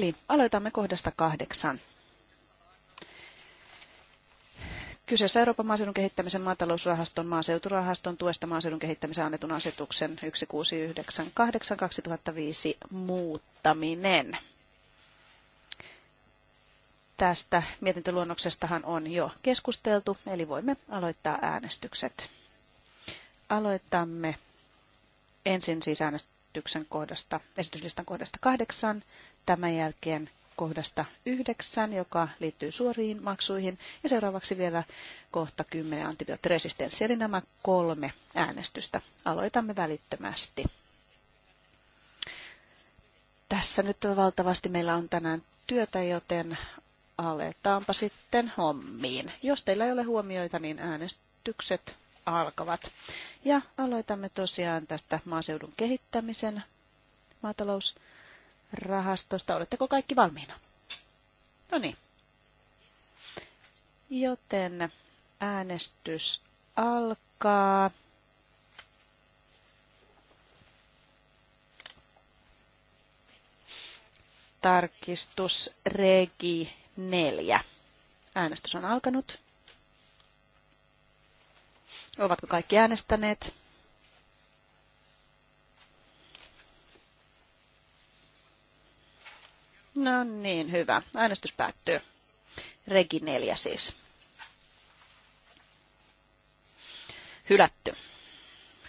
Eli aloitamme kohdasta kahdeksan. Kyseessä Euroopan maaseudun kehittämisen maatalousrahaston maaseuturahaston tuesta maaseudun kehittämisen annetun asetuksen 1698-2005 muuttaminen. Tästä mietintöluonnoksestahan on jo keskusteltu, eli voimme aloittaa äänestykset. Aloitamme ensin siis äänestyksen kohdasta, esityslistan kohdasta kahdeksan Tämän jälkeen kohdasta 9, joka liittyy suoriin maksuihin. Ja seuraavaksi vielä kohta 10 antibioottiresistenssi. Eli nämä kolme äänestystä aloitamme välittömästi. Tässä nyt valtavasti meillä on tänään työtä, joten aletaanpa sitten hommiin. Jos teillä ei ole huomioita, niin äänestykset alkavat. Ja aloitamme tosiaan tästä maaseudun kehittämisen maatalous rahastosta. Oletteko kaikki valmiina? No niin. Joten äänestys alkaa. Tarkistus regi 4. Äänestys on alkanut. Ovatko kaikki äänestäneet? No niin, hyvä. Äänestys päättyy. Regi 4 siis. Hylätty.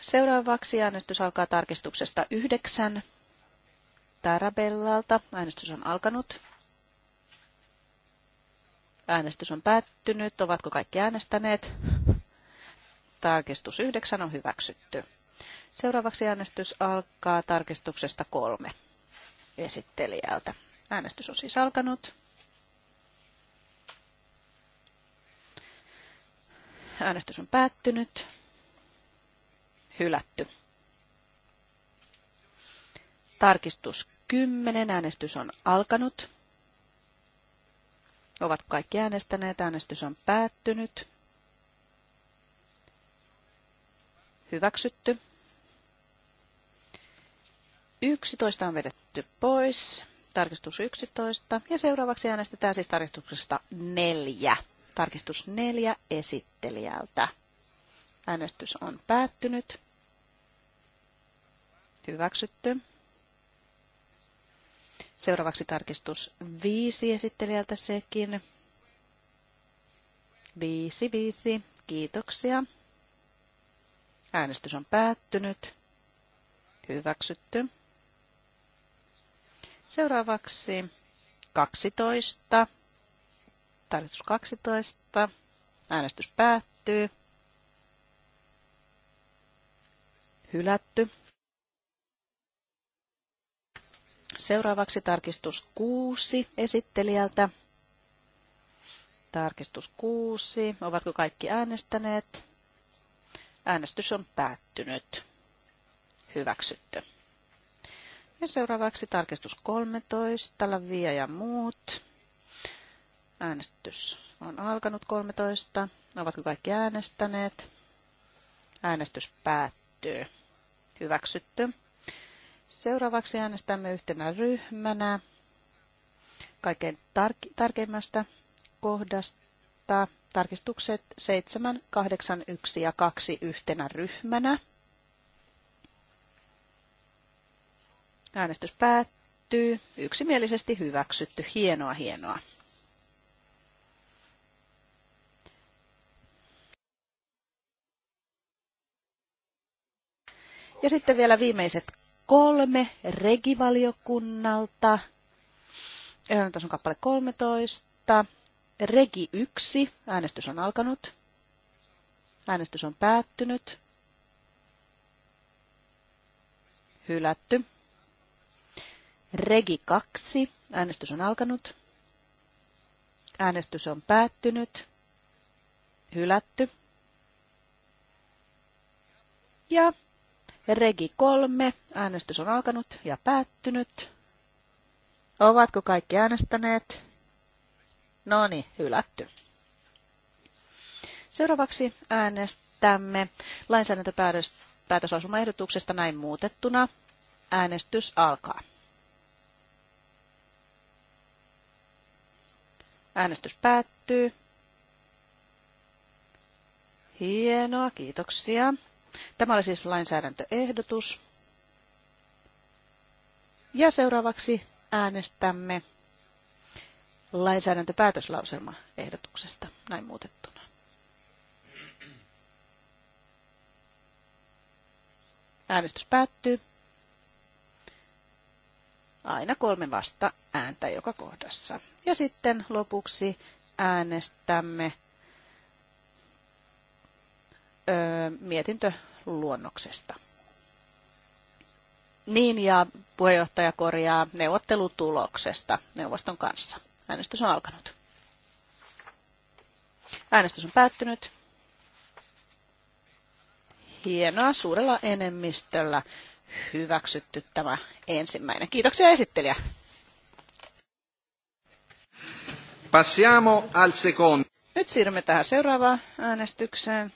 Seuraavaksi äänestys alkaa tarkistuksesta 9. Tarabellalta. Äänestys on alkanut. Äänestys on päättynyt. Ovatko kaikki äänestäneet? Tarkistus 9 on hyväksytty. Seuraavaksi äänestys alkaa tarkistuksesta kolme esittelijältä. Äänestys on siis alkanut. Äänestys on päättynyt. Hylätty. Tarkistus 10. Äänestys on alkanut. Ovat kaikki äänestäneet. Äänestys on päättynyt. Hyväksytty. 11 on vedetty pois tarkistus 11 ja seuraavaksi äänestetään siis tarkistuksesta 4. Tarkistus 4 esittelijältä. Äänestys on päättynyt. Hyväksytty. Seuraavaksi tarkistus 5 esittelijältä sekin. 5, 5. Kiitoksia. Äänestys on päättynyt. Hyväksytty. Seuraavaksi 12. Tarkistus 12. Äänestys päättyy. Hylätty. Seuraavaksi tarkistus 6 esittelijältä. Tarkistus 6. Ovatko kaikki äänestäneet? Äänestys on päättynyt. Hyväksytty. Ja seuraavaksi tarkistus 13, Lavia ja muut. Äänestys on alkanut 13. Ovatko kaikki äänestäneet? Äänestys päättyy. Hyväksytty. Seuraavaksi äänestämme yhtenä ryhmänä kaikkein tar- tarkeimmasta kohdasta tarkistukset 7, 8, 1 ja 2 yhtenä ryhmänä. Äänestys päättyy. Yksimielisesti hyväksytty. Hienoa, hienoa. Ja sitten vielä viimeiset kolme regivaliokunnalta. Tässä on kappale 13. Regi 1. Äänestys on alkanut. Äänestys on päättynyt. Hylätty. Regi 2. Äänestys on alkanut. Äänestys on päättynyt. Hylätty. Ja Regi 3. Äänestys on alkanut ja päättynyt. Ovatko kaikki äänestäneet? No niin, hylätty. Seuraavaksi äänestämme lainsäädäntöpäätöslausumaehdotuksesta näin muutettuna. Äänestys alkaa. Äänestys päättyy. Hienoa, kiitoksia. Tämä oli siis lainsäädäntöehdotus. Ja seuraavaksi äänestämme lainsäädäntöpäätöslauselmaehdotuksesta näin muutettuna. Äänestys päättyy. Aina kolme vasta ääntä joka kohdassa. Ja sitten lopuksi äänestämme öö, mietintöluonnoksesta. Niin, ja puheenjohtaja korjaa neuvottelutuloksesta neuvoston kanssa. Äänestys on alkanut. Äänestys on päättynyt. Hienoa, suurella enemmistöllä hyväksytty tämä ensimmäinen. Kiitoksia esittelijä. Passiamo al secondo. Nyt siirrymme tähän seuraavaan äänestykseen.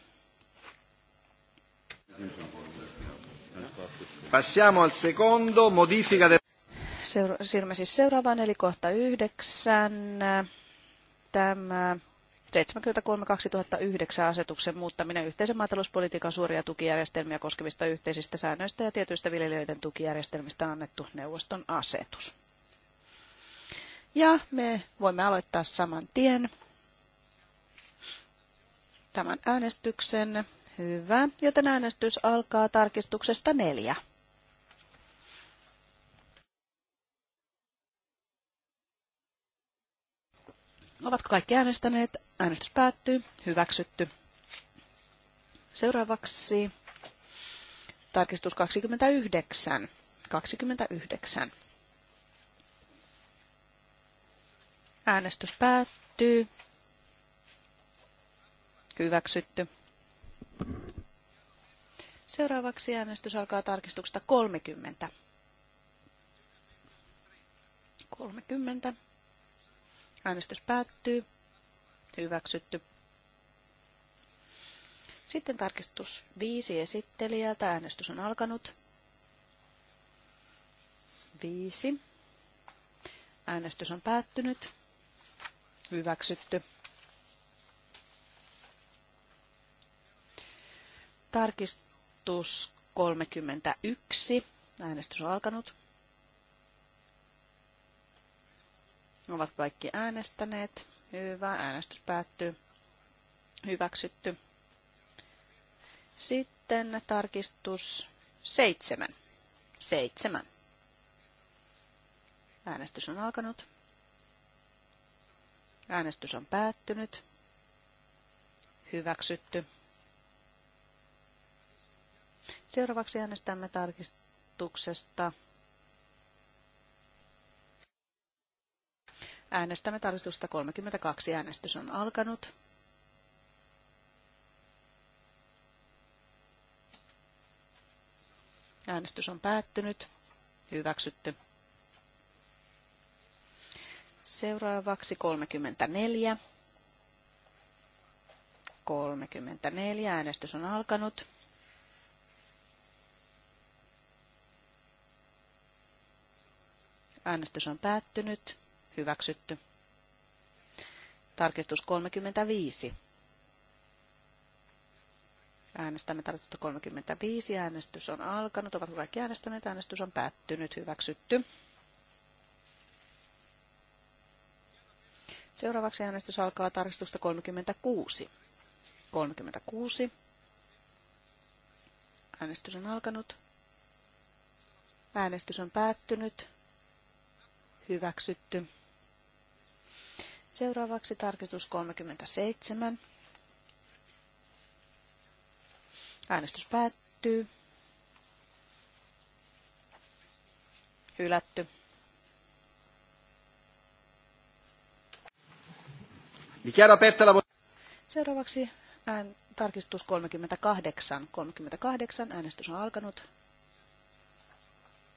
Passiamo al secondo, modifica del... siirrymme siis seuraavaan, eli kohta yhdeksän. Tämä 73.2009 asetuksen muuttaminen yhteisen maatalouspolitiikan suoria tukijärjestelmiä koskevista yhteisistä säännöistä ja tietyistä viljelijöiden tukijärjestelmistä annettu neuvoston asetus. Ja me voimme aloittaa saman tien tämän äänestyksen. Hyvä, joten äänestys alkaa tarkistuksesta neljä. Ovatko kaikki äänestäneet? Äänestys päättyy. Hyväksytty. Seuraavaksi tarkistus 29. 29. Äänestys päättyy. Hyväksytty. Seuraavaksi äänestys alkaa tarkistuksesta 30. 30. Äänestys päättyy. Hyväksytty. Sitten tarkistus 5 esittelijältä. Äänestys on alkanut. 5. Äänestys on päättynyt hyväksytty. Tarkistus 31. Äänestys on alkanut. Ovat kaikki äänestäneet. Hyvä. Äänestys päättyy. Hyväksytty. Sitten tarkistus 7. 7. Äänestys on alkanut. Äänestys on päättynyt. Hyväksytty. Seuraavaksi äänestämme tarkistuksesta. Äänestämme tarkistusta 32. Äänestys on alkanut. Äänestys on päättynyt. Hyväksytty. Seuraavaksi 34. 34. Äänestys on alkanut. Äänestys on päättynyt. Hyväksytty. Tarkistus 35. Äänestämme tarkistusta 35. Äänestys on alkanut. Ovat kaikki äänestäneet. Äänestys on päättynyt. Hyväksytty. Seuraavaksi äänestys alkaa tarkistusta 36. 36. Äänestys on alkanut. Äänestys on päättynyt. Hyväksytty. Seuraavaksi tarkistus 37. Äänestys päättyy. Hylätty. Dichiaro aperta la Seuraavaksi ään, tarkistus 38. 38. Äänestys on alkanut.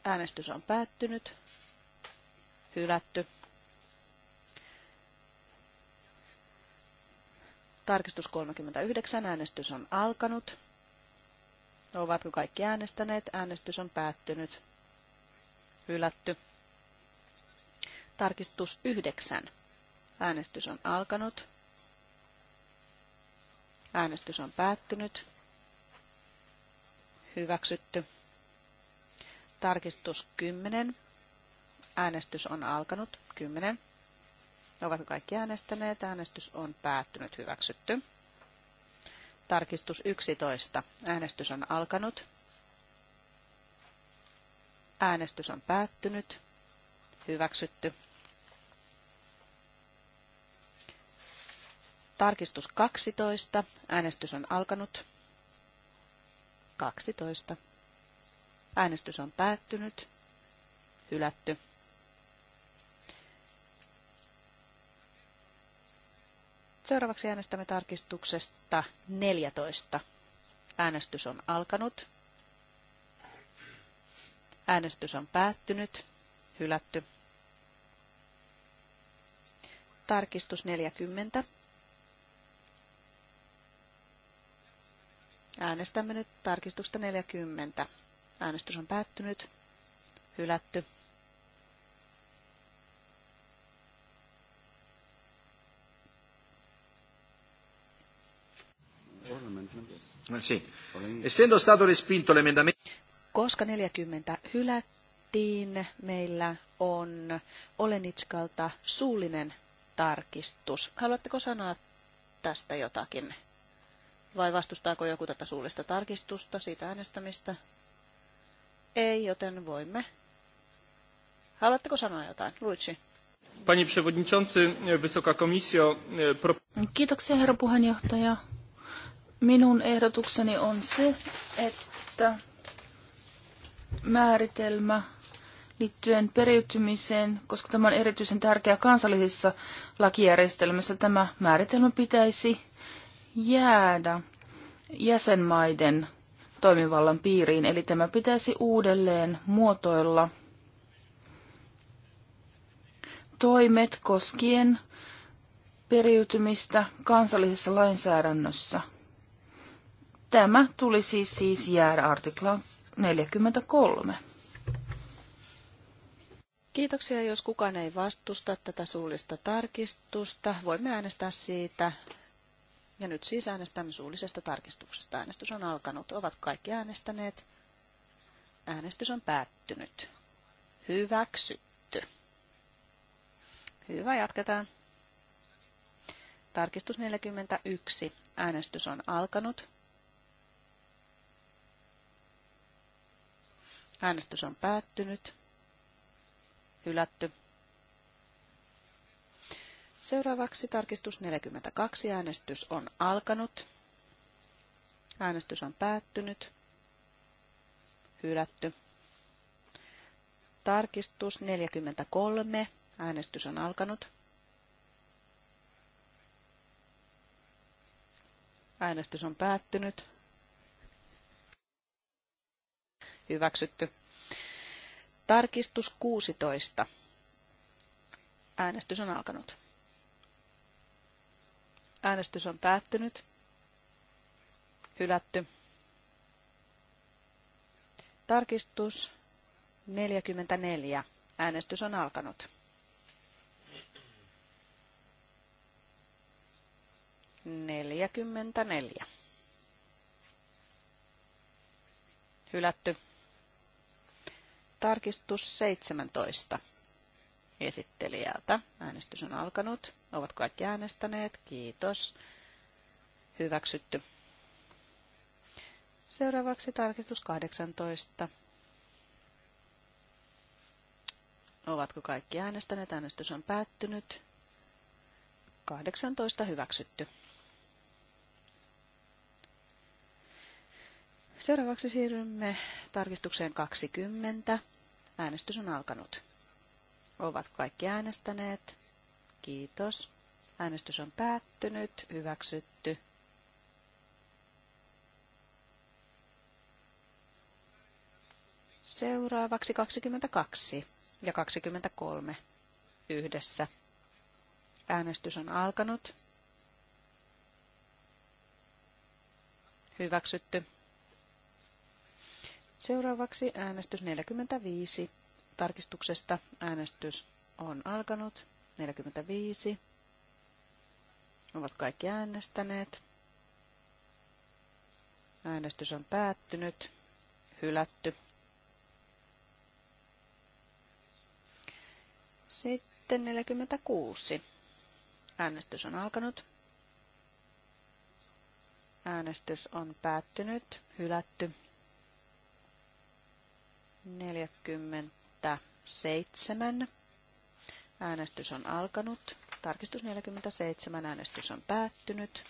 Äänestys on päättynyt. Hylätty. Tarkistus 39. Äänestys on alkanut. Ovatko kaikki äänestäneet? Äänestys on päättynyt. Hylätty. Tarkistus 9. Äänestys on alkanut. Äänestys on päättynyt. Hyväksytty. Tarkistus 10. Äänestys on alkanut. 10. Ovatko kaikki äänestäneet? Äänestys on päättynyt. Hyväksytty. Tarkistus 11. Äänestys on alkanut. Äänestys on päättynyt. Hyväksytty. Tarkistus 12. Äänestys on alkanut. 12. Äänestys on päättynyt. Hylätty. Seuraavaksi äänestämme tarkistuksesta 14. Äänestys on alkanut. Äänestys on päättynyt. Hylätty. Tarkistus 40. Äänestämme nyt tarkistusta 40. Äänestys on päättynyt. Hylätty. Koska 40 hylättiin, meillä on Olenitskalta suullinen tarkistus. Haluatteko sanoa tästä jotakin? Vai vastustaako joku tätä suullista tarkistusta, siitä äänestämistä? Ei, joten voimme. Haluatteko sanoa jotain? Luigi. Panie przewodniczący, wysoka komisio... E, pro... Kiitoksia, herra puheenjohtaja. Minun ehdotukseni on se, että määritelmä liittyen periytymiseen, koska tämä on erityisen tärkeä kansallisissa lakijärjestelmissä, tämä määritelmä pitäisi jäädä jäsenmaiden toimivallan piiriin, eli tämä pitäisi uudelleen muotoilla toimet koskien periytymistä kansallisessa lainsäädännössä. Tämä tulisi siis jäädä artikla 43. Kiitoksia, jos kukaan ei vastusta tätä suullista tarkistusta. Voimme äänestää siitä ja nyt siis äänestämme suullisesta tarkistuksesta. Äänestys on alkanut. Ovat kaikki äänestäneet. Äänestys on päättynyt. Hyväksytty. Hyvä, jatketaan. Tarkistus 41. Äänestys on alkanut. Äänestys on päättynyt. Hylätty. Seuraavaksi tarkistus 42. Äänestys on alkanut. Äänestys on päättynyt. Hylätty. Tarkistus 43. Äänestys on alkanut. Äänestys on päättynyt. Hyväksytty. Tarkistus 16. Äänestys on alkanut. Äänestys on päättynyt. Hylätty. Tarkistus 44. Äänestys on alkanut. neljä. Hylätty. Tarkistus seitsemäntoista. esittelijältä. Äänestys on alkanut. Ovat kaikki äänestäneet. Kiitos. Hyväksytty. Seuraavaksi tarkistus 18. Ovatko kaikki äänestäneet? Äänestys on päättynyt. 18 hyväksytty. Seuraavaksi siirrymme tarkistukseen 20. Äänestys on alkanut. Ovatko kaikki äänestäneet? Kiitos. Äänestys on päättynyt. Hyväksytty. Seuraavaksi 22 ja 23 yhdessä. Äänestys on alkanut. Hyväksytty. Seuraavaksi äänestys 45. Tarkistuksesta äänestys on alkanut. 45. Ovat kaikki äänestäneet. Äänestys on päättynyt. Hylätty. Sitten 46. Äänestys on alkanut. Äänestys on päättynyt. Hylätty. 47. Äänestys on alkanut. Tarkistus 47. Äänestys on päättynyt.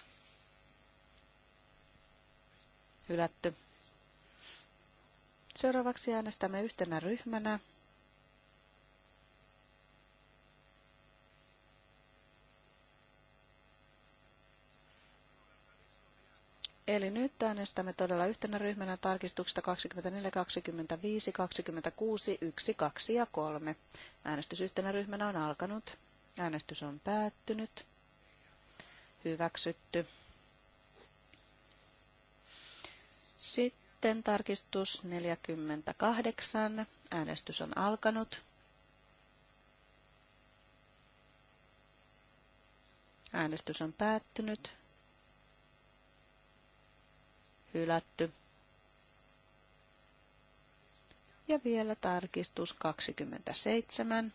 Hylätty. Seuraavaksi äänestämme yhtenä ryhmänä Eli nyt äänestämme todella yhtenä ryhmänä tarkistuksesta 24, 25, 26, 1, 2 ja 3. Äänestys yhtenä ryhmänä on alkanut. Äänestys on päättynyt. Hyväksytty. Sitten tarkistus 48. Äänestys on alkanut. Äänestys on päättynyt hylätty. Ja vielä tarkistus 27.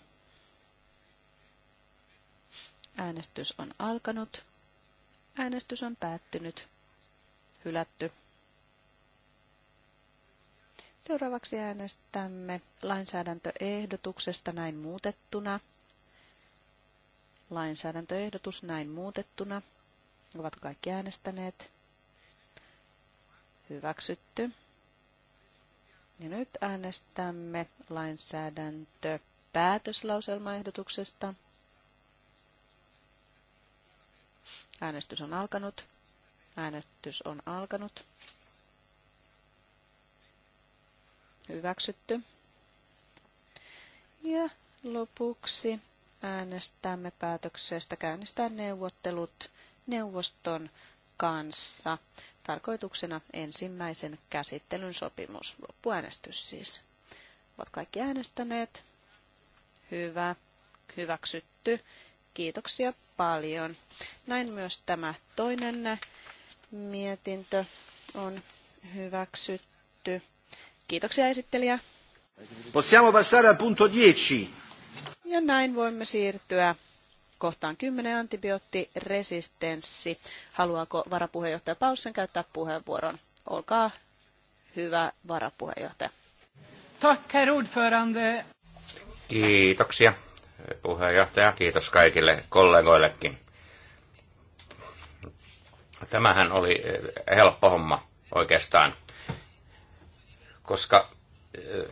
Äänestys on alkanut. Äänestys on päättynyt. Hylätty. Seuraavaksi äänestämme lainsäädäntöehdotuksesta näin muutettuna. Lainsäädäntöehdotus näin muutettuna. Ovat kaikki äänestäneet. Hyväksytty. Ja nyt äänestämme lainsäädäntö päätöslauselmaehdotuksesta. Äänestys on alkanut. Äänestys on alkanut. Hyväksytty. Ja lopuksi äänestämme päätöksestä käynnistää neuvottelut neuvoston kanssa tarkoituksena ensimmäisen käsittelyn sopimus. Loppuäänestys siis. Ovat kaikki äänestäneet. Hyvä. Hyväksytty. Kiitoksia paljon. Näin myös tämä toinen mietintö on hyväksytty. Kiitoksia esittelijä. Possiamo passare al punto 10. Ja näin voimme siirtyä kohtaan 10 antibioottiresistenssi. Haluaako varapuheenjohtaja Paussen käyttää puheenvuoron? Olkaa hyvä varapuheenjohtaja. Tack, herr Kiitoksia puheenjohtaja. Kiitos kaikille kollegoillekin. Tämähän oli eh, helppo homma oikeastaan, koska eh,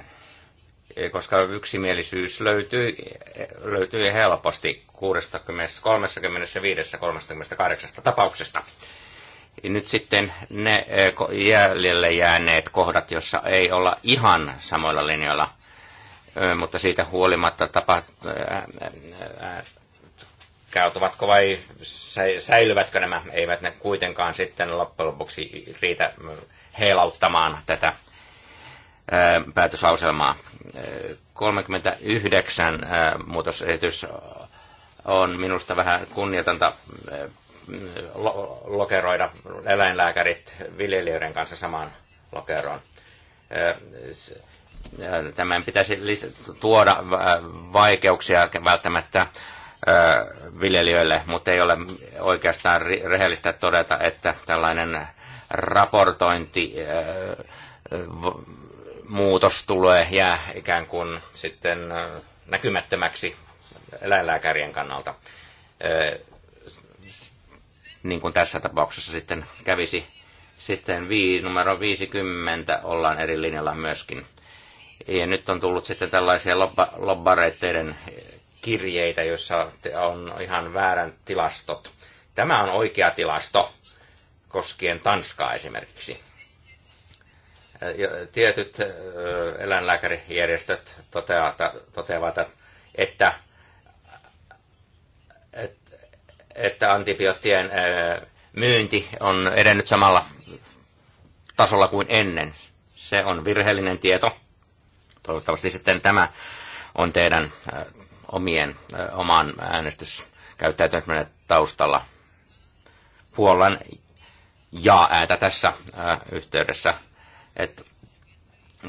koska yksimielisyys löytyy, löytyy helposti 35-38 tapauksesta. Nyt sitten ne eh, jäljelle jääneet kohdat, joissa ei olla ihan samoilla linjoilla, eh, mutta siitä huolimatta tapa, eh, käytuvatko vai säilyvätkö nämä, eivät ne kuitenkaan sitten loppujen lopuksi riitä mm, heilauttamaan tätä päätöslauselmaa. 39 muutosesitys on minusta vähän kunniatonta lokeroida eläinlääkärit viljelijöiden kanssa samaan lokeroon. Tämän pitäisi tuoda vaikeuksia välttämättä viljelijöille, mutta ei ole oikeastaan rehellistä todeta, että tällainen raportointi muutos tulee jää ikään kuin sitten näkymättömäksi eläinlääkärien kannalta. Niin kuin tässä tapauksessa sitten kävisi sitten vii, numero 50 ollaan eri linjalla myöskin. Ja nyt on tullut sitten tällaisia lobba, lobbareitteiden kirjeitä, joissa on ihan väärän tilastot. Tämä on oikea tilasto koskien Tanskaa esimerkiksi tietyt eläinlääkärijärjestöt toteavat, että, että, antibioottien myynti on edennyt samalla tasolla kuin ennen. Se on virheellinen tieto. Toivottavasti sitten tämä on teidän omien, oman äänestyskäyttäytymisen taustalla. Puolan ja ääntä tässä yhteydessä et,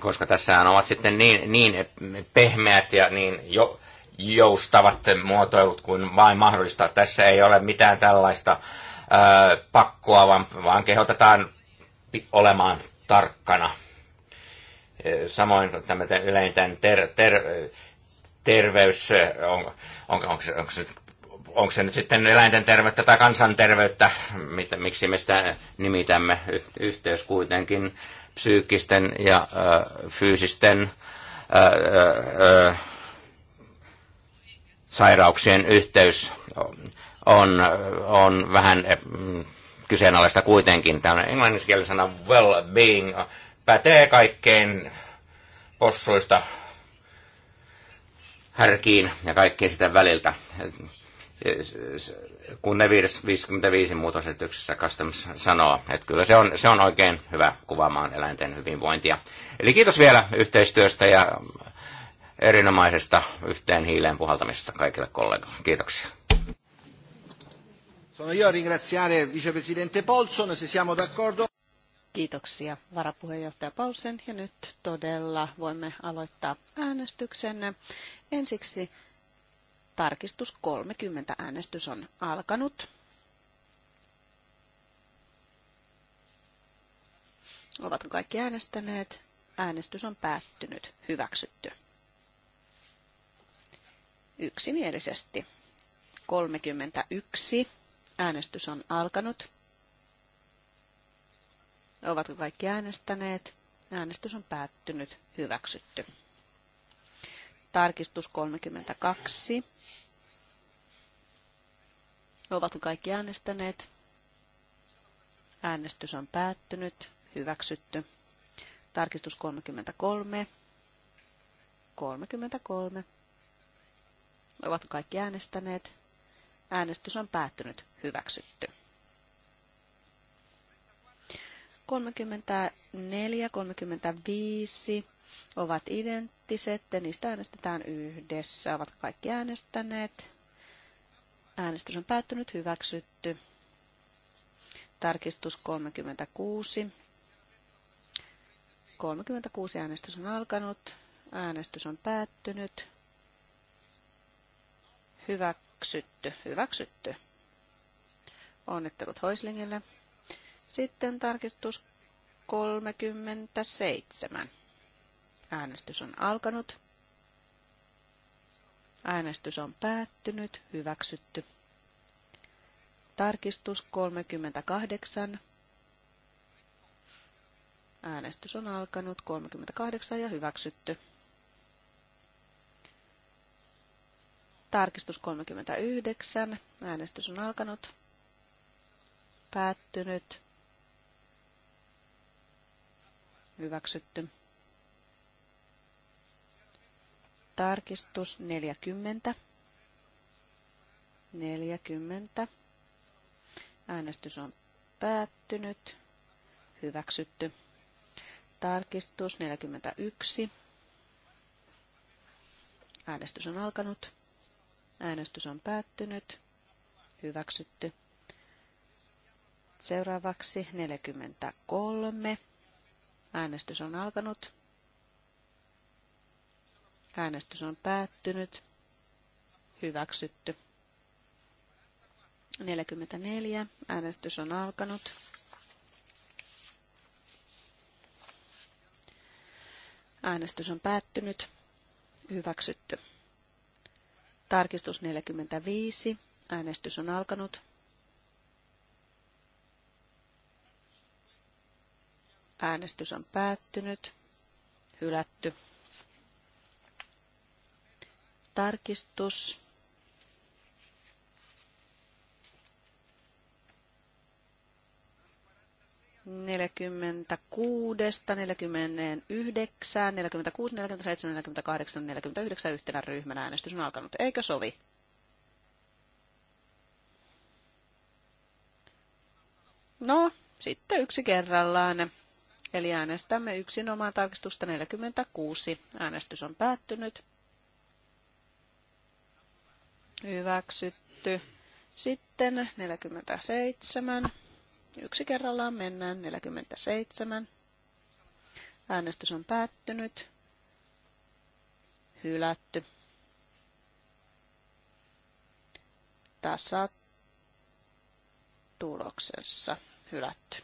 koska tässähän ovat sitten niin, niin pehmeät ja niin jo, joustavat muotoilut kuin vain mahdollista. Tässä ei ole mitään tällaista ö, pakkoa, vaan, vaan kehotetaan olemaan tarkkana. E, samoin tämä yleinen ter, ter, terveys, on, on, onko, onko, se, onko se nyt sitten eläinten terveyttä tai kansanterveyttä, mit, miksi me sitä nimitämme, yhteys kuitenkin psyykkisten ja fyysisten sairauksien yhteys on, on vähän mm, kyseenalaista kuitenkin. Tämä englanninkielinen sana well-being pätee kaikkein possuista härkiin ja kaikkein sitä väliltä kun ne 55 muutosesityksessä Customs sanoo, että kyllä se on, se on oikein hyvä kuvaamaan eläinten hyvinvointia. Eli kiitos vielä yhteistyöstä ja erinomaisesta yhteen hiileen puhaltamisesta kaikille kollegoille. Kiitoksia. Sono io ringraziare vicepresidente Paulson, se siamo d'accordo. Kiitoksia varapuheenjohtaja Paulsen ja nyt todella voimme aloittaa äänestyksen. Ensiksi Tarkistus 30. Äänestys on alkanut. Ovatko kaikki äänestäneet? Äänestys on päättynyt. Hyväksytty. Yksimielisesti. 31. Äänestys on alkanut. Ovatko kaikki äänestäneet? Äänestys on päättynyt. Hyväksytty. Tarkistus 32. Ovatko kaikki äänestäneet? Äänestys on päättynyt. Hyväksytty. Tarkistus 33. 33. Ovatko kaikki äänestäneet? Äänestys on päättynyt. Hyväksytty. 34, 35 ovat identtiset identiset, niistä äänestetään yhdessä. Ovat kaikki äänestäneet. Äänestys on päättynyt, hyväksytty. Tarkistus 36. 36 äänestys on alkanut. Äänestys on päättynyt. Hyväksytty, hyväksytty. Onnittelut Hoislingille. Sitten tarkistus 37. Äänestys on alkanut. Äänestys on päättynyt. Hyväksytty. Tarkistus 38. Äänestys on alkanut 38 ja hyväksytty. Tarkistus 39. Äänestys on alkanut. Päättynyt. Hyväksytty. tarkistus 40. 40. Äänestys on päättynyt. Hyväksytty. Tarkistus 41. Äänestys on alkanut. Äänestys on päättynyt. Hyväksytty. Seuraavaksi 43. Äänestys on alkanut. Äänestys on päättynyt. Hyväksytty. 44. Äänestys on alkanut. Äänestys on päättynyt. Hyväksytty. Tarkistus 45. Äänestys on alkanut. Äänestys on päättynyt. Hylätty tarkistus. Neljäkymmentä kuudesta, neljäkymmeneen yhdeksään, neljäkymmentä kuusi, neljäkymmentä seitsemän, neljäkymmentä kahdeksan, neljäkymmentä yhdeksän yhtenä ryhmän äänestys on alkanut. Eikö sovi? No, sitten yksi kerrallaan. Eli äänestämme yksinomaan tarkistusta 46. Äänestys on päättynyt. Hyväksytty. Sitten 47. Yksi kerrallaan mennään. 47. Äänestys on päättynyt. Hylätty. Tässä tuloksessa hylätty.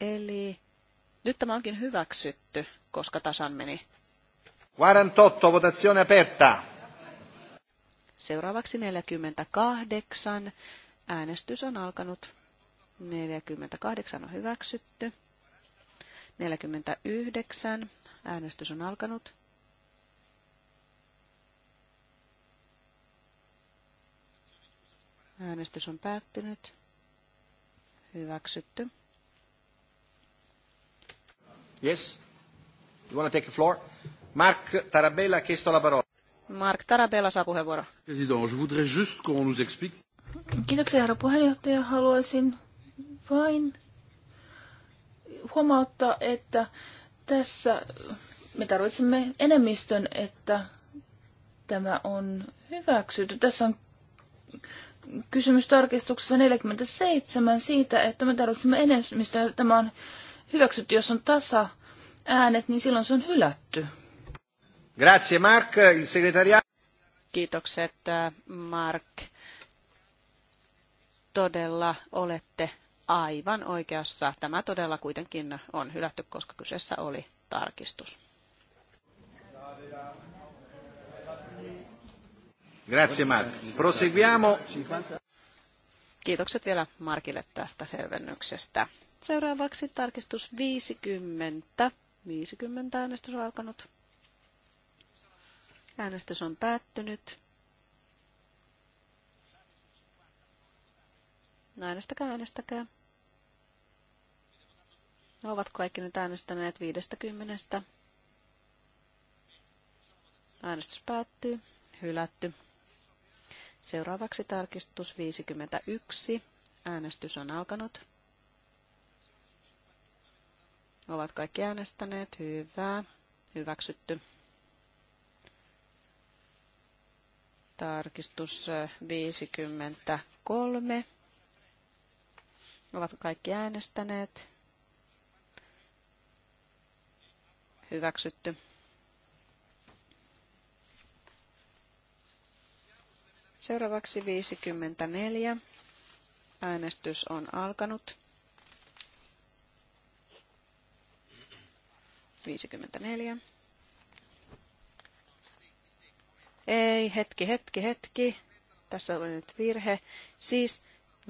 Eli nyt tämä onkin hyväksytty, koska tasan meni 48, votazione aperta. Seuraavaksi 48. Äänestys on alkanut. 48 on hyväksytty. 49. Äänestys on alkanut. 49. Äänestys on päättynyt. Hyväksytty. Yes. You want to take the floor? Mark Tarabella ha chiesto la parola. Mark Tarabella saa puheenvuoron. President, je voudrais juste qu'on nous explique. Kiitoksia herra puheenjohtaja. Haluaisin vain huomauttaa, että tässä me tarvitsemme enemmistön, että tämä on hyväksytty. Tässä on kysymys tarkistuksessa 47 siitä, että me tarvitsemme enemmistön, että tämä on hyväksytty, jos on tasa äänet, niin silloin se on hylätty. Grazie Mark, il segretariato. Kiitokset Mark. Todella olette aivan oikeassa. Tämä todella kuitenkin on hylätty, koska kyseessä oli tarkistus. Grazie Mark. Proseguiamo. Kiitokset vielä Markille tästä selvennyksestä. Seuraavaksi tarkistus 50. 50 äänestys on alkanut. Äänestys on päättynyt. No äänestäkää, äänestäkää. Ovat kaikki nyt äänestäneet 50. Äänestys päättyy. Hylätty. Seuraavaksi tarkistus 51. Äänestys on alkanut. Ovat kaikki äänestäneet. Hyvä. Hyväksytty. Tarkistus 53. Ovat kaikki äänestäneet. Hyväksytty. Seuraavaksi 54. Äänestys on alkanut. 54. Ei, hetki, hetki, hetki. Tässä oli nyt virhe. Siis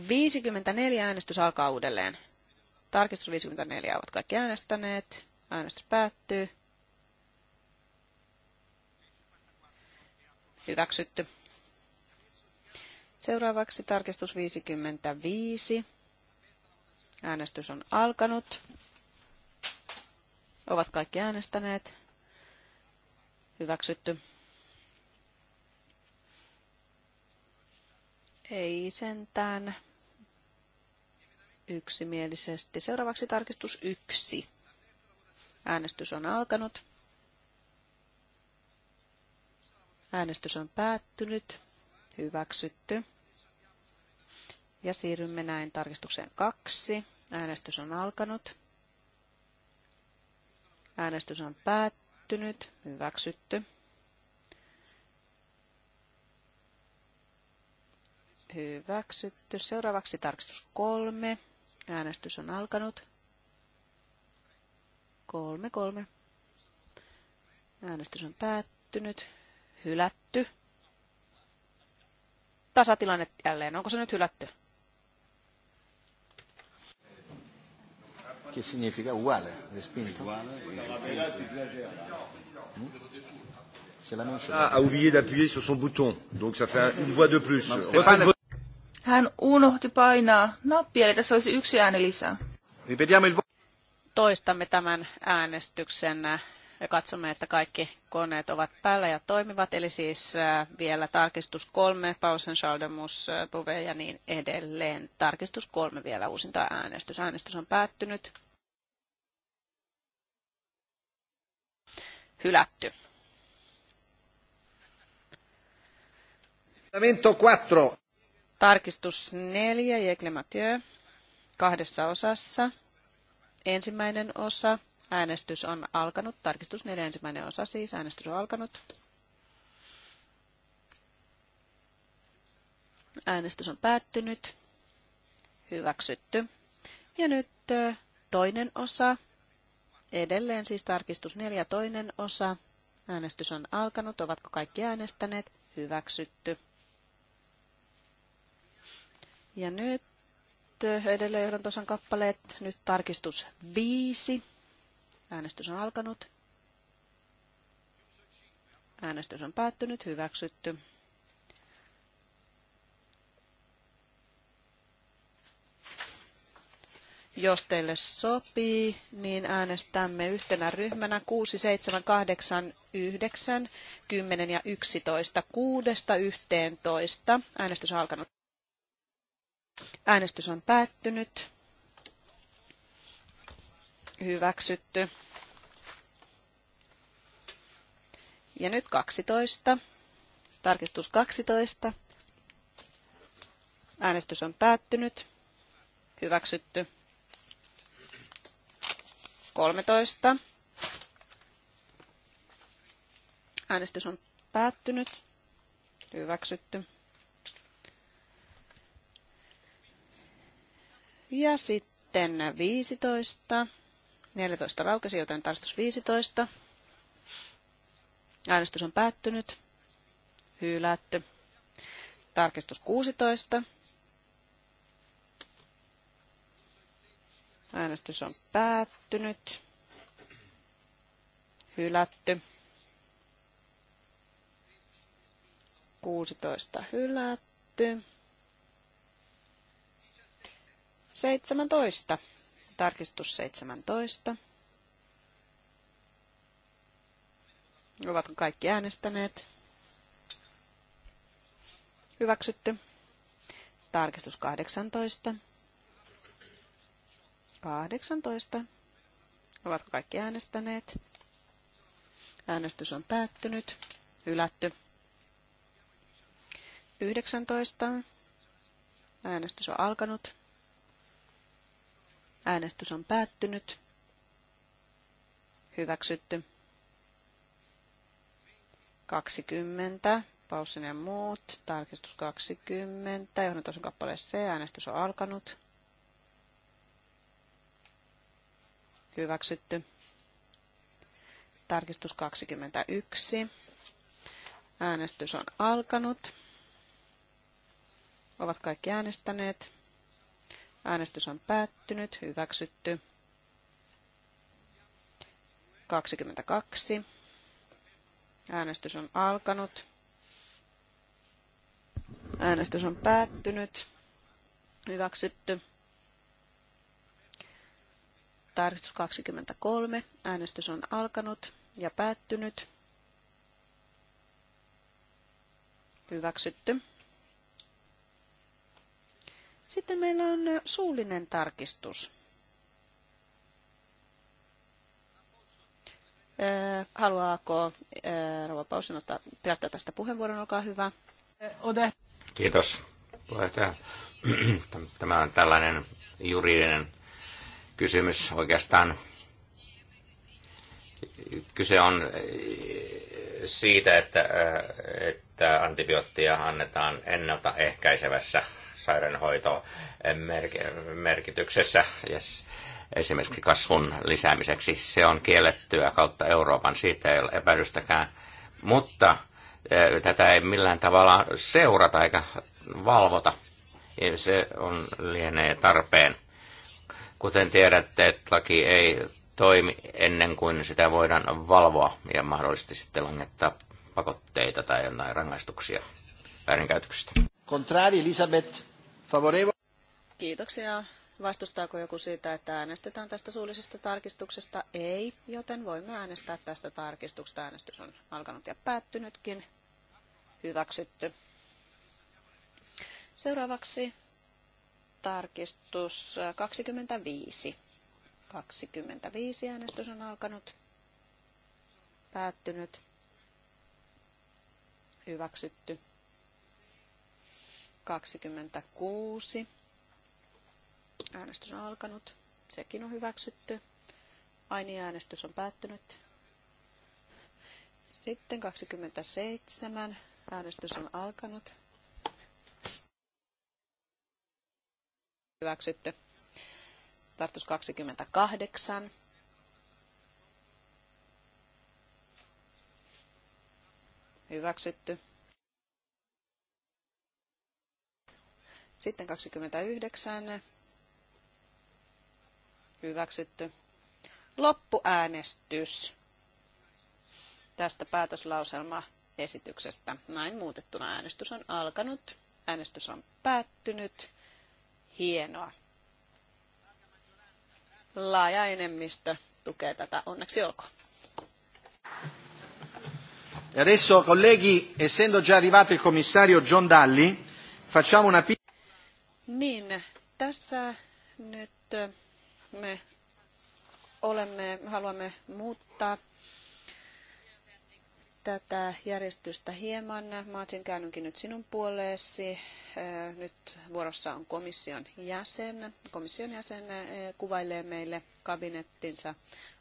54 äänestys alkaa uudelleen. Tarkistus 54 ovat kaikki äänestäneet. Äänestys päättyy. Hyväksytty. Seuraavaksi tarkistus 55. Äänestys on alkanut. Ovat kaikki äänestäneet. Hyväksytty. ei sentään yksimielisesti. Seuraavaksi tarkistus yksi. Äänestys on alkanut. Äänestys on päättynyt. Hyväksytty. Ja siirrymme näin tarkistukseen kaksi. Äänestys on alkanut. Äänestys on päättynyt. Hyväksytty. hyväksytty. Seuraavaksi tarkistus kolme. Äänestys on alkanut. Kolme, kolme. Äänestys on päättynyt. Hylätty. Tasatilanne jälleen. Onko se nyt hylätty? Che significa uguale, respinto. Hmm? Ah, a oublié d'appuyer sur son bouton, donc ça fait une voix de plus. Stéphane, hän unohti painaa nappia, eli tässä olisi yksi ääni lisää. Toistamme tämän äänestyksen ja katsomme, että kaikki koneet ovat päällä ja toimivat. Eli siis äh, vielä tarkistus kolme, Pausen, Schaldemus, Puve äh, ja niin edelleen. Tarkistus kolme vielä uusinta äänestys. Äänestys on päättynyt. Hylätty. Lamento 4. Tarkistus 4, Jekle Mathieu, kahdessa osassa. Ensimmäinen osa, äänestys on alkanut. Tarkistus 4, ensimmäinen osa siis, äänestys on alkanut. Äänestys on päättynyt. Hyväksytty. Ja nyt toinen osa. Edelleen siis tarkistus neljä toinen osa. Äänestys on alkanut. Ovatko kaikki äänestäneet? Hyväksytty. Ja nyt eh, edelleen johdantosan kappaleet. Nyt tarkistus 5. Äänestys on alkanut. Äänestys on päättynyt. Hyväksytty. Jos teille sopii, niin äänestämme yhtenä ryhmänä 6, 7, 8, 9, 10 ja 11, 6, 11. Äänestys on alkanut. Äänestys on päättynyt. Hyväksytty. Ja nyt 12. Tarkistus 12. Äänestys on päättynyt. Hyväksytty. 13. Äänestys on päättynyt. Hyväksytty. Ja sitten 15. 14 raukesi, joten tarkistus 15. Äänestys on päättynyt. Hylätty. Tarkistus 16. Äänestys on päättynyt. Hylätty. 16 hylätty. 17. Tarkistus 17. Ovatko kaikki äänestäneet? Hyväksytty. Tarkistus 18. 18. Ovatko kaikki äänestäneet? Äänestys on päättynyt. Hylätty. 19. Äänestys on alkanut. Äänestys on päättynyt. Hyväksytty. 20. Paussin ja muut. Tarkistus 20. Johon tuossa kappale C. Äänestys on alkanut. Hyväksytty. Tarkistus 21. Äänestys on alkanut. Ovat kaikki äänestäneet. Äänestys on päättynyt. Hyväksytty. 22. Äänestys on alkanut. Äänestys on päättynyt. Hyväksytty. Tarkistus 23. Äänestys on alkanut ja päättynyt. Hyväksytty. Sitten meillä on suullinen tarkistus. Haluaako Rova Pausin ottaa, käyttää tästä puheenvuoron? Olkaa hyvä. Ode. Kiitos puheenjohtaja. Tämä on tällainen juridinen kysymys oikeastaan. Kyse on siitä, että, että antibioottia annetaan ennaltaehkäisevässä sairaanhoitomerkityksessä. Yes esimerkiksi kasvun lisäämiseksi. Se on kiellettyä kautta Euroopan, siitä ei ole epäilystäkään. Mutta e, tätä ei millään tavalla seurata eikä valvota. Se on lienee tarpeen. Kuten tiedätte, että laki ei toimi ennen kuin sitä voidaan valvoa ja mahdollisesti sitten langettaa pakotteita tai jotain rangaistuksia väärinkäytöksistä. Contrari, Elisabeth, favorevole. Kiitoksia. Vastustaako joku siitä, että äänestetään tästä suullisesta tarkistuksesta? Ei, joten voimme äänestää tästä tarkistuksesta. Äänestys on alkanut ja päättynytkin. Hyväksytty. Seuraavaksi tarkistus 25. 25 äänestys on alkanut, päättynyt, hyväksytty. 26. Äänestys on alkanut. Sekin on hyväksytty. Aini niin, äänestys on päättynyt. Sitten 27. Äänestys on alkanut. Hyväksytty. Tartus 28. Hyväksytty. Sitten 29. Hyväksytty. Loppuäänestys tästä päätöslauselmaesityksestä. Näin muutettuna äänestys on alkanut. Äänestys on päättynyt. Hienoa. Laaja enemmistö tukee tätä. Onneksi olkoon. E adesso, colleghi, essendo già arrivato il commissario John Dalli, facciamo una piccola... Niin, tässä nyt äh, me olemme, haluamme muuttaa tätä järjestystä hieman. Martin, käännynkin nyt sinun puoleesi. Äh, nyt vuorossa on komission jäsen. Komission jäsen äh, kuvailee meille kabinettinsa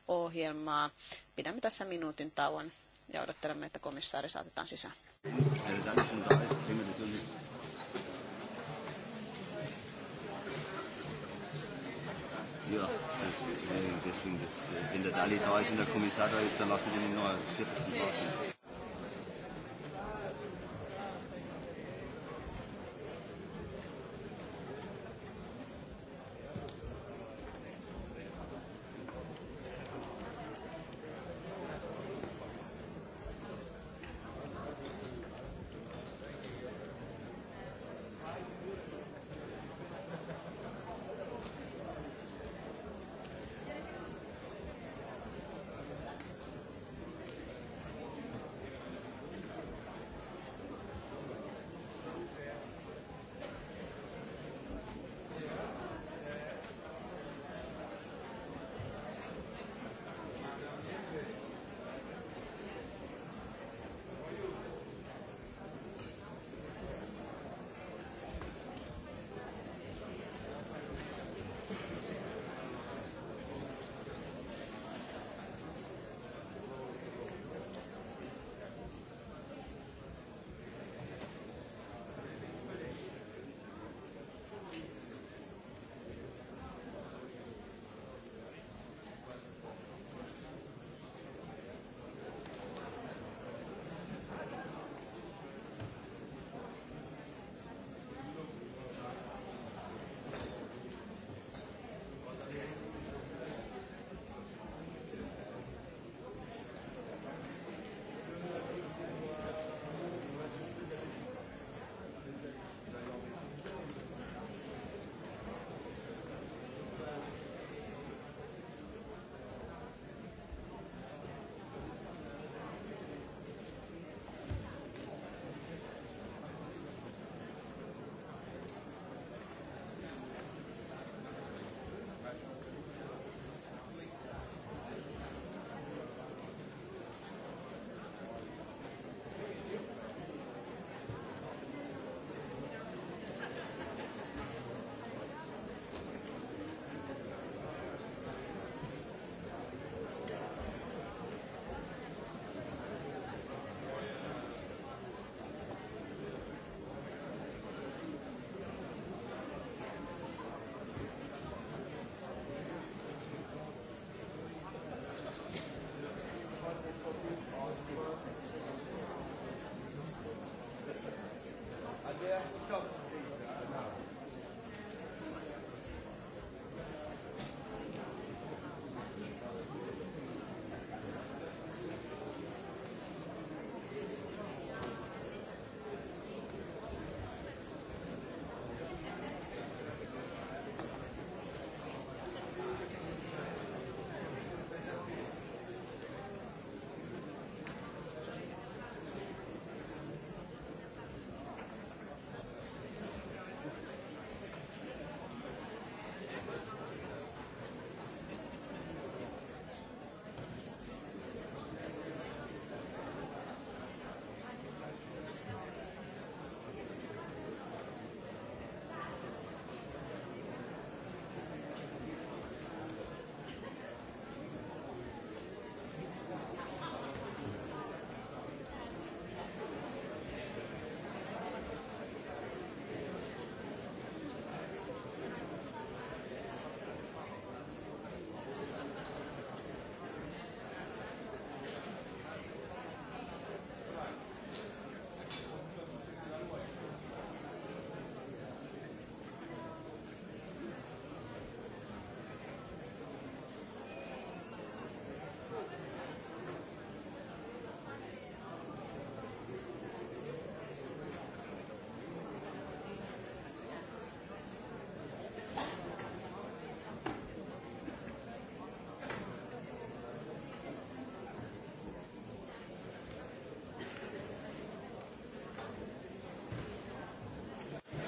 ohjelmaa. Pidämme tässä minuutin tauon ja odottelemme, että komissaari saatetaan sisään. Ja, deswegen, wenn der Dali da ist und der Kommissar da ist, dann lassen wir den warten.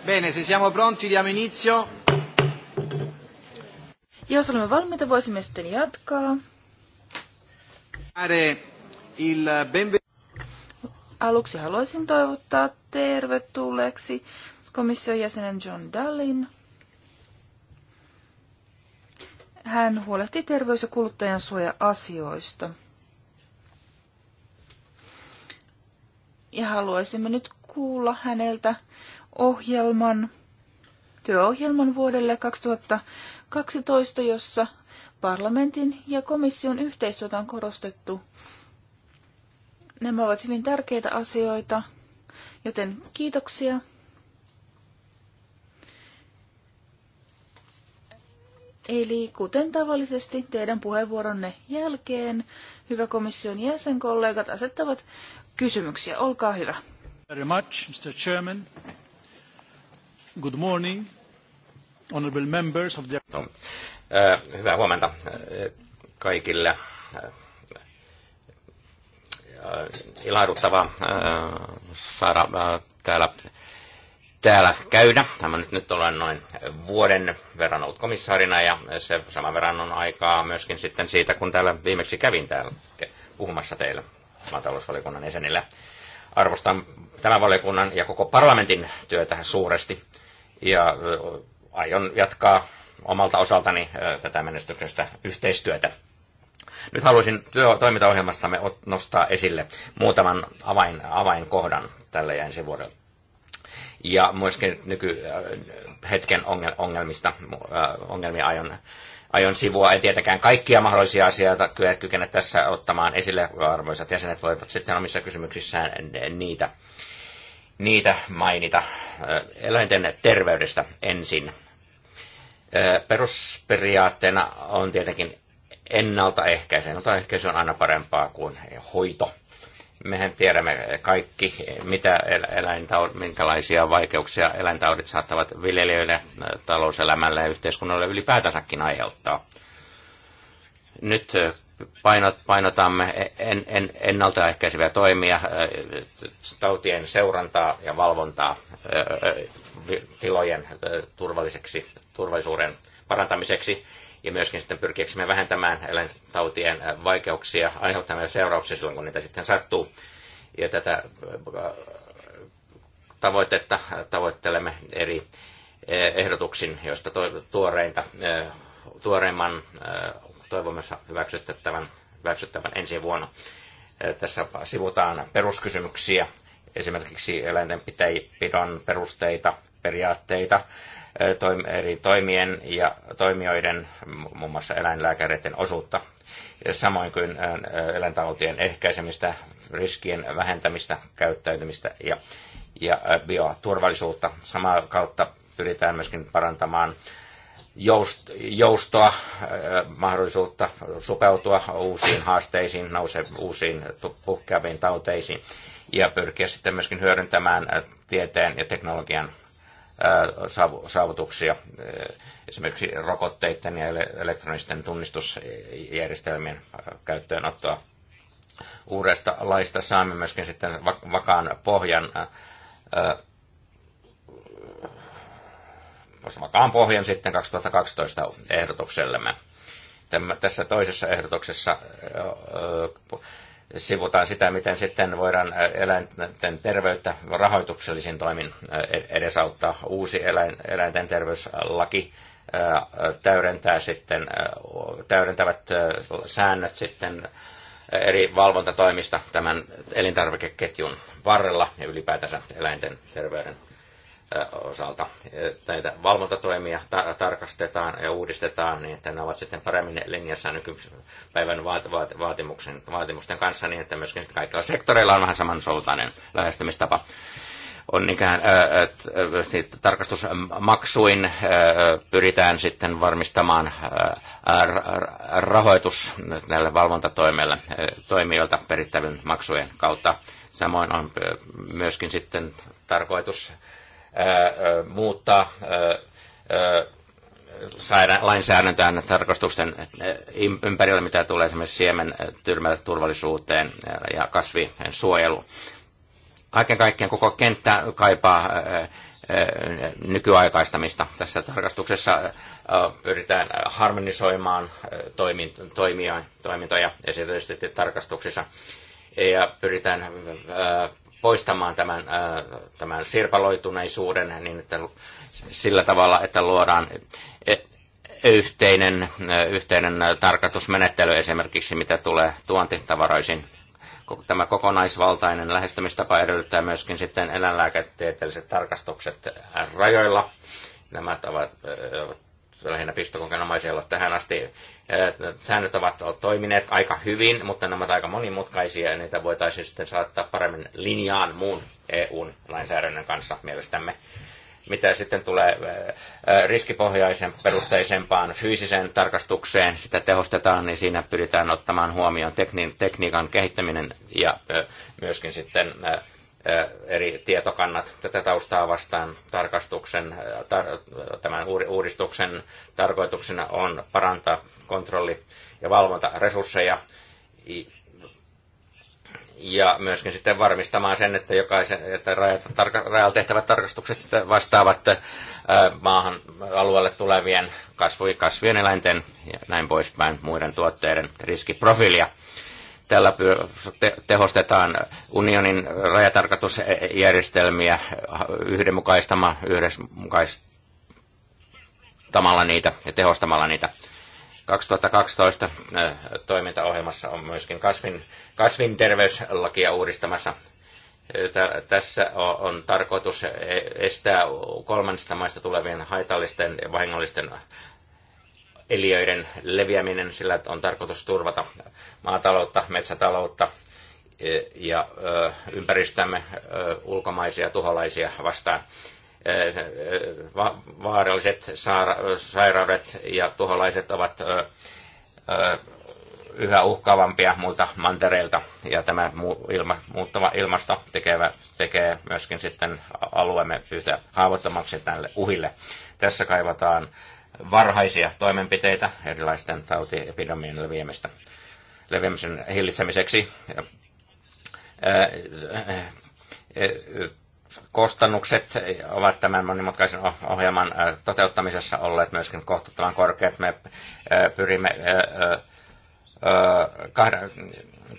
Bene, se siamo pronti diamo inizio. Jos olemme valmiita, voisimme sitten jatkaa. Il Aluksi haluaisin toivottaa tervetulleeksi komission jäsenen John Dallin. Hän huolehtii terveys- ja suoja asioista Ja haluaisimme nyt kuulla häneltä ohjelman, työohjelman vuodelle 2012, jossa parlamentin ja komission yhteistyötä on korostettu. Nämä ovat hyvin tärkeitä asioita, joten kiitoksia. Eli kuten tavallisesti teidän puheenvuoronne jälkeen, hyvä komission jäsenkollegat asettavat kysymyksiä. Olkaa hyvä. Very much, Mr. Chairman. Good morning, honorable members of the... No, äh, hyvää huomenta äh, kaikille. Äh, ilahduttavaa saada täällä, täällä käydä. Tämä nyt, nyt olen noin vuoden verran ollut komissaarina ja se saman verran on aikaa myöskin sitten siitä, kun täällä viimeksi kävin täällä puhumassa teille maatalousvaliokunnan jäsenille arvostan tämän valiokunnan ja koko parlamentin työtä suuresti ja aion jatkaa omalta osaltani tätä menestyksestä yhteistyötä. Nyt haluaisin työ- toimintaohjelmastamme nostaa esille muutaman avain, avainkohdan tälle ja ensi vuodelle. Ja myöskin nykyhetken ongelmista, ongelmia aion, aion sivua. En tietenkään kaikkia mahdollisia asioita kyllä kykene tässä ottamaan esille. Arvoisat jäsenet voivat sitten omissa kysymyksissään niitä niitä mainita. Eläinten terveydestä ensin. Perusperiaatteena on tietenkin ennaltaehkäisy. Ennaltaehkäisy on aina parempaa kuin hoito. Mehän tiedämme kaikki, mitä eläintaud- minkälaisia vaikeuksia eläintaudit saattavat viljelijöille, talouselämälle ja yhteiskunnalle ylipäätänsäkin aiheuttaa. Nyt painot, painotamme e, en, en, ennaltaehkäiseviä toimia, tautien seurantaa ja valvontaa tilojen turvalliseksi, turvallisuuden parantamiseksi ja myöskin sitten pyrkiäksemme vähentämään eläintautien vaikeuksia, aiheuttamia seurauksia silloin, kun niitä sitten sattuu. Ja tätä tavoitetta tavoittelemme eri ehdotuksin, joista tuoreinta, tuoreimman toivomme hyväksyttävän, hyväksyttävän ensi vuonna. Tässä sivutaan peruskysymyksiä, esimerkiksi eläinten perusteita, periaatteita, eri toimien ja toimijoiden, muun muassa eläinlääkäreiden osuutta, samoin kuin eläintautien ehkäisemistä, riskien vähentämistä, käyttäytymistä ja, ja bioturvallisuutta. Samaa kautta pyritään myöskin parantamaan joustoa, äh, mahdollisuutta sopeutua uusiin haasteisiin, nousee uusiin puhkeaviin tauteisiin ja pyrkiä sitten myöskin hyödyntämään äh, tieteen ja teknologian äh, saavutuksia esimerkiksi rokotteiden ja elektronisten tunnistusjärjestelmien käyttöönottoa. Uudesta laista saamme myöskin sitten vakaan pohjan makaan pohjan sitten 2012 ehdotuksellemme. Tämä, tässä toisessa ehdotuksessa sivutaan sitä, miten sitten voidaan eläinten terveyttä rahoituksellisin toimin e-, edesauttaa. Uusi eläin, eläinten terveyslaki täydentää sitten, täydentävät säännöt sitten eri valvontatoimista tämän elintarvikeketjun varrella ja ylipäätänsä eläinten terveyden osalta näitä valvontatoimia tarkastetaan ja uudistetaan niin, että ne ovat sitten paremmin linjassa nykypäivän vaatimuksen, vaatimusten kanssa niin, että myöskin kaikilla sektoreilla on vähän samansuuntainen lähestymistapa on ikään että tarkastusmaksuin pyritään sitten varmistamaan rahoitus näille valvontatoimille toimijoilta perittävyn maksujen kautta. Samoin on myöskin sitten tarkoitus muuttaa lainsäädäntöään tarkastusten ympärillä, mitä tulee esimerkiksi siemen turvallisuuteen ja kasvien suojelu. Kaiken kaikkiaan koko kenttä kaipaa nykyaikaistamista. Tässä tarkastuksessa pyritään harmonisoimaan toimintoja esityisesti tarkastuksissa ja pyritään poistamaan tämän, äh, tämän sirpaloituneisuuden niin, että sillä tavalla, että luodaan e, yhteinen, äh, yhteinen tarkastusmenettely esimerkiksi, mitä tulee tuontitavaroisiin. Tämä kokonaisvaltainen lähestymistapa edellyttää myöskin sitten eläinlääketieteelliset tarkastukset rajoilla. Nämä ovat äh, lähinnä ollut tähän asti. Säännöt ovat toimineet aika hyvin, mutta nämä ovat aika monimutkaisia ja niitä voitaisiin sitten saattaa paremmin linjaan muun eu lainsäädännön kanssa mielestämme. Mitä sitten tulee riskipohjaisen perusteisempaan fyysiseen tarkastukseen, sitä tehostetaan, niin siinä pyritään ottamaan huomioon tekniikan kehittäminen ja myöskin sitten eri tietokannat tätä taustaa vastaan tarkastuksen, tar, tämän uudistuksen tarkoituksena on parantaa kontrolli- ja valvontaresursseja ja myöskin sitten varmistamaan sen, että, jokaisen, että rajalla tehtävät tarkastukset vastaavat maahan alueelle tulevien kasvien, kasvien eläinten ja näin poispäin muiden tuotteiden riskiprofiilia. Tällä tehostetaan unionin rajatarkastusjärjestelmiä yhdenmukaistamalla niitä ja tehostamalla niitä. 2012 toimintaohjelmassa on myöskin kasvin, terveyslakia uudistamassa. Tässä on tarkoitus e-, estää kolmansista maista tulevien haitallisten ja vahingollisten eliöiden leviäminen, sillä on tarkoitus turvata maataloutta, metsätaloutta e, ja ympäristämme ulkomaisia tuholaisia vastaan. E, e, vaaralliset sairaudet ja tuholaiset ovat yhä uhkaavampia muilta mantereilta ja tämä ilma, muuttava ilmasto tekee, tekee myöskin sitten alueemme yhtä haavoittamaksi tälle uhille. Tässä kaivataan varhaisia toimenpiteitä erilaisten tautiepidemian leviämistä, leviämisen hillitsemiseksi. Äh, äh, kostannukset ovat tämän monimutkaisen ohjelman äh, toteuttamisessa olleet myöskin kohtuuttoman korkeat. Me pyrimme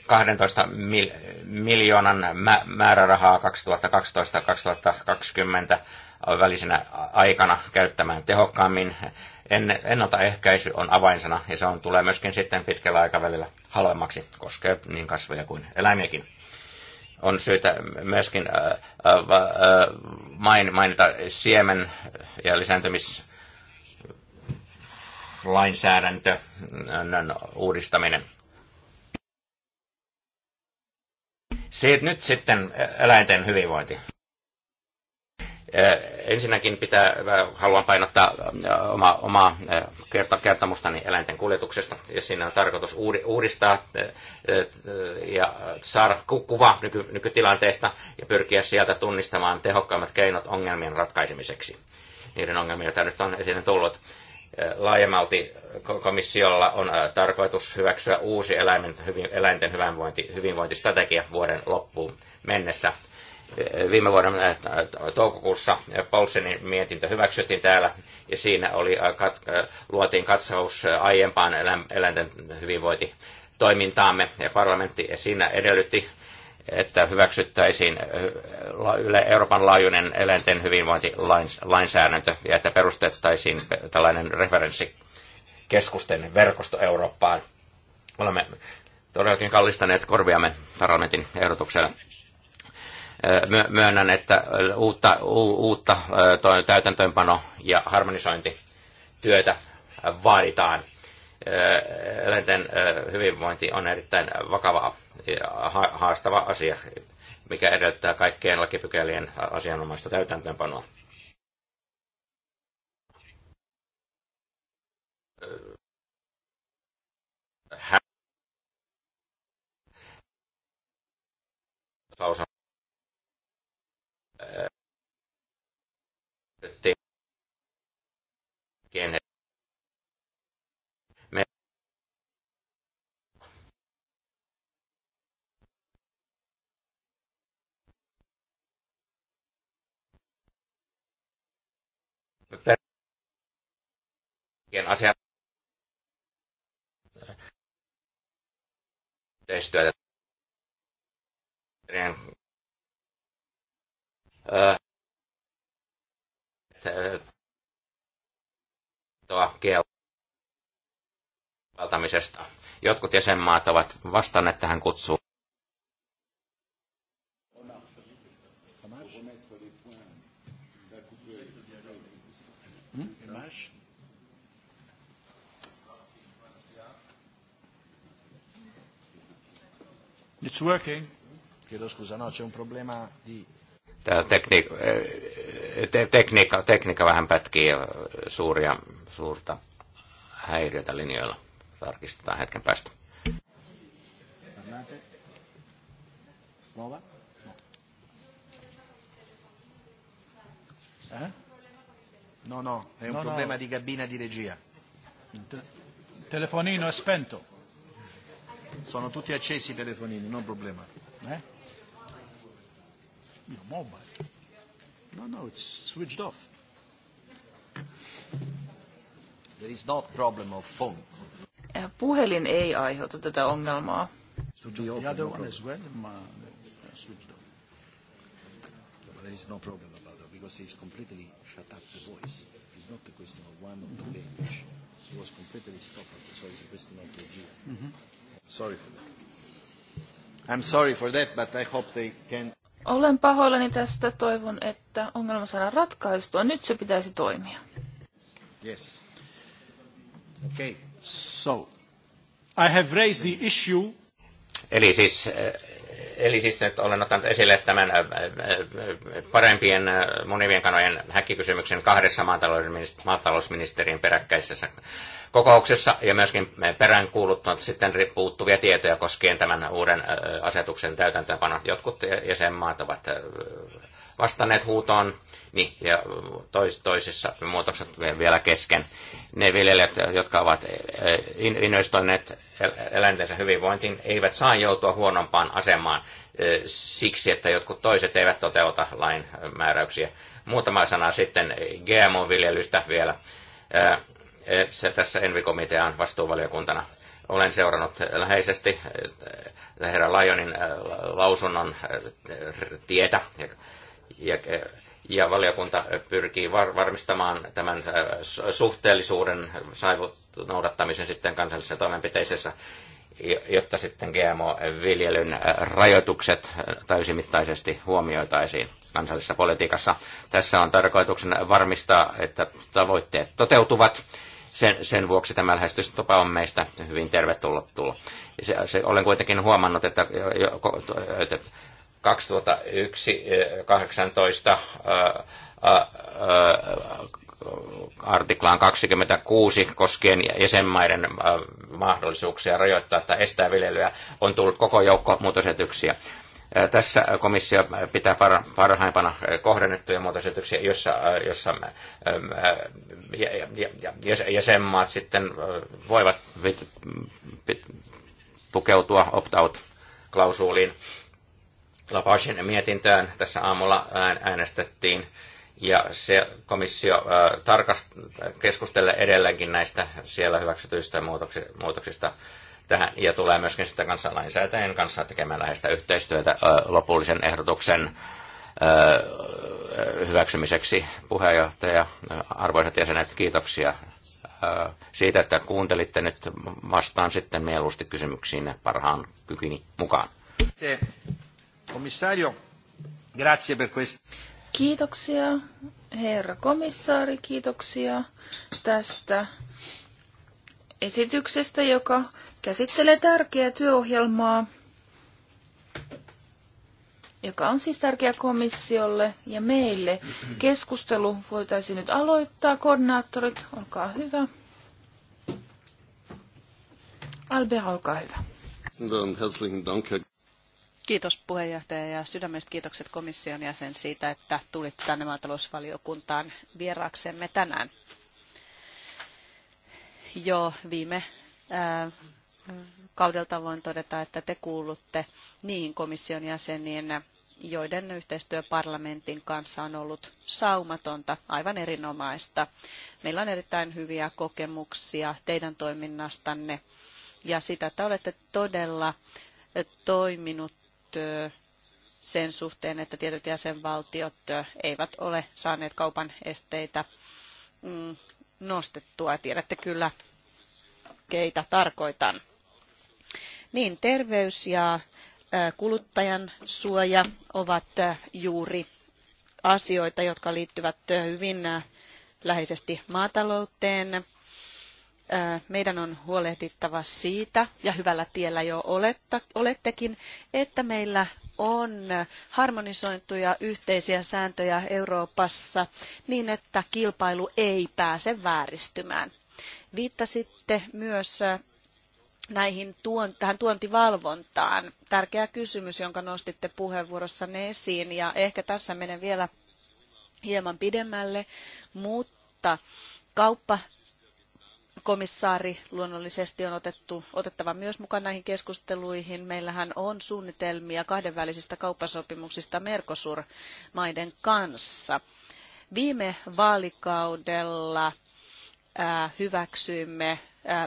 12 miljoonan määrärahaa 2012-2020 välisenä aikana käyttämään tehokkaammin. Ennaltaehkäisy on avainsana ja se on, tulee myöskin sitten pitkällä aikavälillä halvemmaksi, koskee niin kasveja kuin eläimiäkin. On syytä myöskin äh, äh, äh, mainita siemen ja lisääntymis lainsäädäntö, uudistaminen. Siitä nyt sitten eläinten hyvinvointi. Ensinnäkin pitää, haluan painottaa omaa, omaa kertomustani eläinten kuljetuksesta, ja siinä on tarkoitus uudistaa ja saada kuva nyky, nykytilanteesta ja pyrkiä sieltä tunnistamaan tehokkaimmat keinot ongelmien ratkaisemiseksi, niiden ongelmia, joita nyt on esille tullut laajemmalti komissiolla on tarkoitus hyväksyä uusi eläimen, eläinten hyvinvointi, hyvinvointistrategia vuoden loppuun mennessä viime vuoden eh, eh, toukokuussa Paulsenin mietintö hyväksyttiin täällä ja siinä oli, eh, kat, luotiin katsaus aiempaan eläinten hyvinvointitoimintaamme ja parlamentti ja siinä edellytti, että hyväksyttäisiin Euroopan laajuinen eläinten hyvinvointilainsäädäntö ja että perustettaisiin tällainen referenssikeskusten verkosto Eurooppaan. Olemme todellakin kallistaneet korviamme parlamentin ehdotuksella. Myönnän, että uutta, uutta täytäntöönpano- ja harmonisointityötä vaaditaan. Eläinten hyvinvointi on erittäin vakava ja haastava asia, mikä edellyttää kaikkien lakipykälien asianomaista täytäntöönpanoa. Hä- kenen me perheen asia yhteistyötä luomisesta. Jotkut jäsenmaat ovat vastanneet tähän kutsuun. It's working. Chiedo scusa, no, c'è un problema di... Tämä tekniikka, eh, te, tekniikka, tekniikka vähän pätkii eh, suuria, suurta häiriötä linjoilla tarkistetaan hetken päästä. Eh? No, no, è un no, no. problema no. di cabina di regia. Te- telefonino è spento. Sono tutti accesi i telefonini, non problema. Eh? Your mobile. No, no, it's switched off. There is not problem of phone puhelin ei aiheuta tätä ongelmaa. Olen pahoillani tästä. Toivon, että ongelma saadaan ratkaistua. Nyt se pitäisi toimia. Yes. Okay. So, I have raised the issue. Eli siis, eh, eli siis nyt olen ottanut esille tämän eh, eh, parempien monivien kanojen häkkikysymyksen kahdessa maatalousministerin peräkkäisessä kokouksessa ja myöskin peräänkuuluttanut sitten puuttuvia tietoja koskien tämän uuden asetuksen täytäntöönpanoa. Jotkut jäsenmaat ovat vastanneet huutoon niin, ja tois, toisissa muutokset vielä kesken. Ne viljelijät, jotka ovat investoineet eläintensä hyvinvointiin, eivät saa joutua huonompaan asemaan siksi, että jotkut toiset eivät toteuta lain määräyksiä. Muutama sana sitten GMO-viljelystä vielä. Eh, se tässä Envikomitean vastuuvaliokuntana. Olen seurannut läheisesti eh, eh, herra Lajonin lausunnon tietä ja, ja valiokunta pyrkii var, varmistamaan tämän suhteellisuuden noudattamisen sitten kansallisessa toimenpiteisessä, jotta sitten GMO-viljelyn rajoitukset täysimittaisesti huomioitaisiin kansallisessa politiikassa. Tässä on tarkoituksena varmistaa, että tavoitteet toteutuvat sen, sen vuoksi tämä lähestystapa on meistä hyvin tervetullut. Se, se, olen kuitenkin huomannut, että, että 2018 eh, eh, eh, artiklaan 26 koskien jäsenmaiden mahdollisuuksia rajoittaa tai estää viljelyä on tullut koko joukko muutosetyksiä. Tässä komissio pitää parhaimpana kohdennettuja muutosesityksiä, jossa, jossa jäsenmaat sitten voivat tukeutua opt-out-klausuuliin. Lapasin mietintöön tässä aamulla äänestettiin ja se komissio tarkast- keskustelee edelleenkin näistä siellä hyväksytyistä muutoksista tähän ja tulee myöskin sitten kanssa kanssa tekemään läheistä yhteistyötä lopullisen ehdotuksen hyväksymiseksi. Puheenjohtaja, arvoisat jäsenet, kiitoksia siitä, että kuuntelitte nyt. Vastaan sitten mieluusti kysymyksiin parhaan kykyni mukaan. Komissario, grazie per questo. Kiitoksia, herra komissaari, kiitoksia tästä esityksestä, joka käsittelee tärkeää työohjelmaa, joka on siis tärkeä komissiolle ja meille. Keskustelu voitaisiin nyt aloittaa. Koordinaattorit, olkaa hyvä. Albert, olkaa hyvä. Kiitos puheenjohtaja ja sydämestä kiitokset komission jäsen siitä, että tulitte tänne maatalousvaliokuntaan vieraaksemme tänään. Jo viime kaudelta voin todeta, että te kuulutte niihin komission jäseniin, joiden yhteistyö parlamentin kanssa on ollut saumatonta, aivan erinomaista. Meillä on erittäin hyviä kokemuksia teidän toiminnastanne ja sitä, että olette todella toiminut sen suhteen, että tietyt jäsenvaltiot eivät ole saaneet kaupan esteitä mm, nostettua. Tiedätte kyllä, keitä tarkoitan niin terveys ja kuluttajan suoja ovat juuri asioita, jotka liittyvät hyvin läheisesti maatalouteen. Meidän on huolehdittava siitä, ja hyvällä tiellä jo oletta, olettekin, että meillä on harmonisointuja yhteisiä sääntöjä Euroopassa niin, että kilpailu ei pääse vääristymään. Viittasitte myös näihin tuon, tähän tuontivalvontaan. Tärkeä kysymys, jonka nostitte puheenvuorossanne esiin, ja ehkä tässä menen vielä hieman pidemmälle, mutta kauppa komissaari luonnollisesti on otettu, otettava myös mukaan näihin keskusteluihin. Meillähän on suunnitelmia kahdenvälisistä kauppasopimuksista Mercosur-maiden kanssa. Viime vaalikaudella hyväksyimme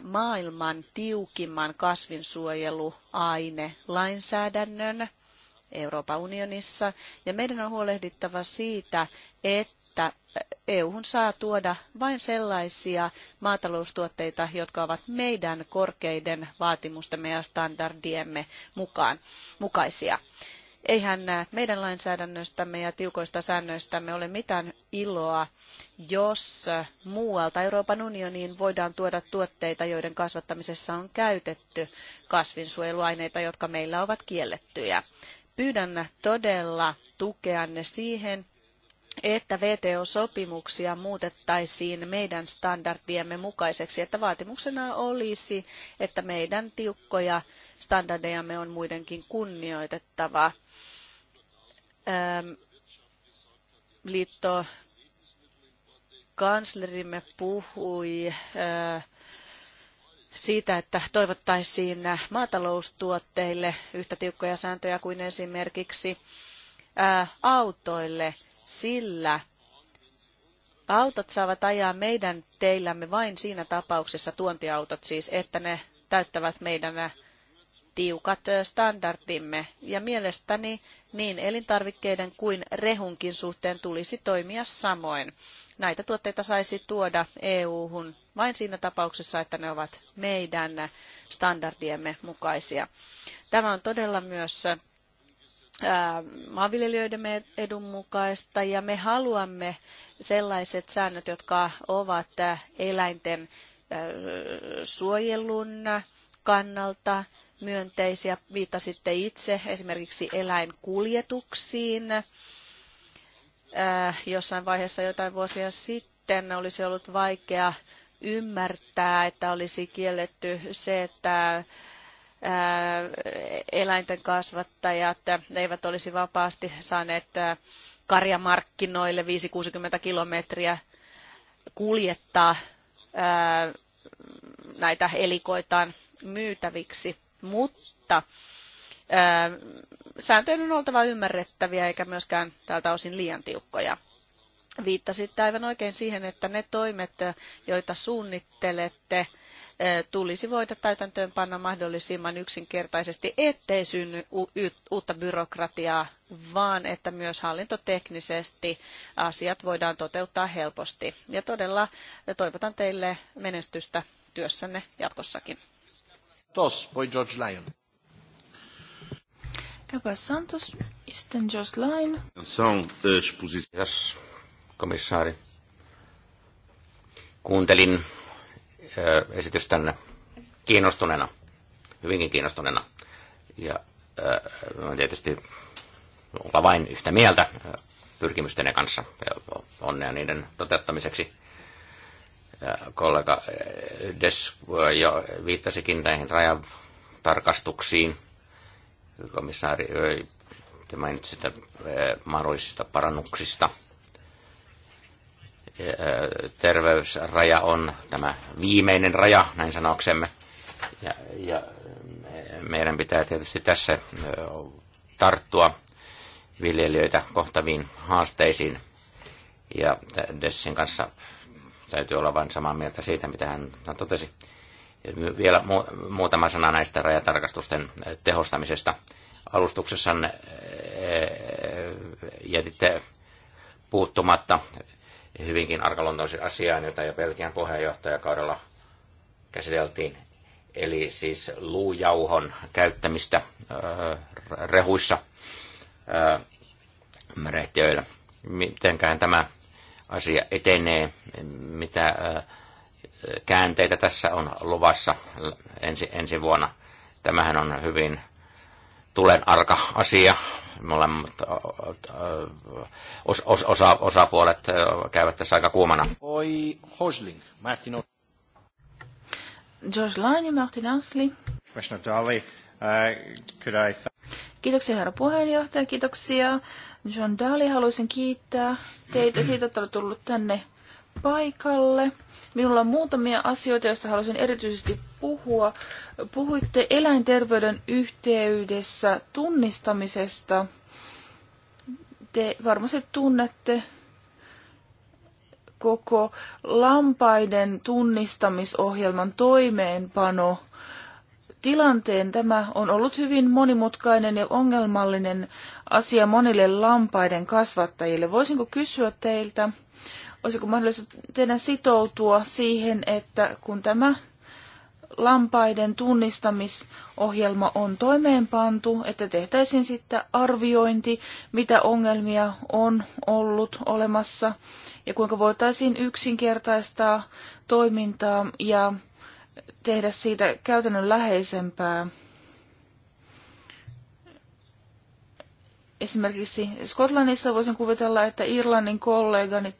maailman tiukimman kasvinsuojeluaine lainsäädännön Euroopan unionissa. Ja meidän on huolehdittava siitä, että EUhun saa tuoda vain sellaisia maataloustuotteita, jotka ovat meidän korkeiden vaatimustemme ja standardiemme mukaan, mukaisia. Eihän meidän lainsäädännöstämme ja tiukoista säännöistämme ole mitään iloa, jos muualta Euroopan unioniin voidaan tuoda tuotteita, joiden kasvattamisessa on käytetty kasvinsuojeluaineita, jotka meillä ovat kiellettyjä. Pyydän todella tukeanne siihen, että VTO-sopimuksia muutettaisiin meidän standardiemme mukaiseksi, että vaatimuksena olisi, että meidän tiukkoja standardejamme on muidenkin kunnioitettava. Liitto kanslerimme puhui siitä, että toivottaisiin maataloustuotteille yhtä tiukkoja sääntöjä kuin esimerkiksi autoille, sillä autot saavat ajaa meidän teillämme vain siinä tapauksessa, tuontiautot siis, että ne täyttävät meidän tiukat standardimme. Ja mielestäni niin elintarvikkeiden kuin rehunkin suhteen tulisi toimia samoin. Näitä tuotteita saisi tuoda EU-hun vain siinä tapauksessa, että ne ovat meidän standardiemme mukaisia. Tämä on todella myös maanviljelijöidemme edun mukaista ja me haluamme sellaiset säännöt, jotka ovat eläinten suojelun kannalta myönteisiä. Viittasitte itse esimerkiksi eläinkuljetuksiin. Äh, jossain vaiheessa jotain vuosia sitten olisi ollut vaikea ymmärtää, että olisi kielletty se, että äh, eläinten kasvattajat eivät olisi vapaasti saaneet äh, karjamarkkinoille 5-60 kilometriä kuljettaa näitä elikoitaan myytäviksi mutta sääntöjen on oltava ymmärrettäviä eikä myöskään tältä osin liian tiukkoja. Viittasit aivan oikein siihen, että ne toimet, joita suunnittelette, tulisi voida täytäntöönpanna panna mahdollisimman yksinkertaisesti, ettei synny uutta byrokratiaa, vaan että myös hallintoteknisesti asiat voidaan toteuttaa helposti. Ja todella toivotan teille menestystä työssänne jatkossakin. Tos, poi George Lyon. Käpäs Santos, sitten George Lyon. Kiitos, eh, komissaari. Kuuntelin eh, esitystänne kiinnostuneena, hyvinkin kiinnostuneena. Ja äh, tietysti olla vain yhtä mieltä pyrkimystenne kanssa ja onnea niiden toteuttamiseksi kollega Des eh, jo viittasikin näihin rajatarkastuksiin. Komissaari, eh, te sitä eh, mahdollisista parannuksista. Terveysraja on tämä viimeinen raja, näin sanoksemme. Ja, ja meidän pitää tietysti tässä tarttua viljelijöitä kohtaviin haasteisiin. Ja Dessin kanssa Täytyy olla vain samaa mieltä siitä, mitä hän totesi. Vielä mu- muutama sana näistä rajatarkastusten eh, tehostamisesta. Alustuksessanne eh, jätitte puuttumatta hyvinkin arkaluontoisen asiaan, jota jo Belgian puheenjohtajakaudella käsiteltiin. Eli siis luujauhon käyttämistä eh, rehuissa merehtiöillä. Mitenkään tämä asia etenee, mitä käänteitä tässä on luvassa ensi, ensi vuonna. Tämähän on hyvin tulen arka asia. Molemmat os, os, osa, osapuolet käyvät tässä aika kuumana. Oi Hosling, Martin o- George Lani, Martin Ansley. Commissioner uh, could I Kiitoksia herra puheenjohtaja, kiitoksia. John Daly, haluaisin kiittää teitä siitä, että olette tullut tänne paikalle. Minulla on muutamia asioita, joista haluaisin erityisesti puhua. Puhuitte eläinterveyden yhteydessä tunnistamisesta. Te varmasti tunnette koko lampaiden tunnistamisohjelman toimeenpano tilanteen. Tämä on ollut hyvin monimutkainen ja ongelmallinen asia monille lampaiden kasvattajille. Voisinko kysyä teiltä, olisiko mahdollista teidän sitoutua siihen, että kun tämä lampaiden tunnistamisohjelma on toimeenpantu, että tehtäisiin sitten arviointi, mitä ongelmia on ollut olemassa ja kuinka voitaisiin yksinkertaistaa toimintaa ja tehdä siitä käytännön läheisempää. Esimerkiksi Skotlannissa voisin kuvitella, että Irlannin kollegani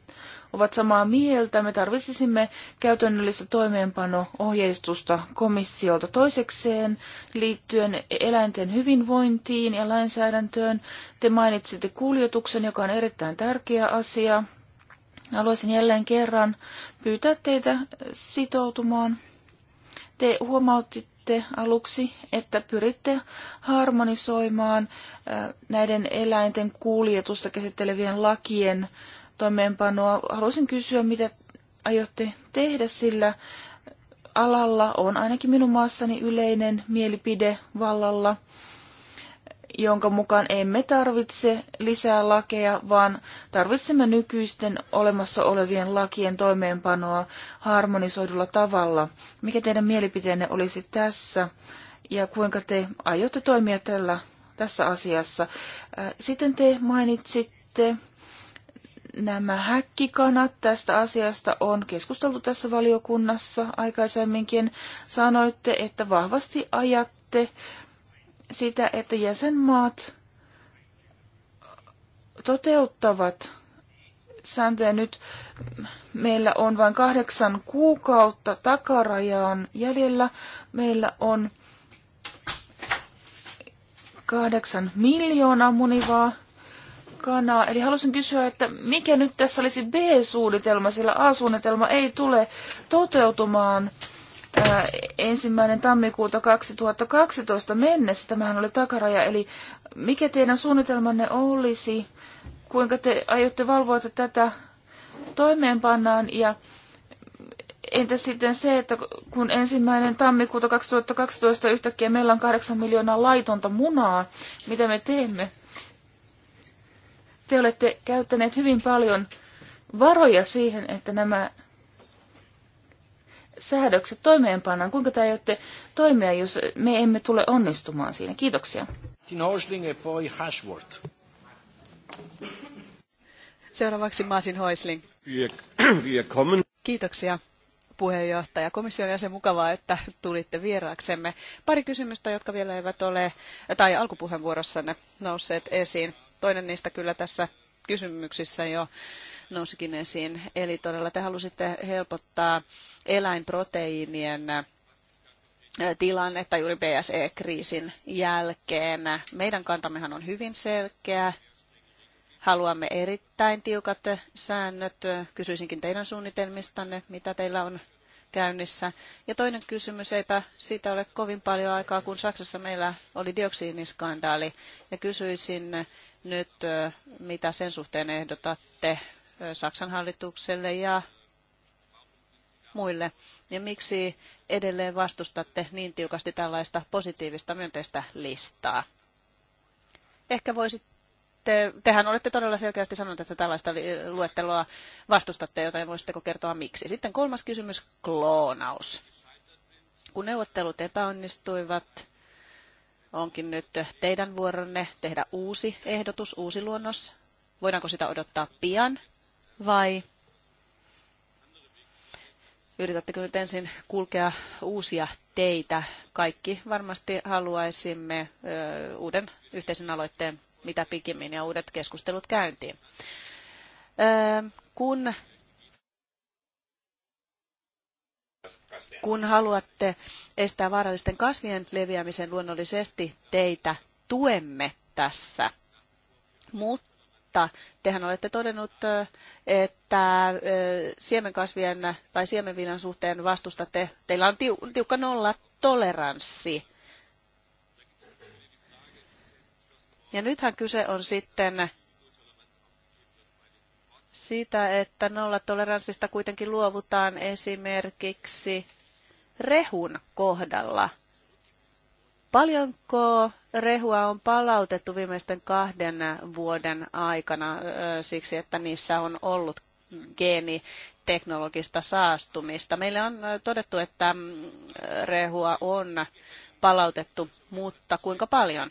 ovat samaa mieltä. Me tarvitsisimme käytännöllistä toimeenpano-ohjeistusta komissiolta toisekseen liittyen eläinten hyvinvointiin ja lainsäädäntöön. Te mainitsitte kuljetuksen, joka on erittäin tärkeä asia. Haluaisin jälleen kerran pyytää teitä sitoutumaan te huomautitte aluksi, että pyritte harmonisoimaan näiden eläinten kuljetusta käsittelevien lakien toimeenpanoa. Haluaisin kysyä, mitä aiotte tehdä, sillä alalla on ainakin minun maassani yleinen mielipide vallalla, jonka mukaan emme tarvitse lisää lakeja, vaan tarvitsemme nykyisten olemassa olevien lakien toimeenpanoa harmonisoidulla tavalla. Mikä teidän mielipiteenne olisi tässä ja kuinka te aiotte toimia tällä, tässä asiassa? Sitten te mainitsitte nämä häkkikanat. Tästä asiasta on keskusteltu tässä valiokunnassa aikaisemminkin. Sanoitte, että vahvasti ajatte sitä, että jäsenmaat toteuttavat sääntöjä nyt. Meillä on vain kahdeksan kuukautta takarajaan jäljellä. Meillä on kahdeksan miljoonaa munivaa kanaa. Eli halusin kysyä, että mikä nyt tässä olisi B-suunnitelma, sillä A-suunnitelma ei tule toteutumaan – ensimmäinen tammikuuta 2012 mennessä. Tämähän oli takaraja, eli mikä teidän suunnitelmanne olisi, kuinka te aiotte valvoa, että tätä toimeenpannaan ja entä sitten se, että kun ensimmäinen tammikuuta 2012 yhtäkkiä meillä on 8 miljoonaa laitonta munaa, mitä me teemme? Te olette käyttäneet hyvin paljon varoja siihen, että nämä säädökset toimeenpannaan? Kuinka te aiotte toimia, jos me emme tule onnistumaan siinä? Kiitoksia. Seuraavaksi Maasin Hoisling. Kiitoksia puheenjohtaja. Komission jäsen mukavaa, että tulitte vieraaksemme. Pari kysymystä, jotka vielä eivät ole, tai alkupuheenvuorossanne nousseet esiin. Toinen niistä kyllä tässä kysymyksissä jo nousikin esiin. Eli todella te halusitte helpottaa eläinproteiinien äh, tilannetta juuri BSE-kriisin jälkeen. Meidän kantammehan on hyvin selkeä. Haluamme erittäin tiukat säännöt. Kysyisinkin teidän suunnitelmistanne, mitä teillä on käynnissä. Ja toinen kysymys, eipä siitä ole kovin paljon aikaa, kun Saksassa meillä oli dioksiiniskandaali. Ja kysyisin nyt, äh, mitä sen suhteen ehdotatte Saksan hallitukselle ja muille. Ja miksi edelleen vastustatte niin tiukasti tällaista positiivista myönteistä listaa? Ehkä voisitte, tehän olette todella selkeästi sanonut, että tällaista luetteloa vastustatte, joten voisitteko kertoa miksi. Sitten kolmas kysymys, kloonaus. Kun neuvottelut epäonnistuivat, onkin nyt teidän vuoronne tehdä uusi ehdotus, uusi luonnos. Voidaanko sitä odottaa pian? vai yritättekö nyt ensin kulkea uusia teitä? Kaikki varmasti haluaisimme uuden yhteisen aloitteen mitä pikimmin ja uudet keskustelut käyntiin. kun, kun haluatte estää vaarallisten kasvien leviämisen, luonnollisesti teitä tuemme tässä. Mutta mutta tehän olette todennut, että siemenkasvien tai siemenviljan suhteen vastustatte, teillä on tiukka nolla toleranssi. Ja nythän kyse on sitten siitä, että nollatoleranssista kuitenkin luovutaan esimerkiksi rehun kohdalla. Paljonko rehua on palautettu viimeisten kahden vuoden aikana siksi, että niissä on ollut geni-teknologista saastumista. Meillä on todettu, että mm, rehua on palautettu, mutta kuinka paljon?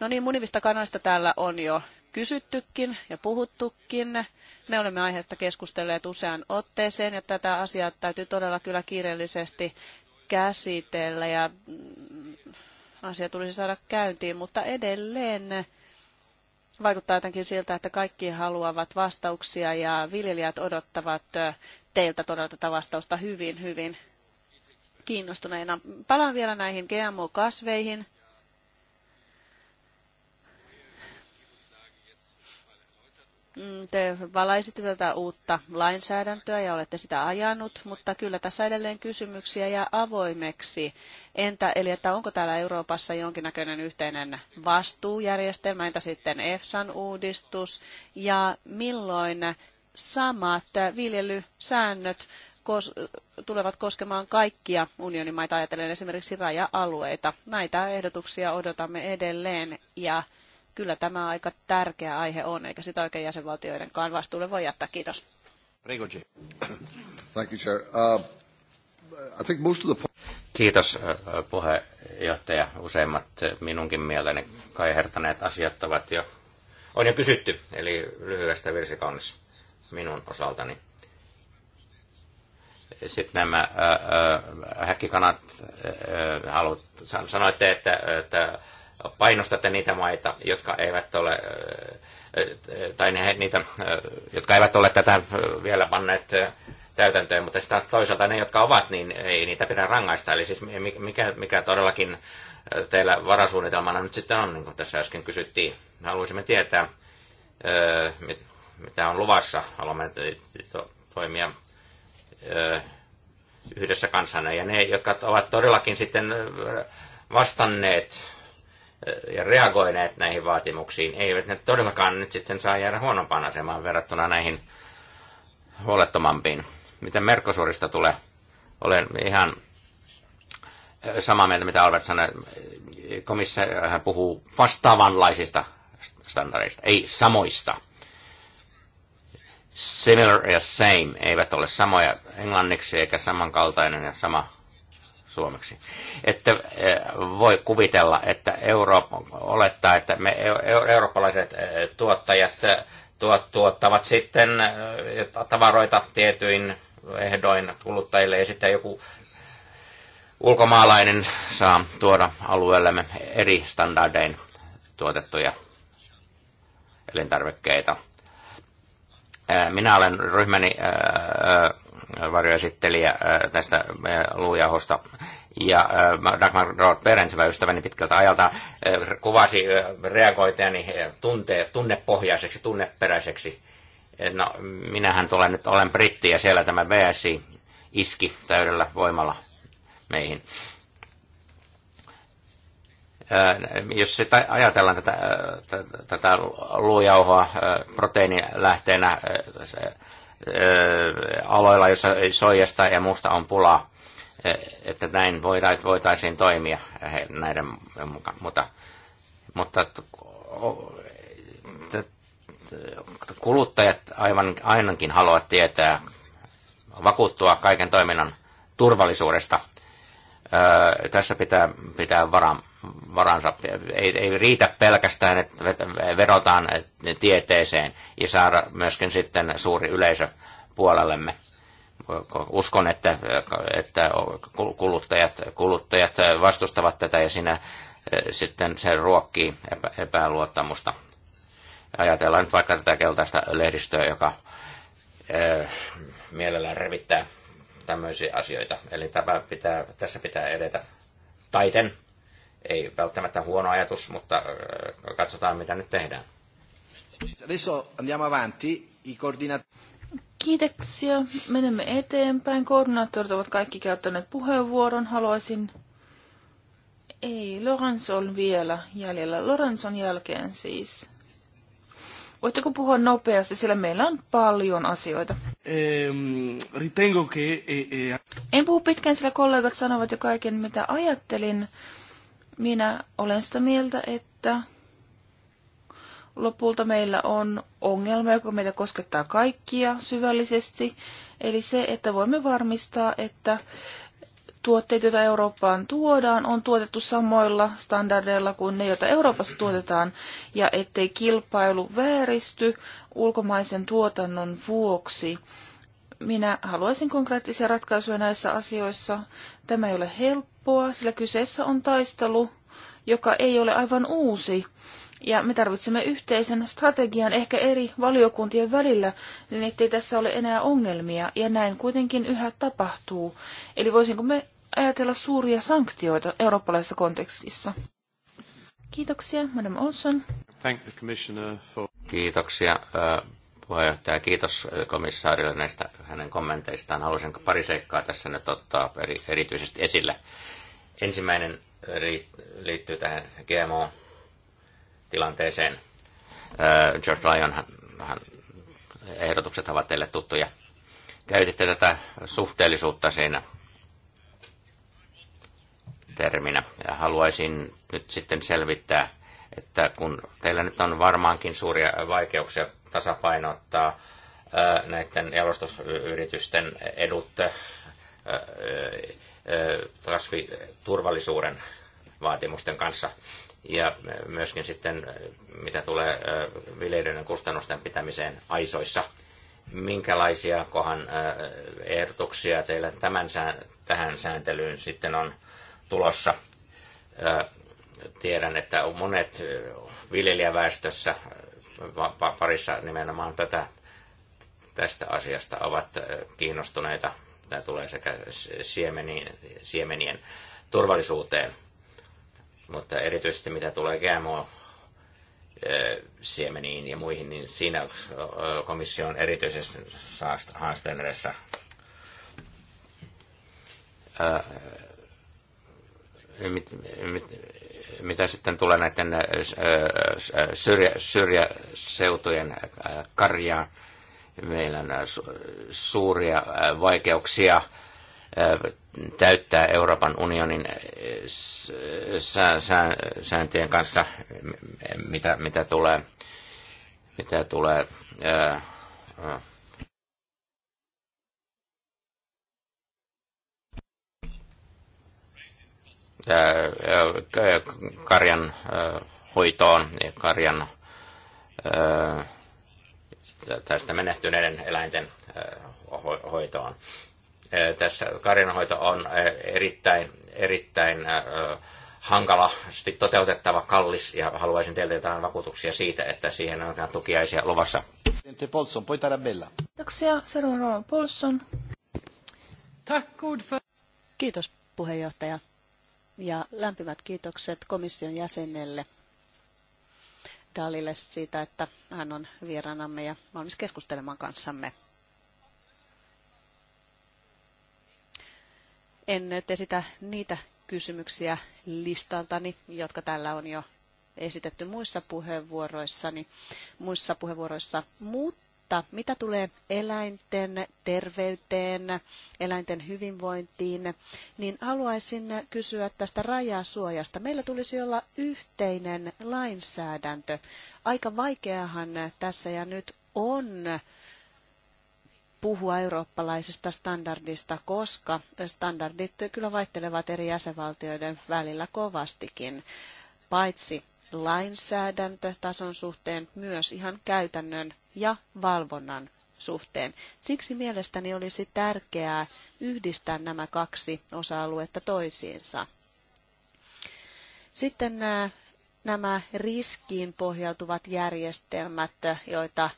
No niin, munivista kanoista täällä on jo kysyttykin ja puhuttukin. Me olemme aiheesta keskustelleet usean otteeseen ja tätä asiaa täytyy todella kyllä kiireellisesti käsitellä ja mm, asia tulisi saada käyntiin, mutta edelleen vaikuttaa jotenkin siltä, että kaikki haluavat vastauksia ja viljelijät odottavat teiltä todella tätä vastausta hyvin, hyvin kiinnostuneina. Palaan vielä näihin GMO-kasveihin. Mm, te valaisitte tätä uutta lainsäädäntöä ja olette sitä ajanut, mutta kyllä tässä edelleen kysymyksiä ja avoimeksi. Entä, eli että onko täällä Euroopassa jonkinnäköinen yhteinen vastuujärjestelmä, entä sitten EFSAn uudistus ja milloin samat viljelysäännöt tulevat koskemaan kaikkia unionin maita ajatellen esimerkiksi raja-alueita. Näitä ehdotuksia odotamme edelleen ja kyllä tämä aika tärkeä aihe on, eikä sitä oikein jäsenvaltioidenkaan vastuulle voi jättää. Kiitos. Thank you, Chair. Uh, Kiitos uh, puheenjohtaja. Useimmat uh, minunkin mieleni kaihertaneet asiat ovat jo, on jo kysytty, eli lyhyestä virsikaunis minun osaltani. Sitten nämä äh, äh, häkkikanat, äh, halut, sanoitte, että, että painostatte niitä maita, jotka eivät ole tai ne niitä, jotka eivät ole tätä vielä panneet täytäntöön, mutta sitten toisaalta ne, jotka ovat, niin ei niitä pidä rangaista. Eli siis mikä, mikä todellakin teillä varasuunnitelmana nyt sitten on, niin kuin tässä äsken kysyttiin. Haluaisimme tietää, mitä on luvassa. Haluamme toimia yhdessä kansana. Ja ne, jotka ovat todellakin sitten vastanneet ja reagoineet näihin vaatimuksiin, eivät ne todellakaan nyt sitten saa jäädä huonompaan asemaan verrattuna näihin huolettomampiin. Mitä Merkosurista tulee? Olen ihan samaa mieltä, mitä Albert sanoi. Komissio hän puhuu vastaavanlaisista standardeista, ei samoista. Similar ja same eivät ole samoja englanniksi eikä samankaltainen ja sama suomeksi. Että eh, voi kuvitella, että Eurooppa olettaa, että me eurooppalaiset eh, tuottajat eh, tuottavat sitten tavaroita tietyin ehdoin kuluttajille ja sitten joku ulkomaalainen saa tuoda alueellemme eri standardein tuotettuja elintarvikkeita. Minä olen ryhmäni varjoesittelijä tästä luujahosta. Ja Dagmar Roth Berens, hyvä ystäväni pitkältä ajalta, kuvasi reagoitajani tunte, tunnepohjaiseksi, tunneperäiseksi. No, minähän tulen nyt, olen britti ja siellä tämä BSI iski täydellä voimalla meihin jos sitä ajatellaan tätä, tätä luujauhoa proteiinilähteenä aloilla, jossa soijasta ja muusta on pulaa, että näin voitaisiin toimia näiden mukaan. Mutta, mutta kuluttajat aivan ainakin haluavat tietää, vakuuttua kaiken toiminnan turvallisuudesta. Tässä pitää, pitää varaa varansa. Ei, ei riitä pelkästään, että verotaan tieteeseen ja saada myöskin sitten suuri yleisö puolellemme. Uskon, että, että kuluttajat, kuluttajat vastustavat tätä ja sinä e, sitten se ruokkii epä, epäluottamusta. Ajatellaan nyt vaikka tätä keltaista lehdistöä, joka e, mielellään revittää tämmöisiä asioita. Eli tämä pitää, tässä pitää edetä taiten. Ei välttämättä huono ajatus, mutta äh, katsotaan mitä nyt tehdään. Adesso andiamo avanti. I Kiitoksia. Menemme eteenpäin. Koordinaattorit ovat kaikki käyttäneet puheenvuoron. Haluaisin... Ei, Lorenz on vielä jäljellä. Lorenz on jälkeen siis. Voitteko puhua nopeasti, sillä meillä on paljon asioita. Ehm, e, e- en puhu pitkään, sillä kollegat sanovat jo kaiken, mitä ajattelin. Minä olen sitä mieltä, että lopulta meillä on ongelma, joka meitä koskettaa kaikkia syvällisesti. Eli se, että voimme varmistaa, että tuotteet, joita Eurooppaan tuodaan, on tuotettu samoilla standardeilla kuin ne, joita Euroopassa tuotetaan, ja ettei kilpailu vääristy ulkomaisen tuotannon vuoksi minä haluaisin konkreettisia ratkaisuja näissä asioissa. Tämä ei ole helppoa, sillä kyseessä on taistelu, joka ei ole aivan uusi. Ja me tarvitsemme yhteisen strategian ehkä eri valiokuntien välillä, niin ettei tässä ole enää ongelmia, ja näin kuitenkin yhä tapahtuu. Eli voisinko me ajatella suuria sanktioita eurooppalaisessa kontekstissa? Kiitoksia, Madame Olson. Kiitoksia äh, puheenjohtaja. Kiitos komissaarille näistä hänen kommenteistaan. Haluaisin pari seikkaa tässä nyt ottaa eri, erityisesti esille. Ensimmäinen liittyy tähän GMO-tilanteeseen. George Lyon hän, hän, ehdotukset ovat teille tuttuja. Käytitte tätä suhteellisuutta siinä terminä. Ja haluaisin nyt sitten selvittää, että kun teillä nyt on varmaankin suuria vaikeuksia tasapainottaa näiden jalostusyritysten edut kasviturvallisuuden vaatimusten kanssa. Ja myöskin sitten, mitä tulee viljelijöiden kustannusten pitämiseen aisoissa, minkälaisia kohan ehdotuksia teillä tämän, tähän sääntelyyn sitten on tulossa? Tiedän, että monet viljelijäväestössä parissa nimenomaan tätä, tästä asiasta ovat kiinnostuneita. Tämä tulee sekä siemenien, siemenien turvallisuuteen, mutta erityisesti mitä tulee GMO siemeniin ja muihin, niin siinä komissio on erityisesti haasteen Mit, mit, mitä sitten tulee näiden äh, äh, äh, syrjä, syrjäseutujen karjaan, meillä on suuria vaikeuksia täyttää Euroopan unionin sääntöjen kanssa, mitä, mitä tulee, mitä tulee karjan hoitoon ja niin karjan tästä menehtyneiden eläinten hoitoon. Tässä karjanhoito on erittäin, erittäin hankalasti toteutettava, kallis, ja haluaisin teiltä jotain vakuutuksia siitä, että siihen on tukiaisia luvassa. Kiitoksia, Seru Polson. Kiitos puheenjohtaja ja lämpimät kiitokset komission jäsenelle Dalille siitä, että hän on vieraanamme ja valmis keskustelemaan kanssamme. En nyt esitä niitä kysymyksiä listaltani, jotka täällä on jo esitetty muissa puheenvuoroissani, muissa puheenvuoroissa, mutta mutta mitä tulee eläinten terveyteen, eläinten hyvinvointiin, niin haluaisin kysyä tästä rajasuojasta. Meillä tulisi olla yhteinen lainsäädäntö. Aika vaikeahan tässä ja nyt on puhua eurooppalaisesta standardista, koska standardit kyllä vaihtelevat eri jäsenvaltioiden välillä kovastikin, paitsi lainsäädäntötason suhteen myös ihan käytännön ja valvonnan suhteen. Siksi mielestäni olisi tärkeää yhdistää nämä kaksi osa-aluetta toisiinsa. Sitten nämä riskiin pohjautuvat järjestelmät, joita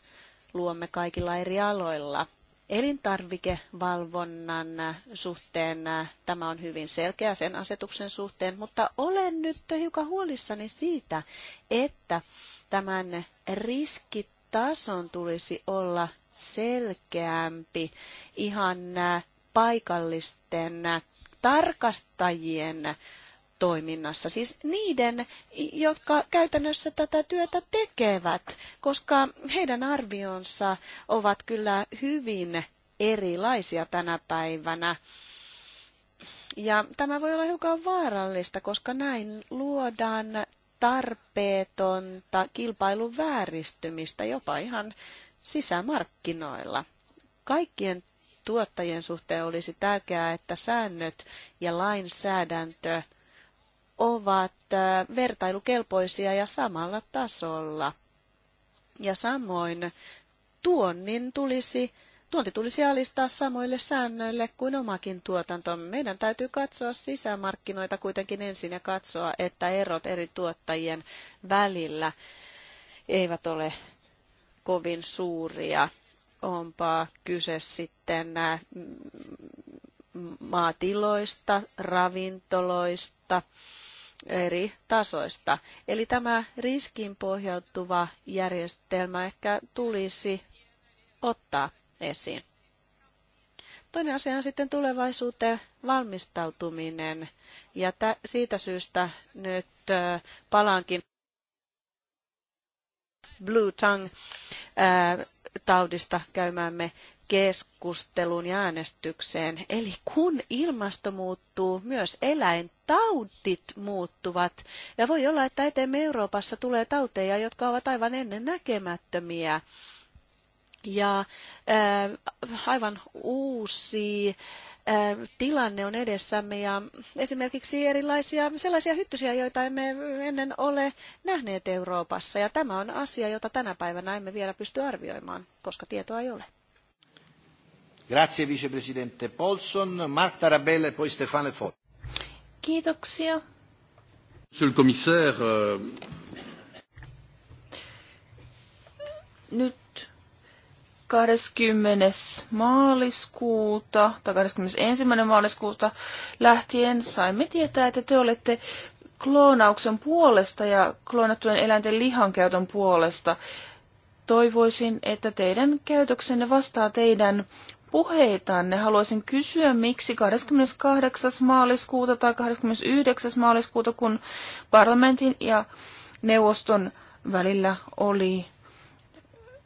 luomme kaikilla eri aloilla. Elintarvikevalvonnan suhteen tämä on hyvin selkeä sen asetuksen suhteen, mutta olen nyt hiukan huolissani siitä, että tämän riskit tason tulisi olla selkeämpi ihan paikallisten tarkastajien toiminnassa, siis niiden, jotka käytännössä tätä työtä tekevät, koska heidän arvionsa ovat kyllä hyvin erilaisia tänä päivänä. Ja tämä voi olla hiukan vaarallista, koska näin luodaan tarpeetonta kilpailun vääristymistä jopa ihan sisämarkkinoilla. Kaikkien tuottajien suhteen olisi tärkeää, että säännöt ja lainsäädäntö ovat vertailukelpoisia ja samalla tasolla. Ja samoin tuonnin tulisi tuonti tulisi alistaa samoille säännöille kuin omakin tuotanto. Meidän täytyy katsoa sisämarkkinoita kuitenkin ensin ja katsoa, että erot eri tuottajien välillä eivät ole kovin suuria. Onpa kyse sitten mm, maatiloista, ravintoloista, eri tasoista. Eli tämä riskiin pohjautuva järjestelmä ehkä tulisi ottaa esiin. Toinen asia on sitten tulevaisuuteen valmistautuminen. Ja tä, siitä syystä nyt ö, palaankin Blue Tongue-taudista käymämme keskusteluun ja äänestykseen. Eli kun ilmasto muuttuu, myös eläintaudit muuttuvat. Ja voi olla, että eteemme Euroopassa tulee tauteja, jotka ovat aivan ennen näkemättömiä. Ja äh, aivan uusi äh, tilanne on edessämme ja esimerkiksi erilaisia sellaisia hyttysiä, joita emme ennen ole nähneet Euroopassa. Ja tämä on asia, jota tänä päivänä emme vielä pysty arvioimaan, koska tietoa ei ole. Grazie vicepresidente Paulson, Mark Tarabella e poi Stefano Fort. Kiitoksia. Monsieur le commissaire, euh, nyt 20. maaliskuuta tai 21. maaliskuuta lähtien saimme tietää, että te olette kloonauksen puolesta ja kloonattujen eläinten lihankäytön puolesta. Toivoisin, että teidän käytöksenne vastaa teidän puheitanne. Haluaisin kysyä, miksi 28. maaliskuuta tai 29. maaliskuuta, kun parlamentin ja neuvoston välillä oli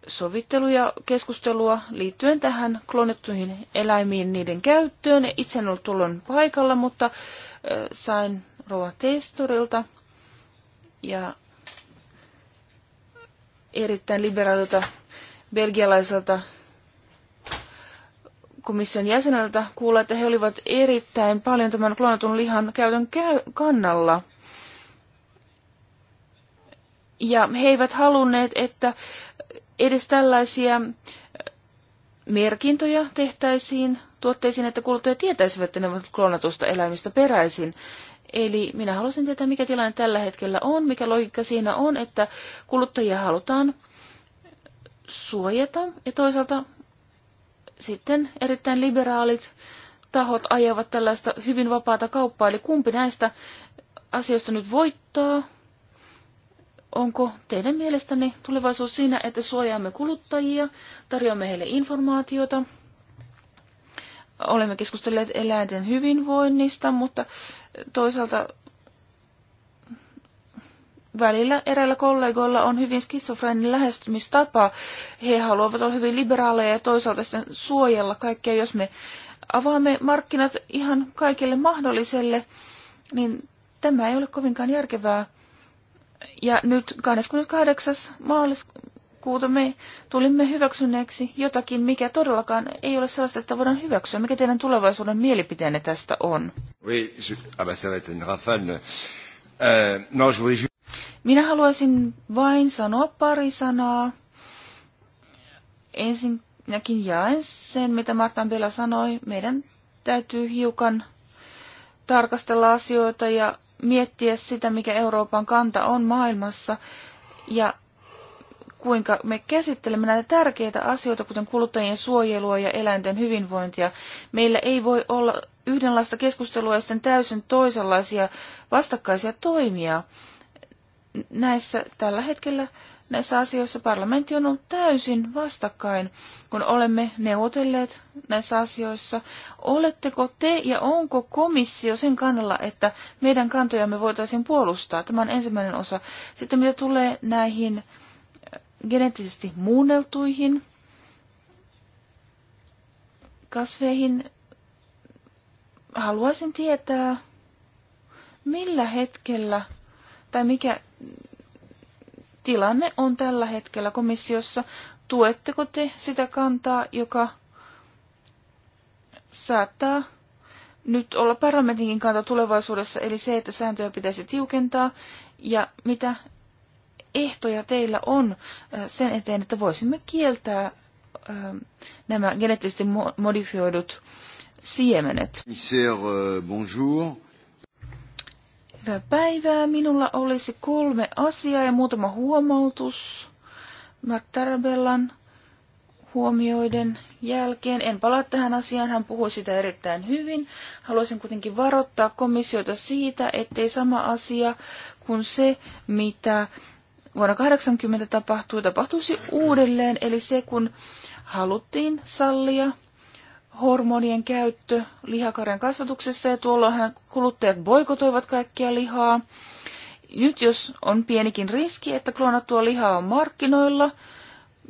sovittelu- ja keskustelua liittyen tähän klonettuihin eläimiin, niiden käyttöön. Itse en ollut tuolloin paikalla, mutta sain Rova testorilta ja erittäin liberaalilta belgialaiselta komission jäseneltä kuulla, että he olivat erittäin paljon tämän klonatun lihan käytön käy- kannalla – ja he eivät halunneet, että edes tällaisia merkintöjä tehtäisiin tuotteisiin, että kuluttajat tietäisivät, että ne ovat kloonatusta eläimistä peräisin. Eli minä halusin tietää, mikä tilanne tällä hetkellä on, mikä logiikka siinä on, että kuluttajia halutaan suojata ja toisaalta sitten erittäin liberaalit tahot ajavat tällaista hyvin vapaata kauppaa, eli kumpi näistä asioista nyt voittaa, Onko teidän mielestänne tulevaisuus siinä, että suojaamme kuluttajia, tarjoamme heille informaatiota? Olemme keskustelleet eläinten hyvinvoinnista, mutta toisaalta välillä eräillä kollegoilla on hyvin skitsofreinen lähestymistapa. He haluavat olla hyvin liberaaleja ja toisaalta sitten suojella kaikkea. Jos me avaamme markkinat ihan kaikille mahdolliselle, niin tämä ei ole kovinkaan järkevää ja nyt 28. maaliskuuta me tulimme hyväksyneeksi jotakin, mikä todellakaan ei ole sellaista, että voidaan hyväksyä. Mikä teidän tulevaisuuden mielipiteenne tästä on? Ah euh, Minä haluaisin vain sanoa pari sanaa. Ensinnäkin jaen sen, mitä Martan Bela sanoi. Meidän täytyy hiukan tarkastella asioita ja miettiä sitä, mikä Euroopan kanta on maailmassa ja kuinka me käsittelemme näitä tärkeitä asioita, kuten kuluttajien suojelua ja eläinten hyvinvointia. Meillä ei voi olla yhdenlaista keskustelua ja sitten täysin toisenlaisia vastakkaisia toimia. Näissä tällä hetkellä näissä asioissa parlamentti on ollut täysin vastakkain, kun olemme neuvotelleet näissä asioissa. Oletteko te ja onko komissio sen kannalla, että meidän kantojamme voitaisiin puolustaa? Tämä on ensimmäinen osa. Sitten mitä tulee näihin äh, geneettisesti muunneltuihin kasveihin, haluaisin tietää, millä hetkellä tai mikä tilanne on tällä hetkellä komissiossa. Tuetteko te sitä kantaa, joka saattaa nyt olla parlamentinkin kanta tulevaisuudessa, eli se, että sääntöjä pitäisi tiukentaa, ja mitä ehtoja teillä on äh, sen eteen, että voisimme kieltää äh, nämä geneettisesti modifioidut siemenet. Euh, bonjour. Hyvää päivää. Minulla olisi kolme asiaa ja muutama huomautus. Mattarabellan huomioiden jälkeen. En palaa tähän asiaan, hän puhui sitä erittäin hyvin. Haluaisin kuitenkin varoittaa komissiota siitä, ettei sama asia kuin se, mitä vuonna 80 tapahtui, tapahtuisi uudelleen. Eli se, kun haluttiin sallia hormonien käyttö lihakarjan kasvatuksessa ja tuolloinhan kuluttajat boikotoivat kaikkia lihaa. Nyt jos on pienikin riski, että kloonattua lihaa on markkinoilla,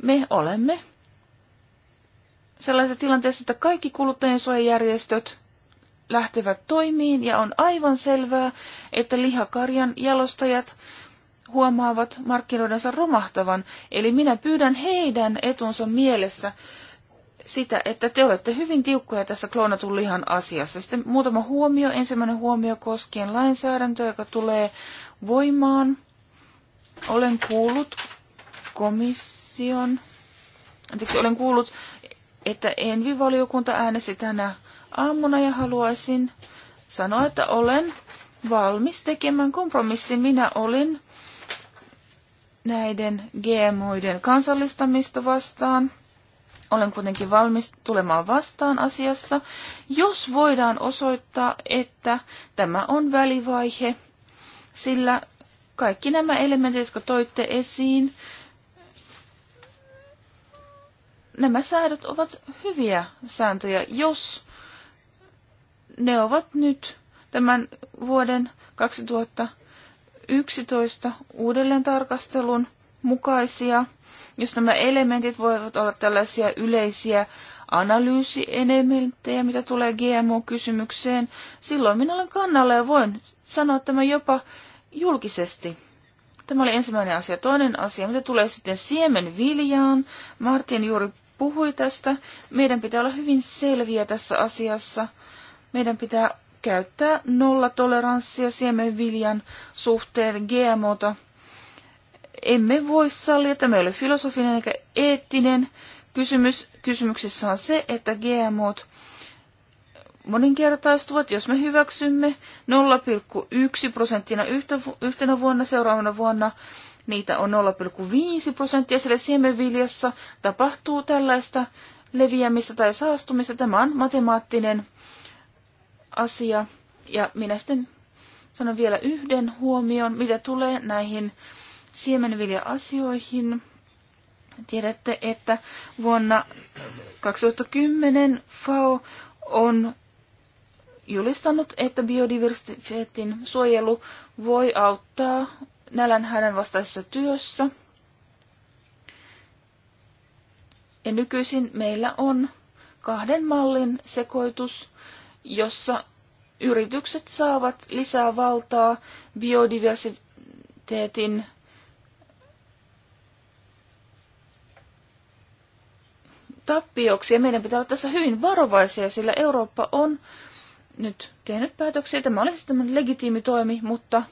me olemme sellaisessa tilanteessa, että kaikki suojajärjestöt lähtevät toimiin ja on aivan selvää, että lihakarjan jalostajat huomaavat markkinoidensa romahtavan. Eli minä pyydän heidän etunsa mielessä sitä, että te olette hyvin tiukkoja tässä kloonatun lihan asiassa. Sitten muutama huomio. Ensimmäinen huomio koskien lainsäädäntöä, joka tulee voimaan. Olen kuullut komission, anteeksi, olen kuullut, että Envi-valiokunta äänesti tänä aamuna ja haluaisin sanoa, että olen valmis tekemään kompromissin. Minä olin näiden GMOiden kansallistamista vastaan. Olen kuitenkin valmis tulemaan vastaan asiassa, jos voidaan osoittaa, että tämä on välivaihe, sillä kaikki nämä elementit, jotka toitte esiin, nämä säädöt ovat hyviä sääntöjä, jos ne ovat nyt tämän vuoden 2011 uudelleen tarkastelun mukaisia – jos nämä elementit voivat olla tällaisia yleisiä analyysielementtejä, mitä tulee GMO-kysymykseen, silloin minä olen kannalla ja voin sanoa tämä jopa julkisesti. Tämä oli ensimmäinen asia. Toinen asia, mitä tulee sitten siemenviljaan. Martin juuri puhui tästä. Meidän pitää olla hyvin selviä tässä asiassa. Meidän pitää käyttää nollatoleranssia siemenviljan suhteen GMOta emme voi sallia, tämä ei ole filosofinen eikä eettinen kysymys. Kysymyksessä on se, että GMOt moninkertaistuvat, jos me hyväksymme 0,1 prosenttina yhtenä vuonna, seuraavana vuonna niitä on 0,5 prosenttia, Siellä siemenviljassa tapahtuu tällaista leviämistä tai saastumista. Tämä on matemaattinen asia. Ja minä sitten sanon vielä yhden huomion, mitä tulee näihin siemenvilja-asioihin. Tiedätte, että vuonna 2010 FAO on julistanut, että biodiversiteetin suojelu voi auttaa nälänhädän vastaisessa työssä. Ja nykyisin meillä on kahden mallin sekoitus, jossa yritykset saavat lisää valtaa biodiversiteetin tappioksi. Ja meidän pitää olla tässä hyvin varovaisia, sillä Eurooppa on nyt tehnyt päätöksiä. Tämä olisi tämmöinen legitiimi toimi, mutta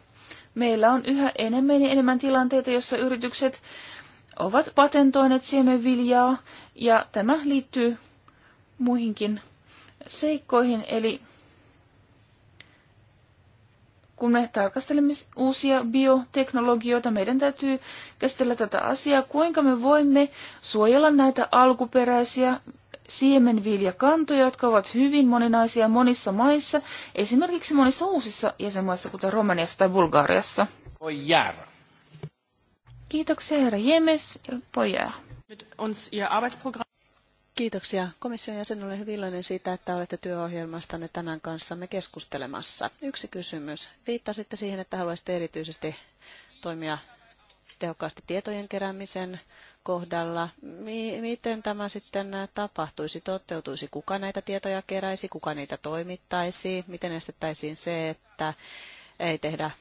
meillä on yhä enemmän ja enemmän tilanteita, jossa yritykset ovat patentoineet siemenviljaa, ja tämä liittyy muihinkin seikkoihin, eli kun me tarkastelemme uusia bioteknologioita, meidän täytyy käsitellä tätä asiaa, kuinka me voimme suojella näitä alkuperäisiä siemenviljakantoja, jotka ovat hyvin moninaisia monissa maissa, esimerkiksi monissa uusissa jäsenmaissa, kuten Romaniassa tai Bulgariassa. Pojar. Kiitoksia herra Jemes ja Mit uns ihr Arbeitsprogramm. Kiitoksia. Komission jäsen, olen hyvin iloinen siitä, että olette työohjelmastanne tänään kanssamme keskustelemassa. Yksi kysymys. Viittasitte siihen, että haluaisitte erityisesti toimia tehokkaasti tietojen keräämisen kohdalla. Miten tämä sitten tapahtuisi, toteutuisi? Kuka näitä tietoja keräisi, kuka niitä toimittaisi? Miten estettäisiin se, että ei tehdä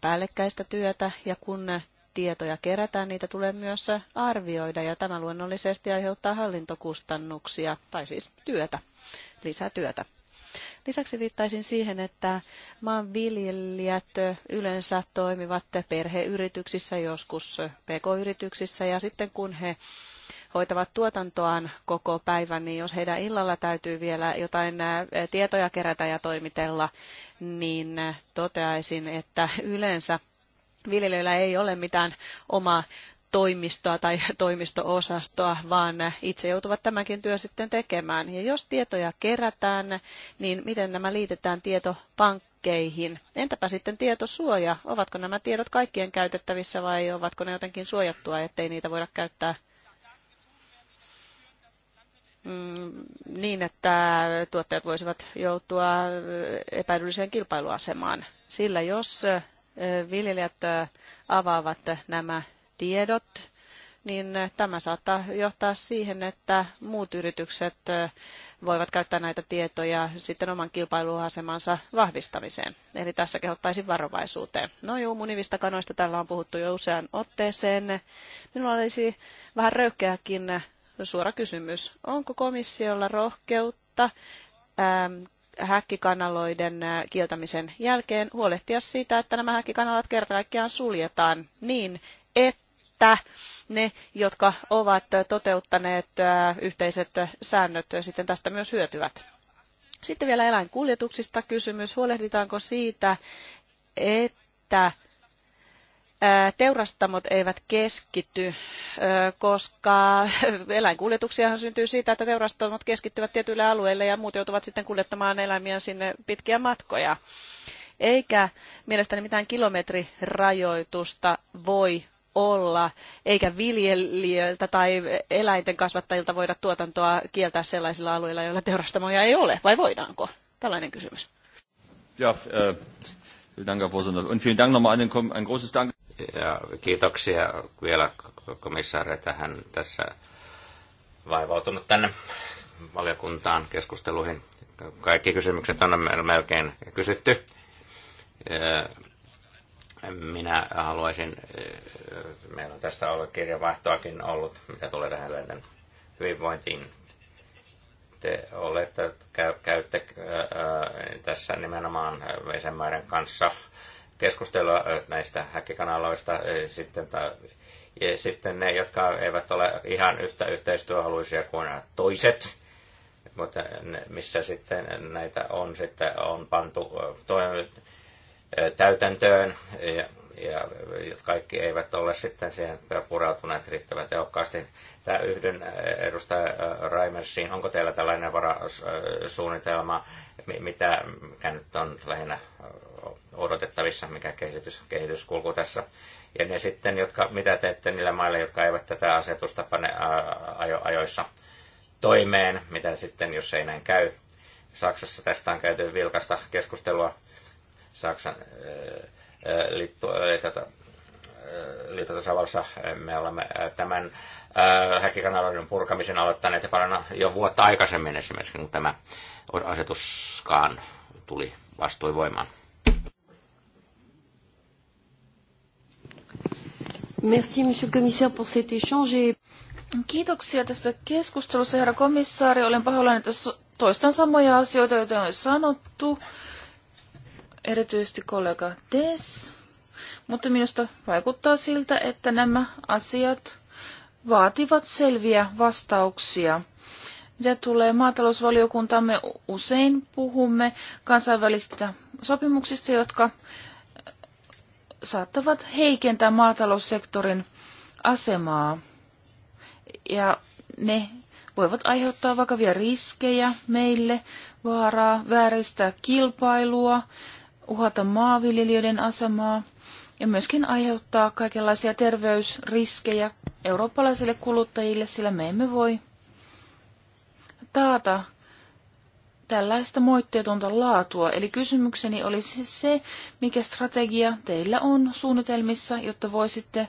päällekkäistä työtä? Ja kun tietoja kerätään, niitä tulee myös arvioida ja tämä luonnollisesti aiheuttaa hallintokustannuksia tai siis työtä, lisätyötä. Lisäksi viittaisin siihen, että maanviljelijät yleensä toimivat perheyrityksissä, joskus pk-yrityksissä ja sitten kun he hoitavat tuotantoaan koko päivän, niin jos heidän illalla täytyy vielä jotain tietoja kerätä ja toimitella, niin toteaisin, että yleensä viljelijöillä ei ole mitään omaa toimistoa tai toimistoosastoa, vaan itse joutuvat tämänkin työn sitten tekemään. Ja jos tietoja kerätään, niin miten nämä liitetään tietopankkeihin? Entäpä sitten tietosuoja? Ovatko nämä tiedot kaikkien käytettävissä vai ovatko ne jotenkin suojattua, ettei niitä voida käyttää mm, niin, että tuottajat voisivat joutua epäedulliseen kilpailuasemaan. Sillä jos viljelijät avaavat nämä tiedot, niin tämä saattaa johtaa siihen, että muut yritykset voivat käyttää näitä tietoja sitten oman kilpailuasemansa vahvistamiseen. Eli tässä kehottaisin varovaisuuteen. No juu, munivista kanoista täällä on puhuttu jo usean otteeseen. Minulla olisi vähän röyhkeäkin suora kysymys. Onko komissiolla rohkeutta häkkikanaloiden äh, kieltämisen jälkeen huolehtia siitä, että nämä häkkikanalat kerta kaikkiaan suljetaan niin, että ne, jotka ovat toteuttaneet äh, yhteiset säännöt, äh, sitten tästä myös hyötyvät. Sitten vielä eläinkuljetuksista kysymys. Huolehditaanko siitä, että teurastamot eivät keskity, koska eläinkuljetuksiahan syntyy siitä, että teurastamot keskittyvät tietyille alueille ja muut joutuvat sitten kuljettamaan eläimiä sinne pitkiä matkoja. Eikä mielestäni mitään kilometrirajoitusta voi olla, eikä viljelijöiltä tai eläinten kasvattajilta voida tuotantoa kieltää sellaisilla alueilla, joilla teurastamoja ei ole, vai voidaanko? Tällainen kysymys. Ja, äh, vielen Dank, Herr Und vielen Dank nochmal an den, ein großes Dank. Ja kiitoksia vielä komissaari hän tässä vaivautunut tänne valiokuntaan keskusteluihin. Kaikki kysymykset on melkein kysytty. Minä haluaisin, meillä on tästä ollut kirjavaihtoakin ollut, mitä tulee tähän eläinten hyvinvointiin. Te olette, käytte tässä nimenomaan jäsenmaiden kanssa keskustelua näistä häkkikanaloista sitten, ta, ja sitten ne, jotka eivät ole ihan yhtä yhteistyöhaluisia kuin toiset, mutta missä sitten näitä on, sitten on pantu toimi, täytäntöön ja ja kaikki eivät ole sitten siihen pureutuneet riittävän tehokkaasti. Tämä yhden äh, edustaja äh, Raimersiin, onko teillä tällainen varasuunnitelma, mitä mikä nyt on lähinnä äh, odotettavissa, mikä kehitys, kehityskulku tässä. Ja ne sitten, jotka, mitä teette niillä mailla, jotka eivät tätä asetusta pane ajo, ajoissa toimeen, mitä sitten, jos ei näin käy. Saksassa tästä on käyty vilkasta keskustelua Saksan Äh, liittotasavallassa äh, äh, me olemme tämän häkkikanaloiden purkamisen aloittaneet ja paljon jo vuotta aikaisemmin esimerkiksi, kun tämä asetuskaan tuli vastui voimaan. Merci, monsieur le commissaire, pour cet échange. Kiitoksia tästä keskustelusta, herra komissaari. Olen pahoillani, että toistan samoja asioita, joita on sanottu erityisesti kollega Des, mutta minusta vaikuttaa siltä, että nämä asiat vaativat selviä vastauksia. Ja tulee maatalousvaliokuntamme, usein puhumme kansainvälisistä sopimuksista, jotka saattavat heikentää maataloussektorin asemaa. Ja ne voivat aiheuttaa vakavia riskejä meille, vaaraa vääristää kilpailua, uhata maanviljelijöiden asemaa ja myöskin aiheuttaa kaikenlaisia terveysriskejä eurooppalaisille kuluttajille, sillä me emme voi taata tällaista moitteetonta laatua. Eli kysymykseni olisi se, mikä strategia teillä on suunnitelmissa, jotta voisitte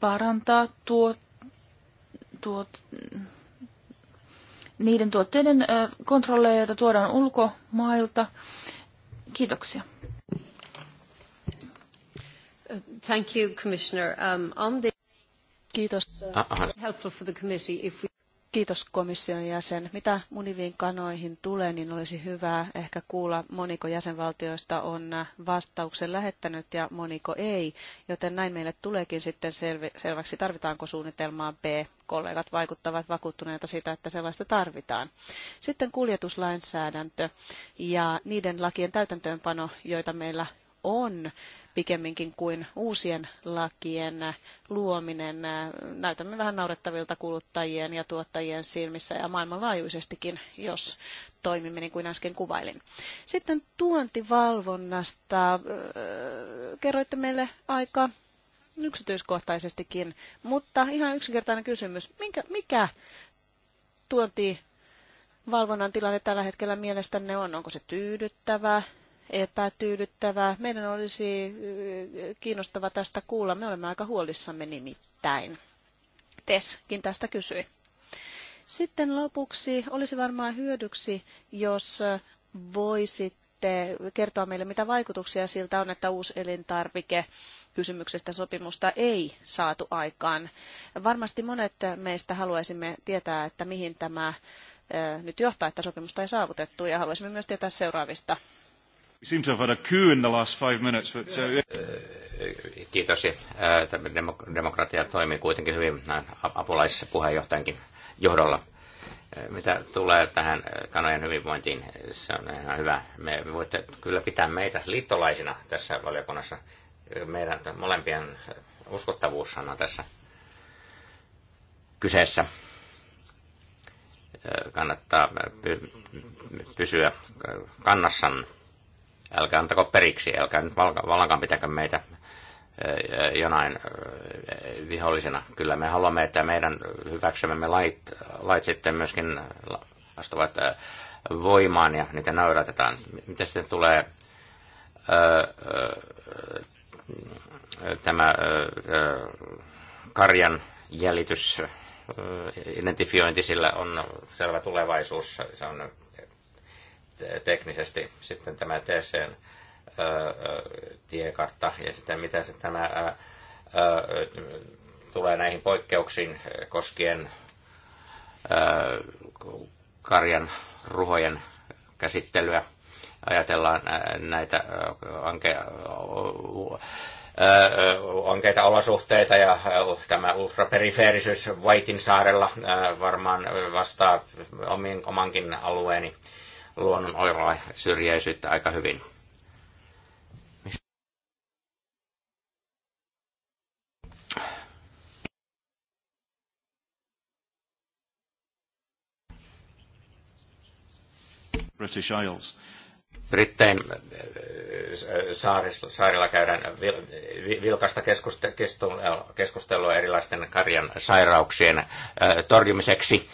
parantaa tuo, tuo, niiden tuotteiden kontrolleja, joita tuodaan ulkomailta, Kiitoksia. Thank you, Commissioner. Um, on the... Kiitos. Ah, helpful Kiitos komission jäsen. Mitä Munivin kanoihin tulee, niin olisi hyvä ehkä kuulla, moniko jäsenvaltioista on vastauksen lähettänyt ja moniko ei. Joten näin meille tuleekin sitten selväksi, tarvitaanko suunnitelmaa B. Kollegat vaikuttavat vakuuttuneilta siitä, että sellaista tarvitaan. Sitten kuljetuslainsäädäntö ja niiden lakien täytäntöönpano, joita meillä on pikemminkin kuin uusien lakien luominen. Näytämme vähän naurettavilta kuluttajien ja tuottajien silmissä ja maailmanlaajuisestikin, jos toimimme niin kuin äsken kuvailin. Sitten tuontivalvonnasta öö, kerroitte meille aika yksityiskohtaisestikin, mutta ihan yksinkertainen kysymys. Minkä, mikä tuontivalvonnan tilanne tällä hetkellä mielestänne on? Onko se tyydyttävä? epätyydyttävää. Meidän olisi kiinnostava tästä kuulla. Me olemme aika huolissamme nimittäin. Teskin tästä kysyi. Sitten lopuksi olisi varmaan hyödyksi, jos voisitte kertoa meille, mitä vaikutuksia siltä on, että uusi elintarvike kysymyksestä sopimusta ei saatu aikaan. Varmasti monet meistä haluaisimme tietää, että mihin tämä nyt johtaa, että sopimusta ei saavutettu, ja haluaisimme myös tietää seuraavista You seem to have had a coup in the last five minutes, but... Uh, kiitos. Demokratia toimii kuitenkin hyvin näin apulaispuheenjohtajankin johdolla. Mitä tulee tähän kanojen hyvinvointiin, se on ihan hyvä. Me voitte kyllä pitää meitä liittolaisina tässä valiokunnassa. Meidän molempien uskottavuushan on tässä kyseessä kannattaa pysyä kannassan Älkää antako periksi, älkää nyt vallankaan pitäkö meitä jonain vihollisena. Kyllä me haluamme, että meidän hyväksymämme lait, lait sitten myöskin astuvat voimaan ja niitä noudatetaan. Mitä sitten tulee tämä öö, karjan jäljitys, identifiointi, sillä on selvä tulevaisuus. Se on teknisesti sitten tämä TCn tiekartta ja sitten mitä se tämä tulee näihin poikkeuksiin koskien karjan ruhojen käsittelyä. Ajatellaan näitä anke, ankeita olosuhteita ja tämä ultraperifeerisyys Vaitin saarella varmaan vastaa omin, omankin alueeni luonnon oiroa syrjäisyyttä aika hyvin. British Isles. Brittein äh, saarilla käydään vilkasta äh, keskustelua erilaisten karjan sairauksien äh, torjumiseksi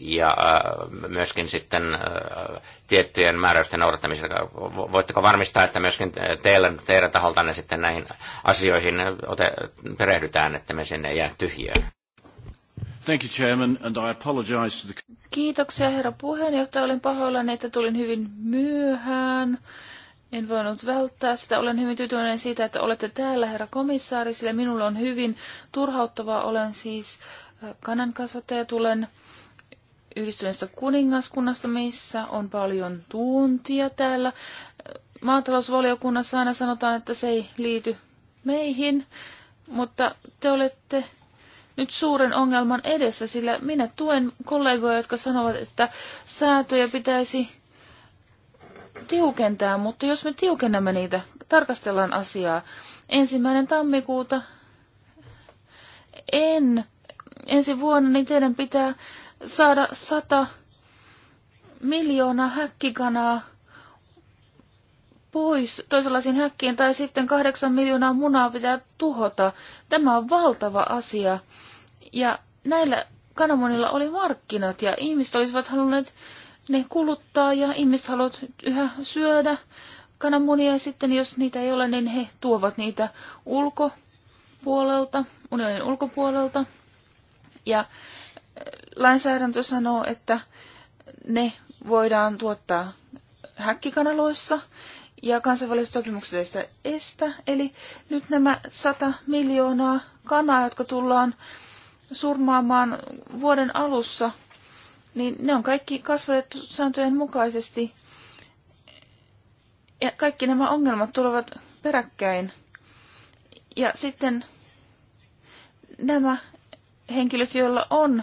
ja myöskin sitten tiettyjen määräysten noudattamista. Voitteko varmistaa, että myöskin teidän, teidän taholtanne sitten näihin asioihin ote, perehdytään, että me sinne jää tyhjiöön? Thank you, Chairman, and I apologize to the... Kiitoksia, herra puheenjohtaja. Olen pahoillani, että tulin hyvin myöhään. En voinut välttää sitä. Olen hyvin tyytyväinen siitä, että olette täällä, herra komissaari, sillä minulle on hyvin turhauttavaa. Olen siis kanankasvattaja. Tulen yhdistyneestä kuningaskunnasta, missä on paljon tuntia täällä. Maatalousvaliokunnassa aina sanotaan, että se ei liity meihin, mutta te olette nyt suuren ongelman edessä, sillä minä tuen kollegoja, jotka sanovat, että säätöjä pitäisi tiukentaa, mutta jos me tiukennamme niitä, tarkastellaan asiaa. Ensimmäinen tammikuuta en ensi vuonna, niin teidän pitää saada sata miljoonaa häkkikanaa pois toisenlaisiin häkkiin tai sitten kahdeksan miljoonaa munaa pitää tuhota. Tämä on valtava asia. Ja näillä kanamonilla oli markkinat ja ihmiset olisivat halunneet ne kuluttaa ja ihmiset haluavat yhä syödä kananmunia ja sitten jos niitä ei ole, niin he tuovat niitä ulkopuolelta, unionin ulkopuolelta. Ja eh, lainsäädäntö sanoo, että ne voidaan tuottaa häkkikanaloissa ja kansainväliset sopimukset ei sitä estä. Eli nyt nämä 100 miljoonaa kanaa, jotka tullaan surmaamaan vuoden alussa, niin ne on kaikki kasvatettu sääntöjen mukaisesti. Ja kaikki nämä ongelmat tulevat peräkkäin. Ja sitten nämä henkilöt, joilla on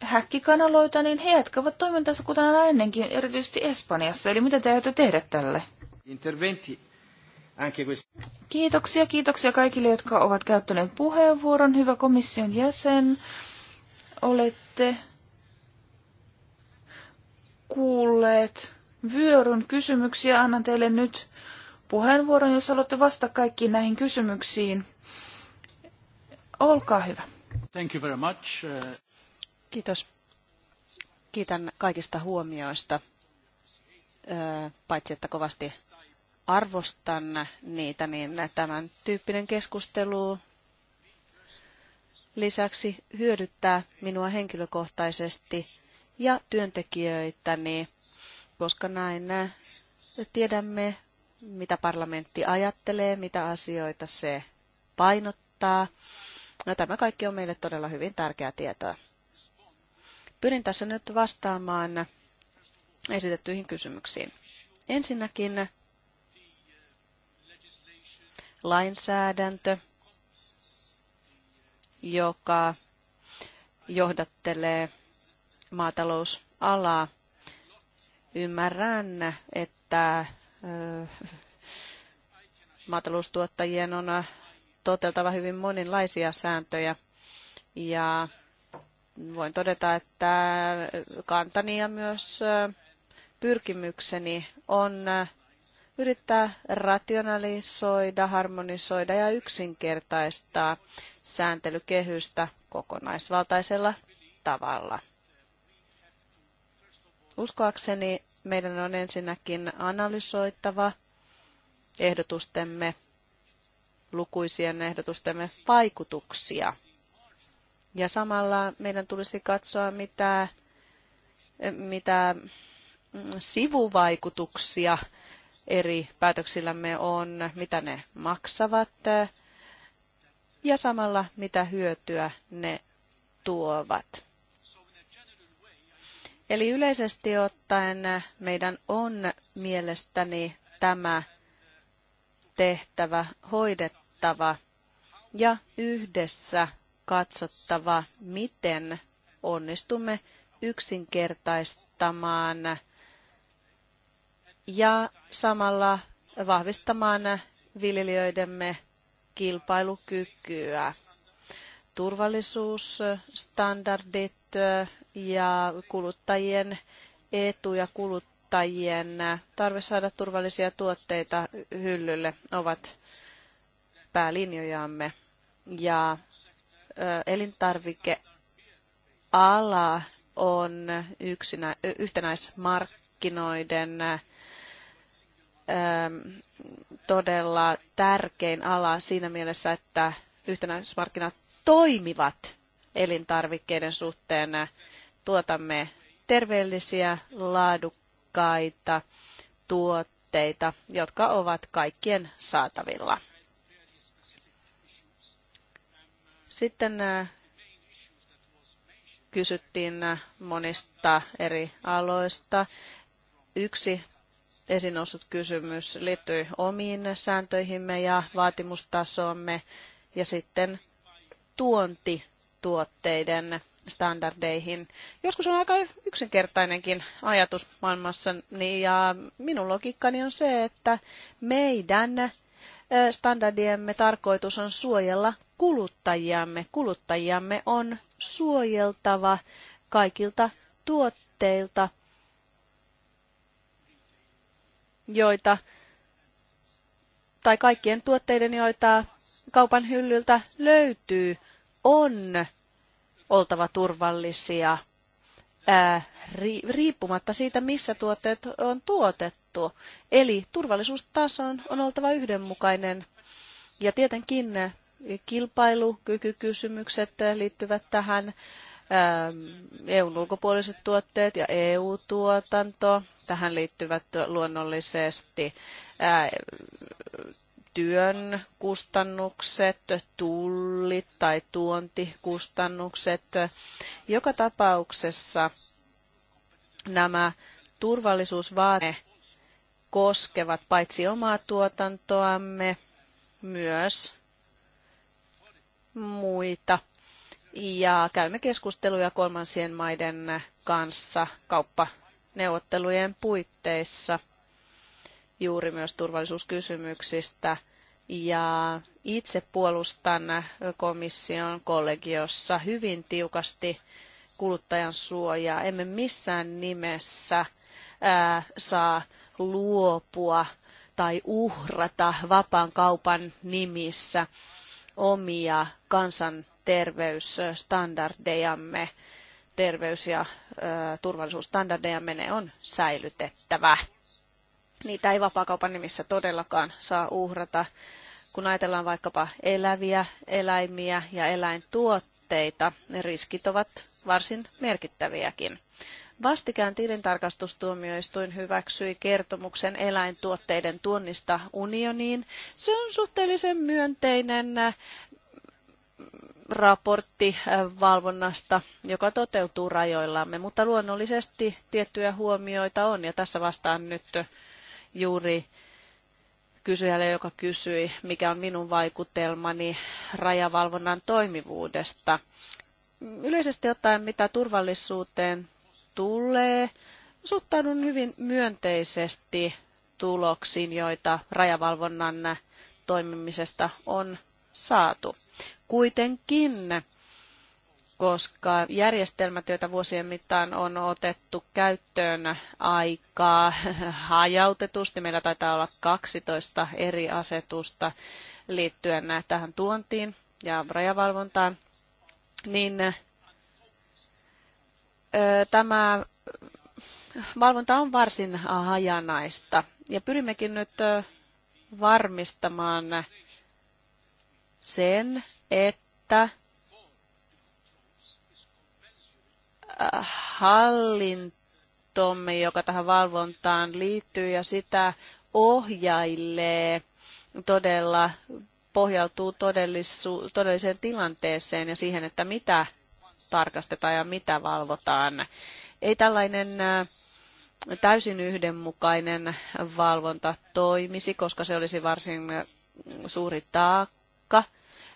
häkkikanaloita, niin he jatkavat toimintansa kuten aina ennenkin, erityisesti Espanjassa. Eli mitä te aiotte tehdä tälle? Interventi. Kiitoksia, kiitoksia kaikille, jotka ovat käyttäneet puheenvuoron. Hyvä komission jäsen, olette kuulleet vyöryn kysymyksiä. Annan teille nyt puheenvuoron, jos haluatte vastata kaikkiin näihin kysymyksiin. Olkaa hyvä. Thank you very much. Uh, Kiitos. Kiitän kaikista huomioista, paitsi että kovasti arvostan niitä, niin tämän tyyppinen keskustelu lisäksi hyödyttää minua henkilökohtaisesti ja työntekijöitäni, koska näin tiedämme, mitä parlamentti ajattelee, mitä asioita se painottaa No, tämä kaikki on meille todella hyvin tärkeää tietoa. Pyrin tässä nyt vastaamaan esitettyihin kysymyksiin. Ensinnäkin lainsäädäntö, joka johdattelee maatalousalaa. Ymmärrän, että maataloustuottajien on toteltava hyvin monenlaisia sääntöjä. Ja voin todeta, että kantani ja myös pyrkimykseni on yrittää rationalisoida, harmonisoida ja yksinkertaistaa sääntelykehystä kokonaisvaltaisella tavalla. Uskoakseni meidän on ensinnäkin analysoittava ehdotustemme lukuisien ehdotustemme vaikutuksia. Ja samalla meidän tulisi katsoa, mitä, mitä mm, sivuvaikutuksia eri päätöksillämme on, mitä ne maksavat ja samalla mitä hyötyä ne tuovat. Eli yleisesti ottaen meidän on mielestäni tämä tehtävä hoidettu tutkittava ja yhdessä katsottava, miten onnistumme yksinkertaistamaan ja samalla vahvistamaan viljelijöidemme kilpailukykyä. Turvallisuusstandardit ja kuluttajien etu ja kuluttajien tarve saada turvallisia tuotteita hyllylle ovat päälinjojamme. Ja elintarvikeala on yksinä, yhtenäismarkkinoiden todella tärkein ala siinä mielessä, että yhtenäismarkkinat toimivat elintarvikkeiden suhteen. Tuotamme terveellisiä, laadukkaita tuotteita, jotka ovat kaikkien saatavilla. Sitten äh, kysyttiin äh, monista eri aloista. Yksi esiin noussut kysymys liittyi omiin sääntöihimme ja vaatimustasoomme ja sitten tuontituotteiden standardeihin. Joskus on aika yksinkertainenkin ajatus maailmassa, niin- ja minun logiikkani on se, että meidän standardiemme tarkoitus on suojella kuluttajiamme. Kuluttajiamme on suojeltava kaikilta tuotteilta, joita, tai kaikkien tuotteiden, joita kaupan hyllyltä löytyy, on oltava turvallisia ää, riippumatta siitä, missä tuotteet on tuotettu sovittu. Eli turvallisuustason on oltava yhdenmukainen. Ja tietenkin eh, kilpailukykykysymykset eh, liittyvät tähän. Eh, EUn ulkopuoliset tuotteet ja EU-tuotanto. Tähän liittyvät luonnollisesti työn kustannukset, tullit tai tuontikustannukset. Joka tapauksessa nämä turvallisuusvaatimukset koskevat paitsi omaa tuotantoamme, myös muita. Ja käymme keskusteluja kolmansien maiden kanssa kauppaneuvottelujen puitteissa juuri myös turvallisuuskysymyksistä. Ja itse puolustan komission kollegiossa hyvin tiukasti kuluttajan suojaa. Emme missään nimessä ää, saa luopua tai uhrata vapaan kaupan nimissä omia kansanterveysstandardejamme, terveys- ja ö, turvallisuusstandardejamme, ne on säilytettävä. Niitä ei vapaakaupan nimissä todellakaan saa uhrata. Kun ajatellaan vaikkapa eläviä eläimiä ja eläintuotteita, ne riskit ovat varsin merkittäviäkin. Vastikään tilintarkastustuomioistuin hyväksyi kertomuksen eläintuotteiden tuonnista unioniin. Se on suhteellisen myönteinen äh, raportti äh, valvonnasta, joka toteutuu rajoillamme, mutta luonnollisesti tiettyjä huomioita on, ja tässä vastaan nyt juuri kysyjälle, joka kysyi, mikä on minun vaikutelmani rajavalvonnan toimivuudesta. Yleisesti ottaen, mitä turvallisuuteen tulee, suhtaudun hyvin myönteisesti tuloksiin, joita rajavalvonnan toimimisesta on saatu. Kuitenkin, koska järjestelmät, joita vuosien mittaan on otettu käyttöön aikaa hajautetusti, meillä taitaa olla 12 eri asetusta liittyen tähän tuontiin ja rajavalvontaan, niin tämä valvonta on varsin hajanaista ja pyrimmekin nyt varmistamaan sen, että hallintomme, joka tähän valvontaan liittyy ja sitä ohjailee, todella pohjautuu todelliseen tilanteeseen ja siihen, että mitä tarkastetaan ja mitä valvotaan. Ei tällainen äh, täysin yhdenmukainen valvonta toimisi, koska se olisi varsin äh, suuri taakka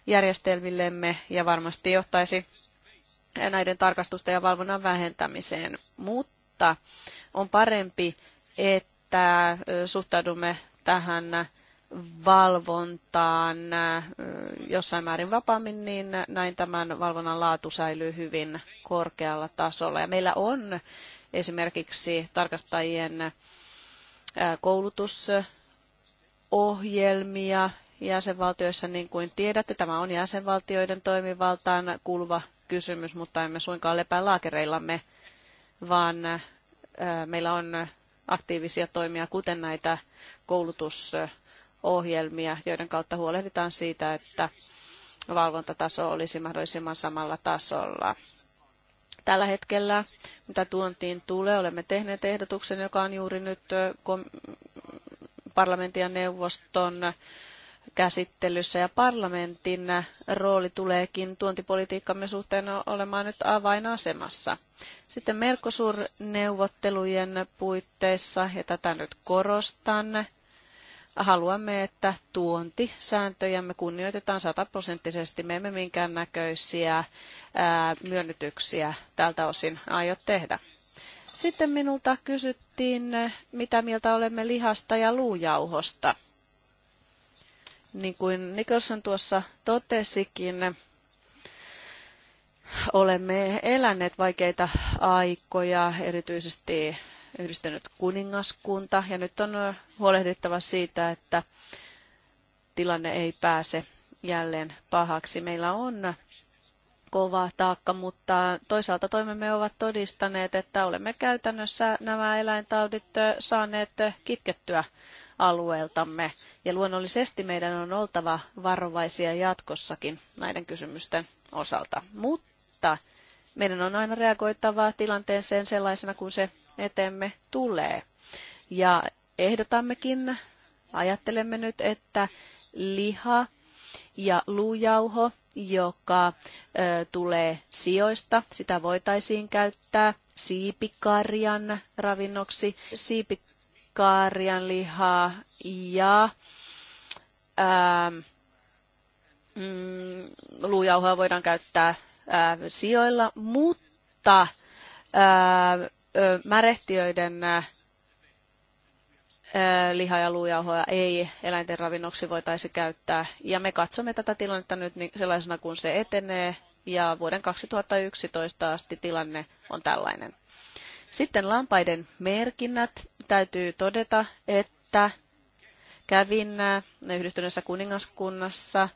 järjestelmillemme ja varmasti johtaisi näiden tarkastusten ja valvonnan vähentämiseen. Mutta on parempi, että äh, suhtaudumme tähän valvontaan äh, jossain määrin vapaammin, niin näin tämän valvonnan laatu säilyy hyvin korkealla tasolla. Ja meillä on esimerkiksi tarkastajien äh, koulutusohjelmia jäsenvaltioissa, niin kuin tiedätte. Tämä on jäsenvaltioiden toimivaltaan kuuluva kysymys, mutta emme suinkaan lepää laakereillamme, vaan äh, meillä on aktiivisia toimia, kuten näitä koulutusohjelmia ohjelmia, joiden kautta huolehditaan siitä, että valvontataso olisi mahdollisimman samalla tasolla. Tällä hetkellä, mitä tuontiin tulee, olemme tehneet ehdotuksen, joka on juuri nyt parlamentin ja neuvoston käsittelyssä ja parlamentin rooli tuleekin tuontipolitiikkamme suhteen olemaan nyt avainasemassa. Sitten Mercosur-neuvottelujen puitteissa, ja tätä nyt korostan, haluamme, että tuontisääntöjämme kunnioitetaan sataprosenttisesti. Me emme minkäännäköisiä myönnytyksiä tältä osin aio tehdä. Sitten minulta kysyttiin, mitä mieltä olemme lihasta ja luujauhosta. Niin kuin Nicholson tuossa totesikin, olemme eläneet vaikeita aikoja, erityisesti yhdistynyt kuningaskunta. Ja nyt on huolehdittava siitä, että tilanne ei pääse jälleen pahaksi. Meillä on kova taakka, mutta toisaalta toimemme ovat todistaneet, että olemme käytännössä nämä eläintaudit saaneet kitkettyä alueeltamme. Ja luonnollisesti meidän on oltava varovaisia jatkossakin näiden kysymysten osalta. Mutta meidän on aina reagoitava tilanteeseen sellaisena kuin se eteemme tulee. Ja ehdotammekin, ajattelemme nyt, että liha ja luujauho, joka ö, tulee sijoista, sitä voitaisiin käyttää siipikarjan ravinnoksi, siipikarjan lihaa ja ö, mm, luujauhoa voidaan käyttää ö, sijoilla, mutta ö, märehtiöiden liha- ja luujauhoja ei eläinten ravinnoksi voitaisi käyttää. Ja me katsomme tätä tilannetta nyt sellaisena kuin se etenee, ja vuoden 2011 asti tilanne on tällainen. Sitten lampaiden merkinnät. Täytyy todeta, että kävin yhdistyneessä kuningaskunnassa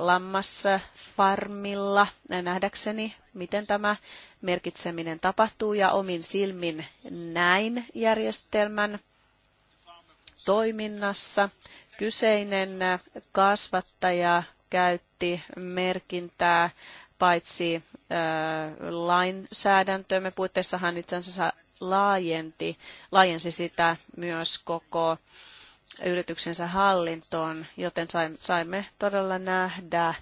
lammasfarmilla nähdäkseni, miten tämä merkitseminen tapahtuu ja omin silmin näin järjestelmän toiminnassa. Kyseinen kasvattaja käytti merkintää paitsi lainsäädäntöömme puitteissahan itse asiassa laajenti, laajensi sitä myös koko yrityksensä hallintoon, joten saimme todella nähdä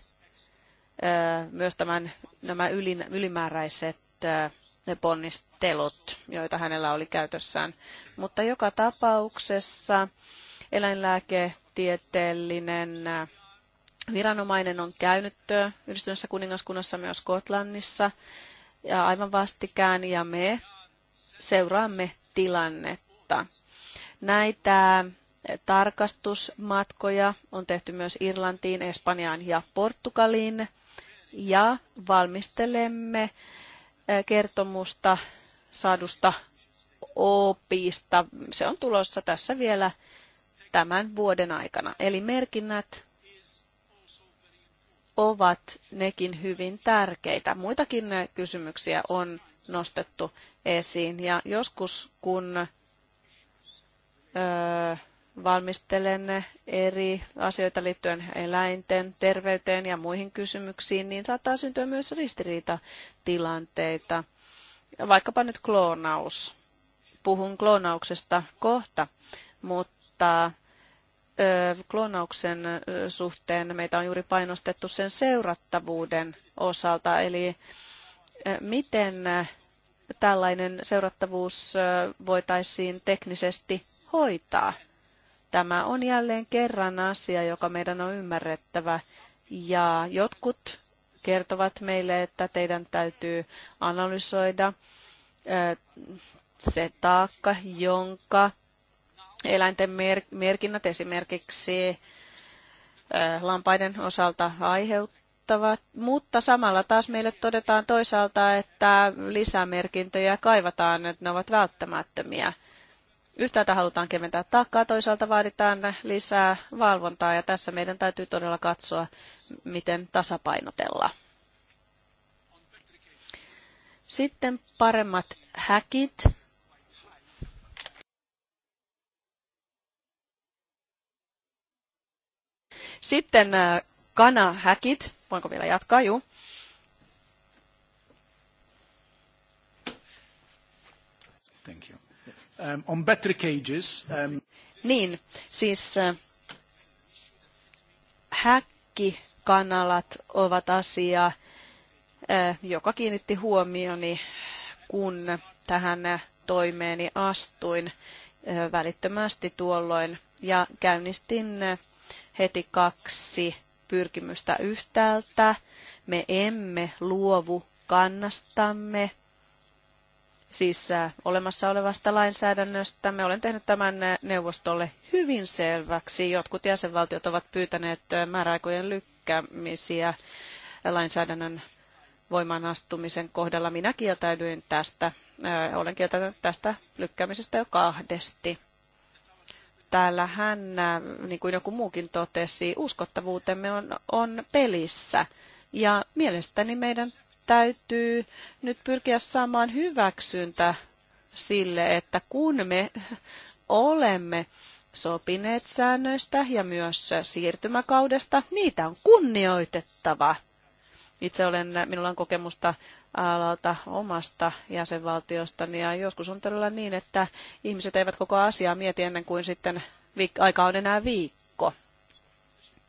myös tämän, nämä ylimääräiset Äh, ne ponnistelut, joita hänellä oli käytössään. Mutta joka tapauksessa eläinlääketieteellinen äh, viranomainen on käynyt äh, yhdistyneessä kuningaskunnassa myös Skotlannissa ja aivan vastikään ja me seuraamme tilannetta. Näitä tarkastusmatkoja on tehty myös Irlantiin, Espanjaan ja Portugaliin ja valmistelemme kertomusta saadusta opista. Se on tulossa tässä vielä tämän vuoden aikana. Eli merkinnät ovat nekin hyvin tärkeitä. Muitakin kysymyksiä on nostettu esiin ja joskus kun öö, valmistelen eri asioita liittyen eläinten terveyteen ja muihin kysymyksiin, niin saattaa syntyä myös ristiriitatilanteita. Vaikkapa nyt kloonaus. Puhun kloonauksesta kohta, mutta kloonauksen suhteen meitä on juuri painostettu sen seurattavuuden osalta, eli miten tällainen seurattavuus voitaisiin teknisesti hoitaa. Tämä on jälleen kerran asia, joka meidän on ymmärrettävä. Ja jotkut kertovat meille, että teidän täytyy analysoida se taakka, jonka eläinten merkinnät esimerkiksi lampaiden osalta aiheuttavat, mutta samalla taas meille todetaan toisaalta, että lisämerkintöjä kaivataan, että ne ovat välttämättömiä. Yhtäältä halutaan keventää taakkaa, toisaalta vaaditaan lisää valvontaa ja tässä meidän täytyy todella katsoa, miten tasapainotella. Sitten paremmat häkit. Sitten äh, kanahäkit. Voinko vielä jatkaa? Juu. Um, on battery cages, um, Niin, siis äh, häkkikanalat ovat asia, äh, joka kiinnitti huomioni, kun tähän toimeeni astuin äh, välittömästi tuolloin ja käynnistin äh, heti kaksi pyrkimystä yhtäältä. Me emme luovu kannastamme siis äh, olemassa olevasta lainsäädännöstä. Me olen tehnyt tämän äh, neuvostolle hyvin selväksi. Jotkut jäsenvaltiot ovat pyytäneet äh, määräaikojen lykkäämisiä lainsäädännön voimaan astumisen kohdalla. Minä kieltäydyin tästä. Olen kieltäytynyt tästä lykkäämisestä jo kahdesti. Täällä hän, niin kuin joku muukin totesi, uskottavuutemme on, on pelissä. Ja mielestäni meidän täytyy nyt pyrkiä saamaan hyväksyntä sille, että kun me olemme sopineet säännöistä ja myös siirtymäkaudesta, niitä on kunnioitettava. Itse olen, minulla on kokemusta alalta omasta jäsenvaltiostani ja joskus on todella niin, että ihmiset eivät koko asiaa mieti ennen kuin sitten aika on enää viikko.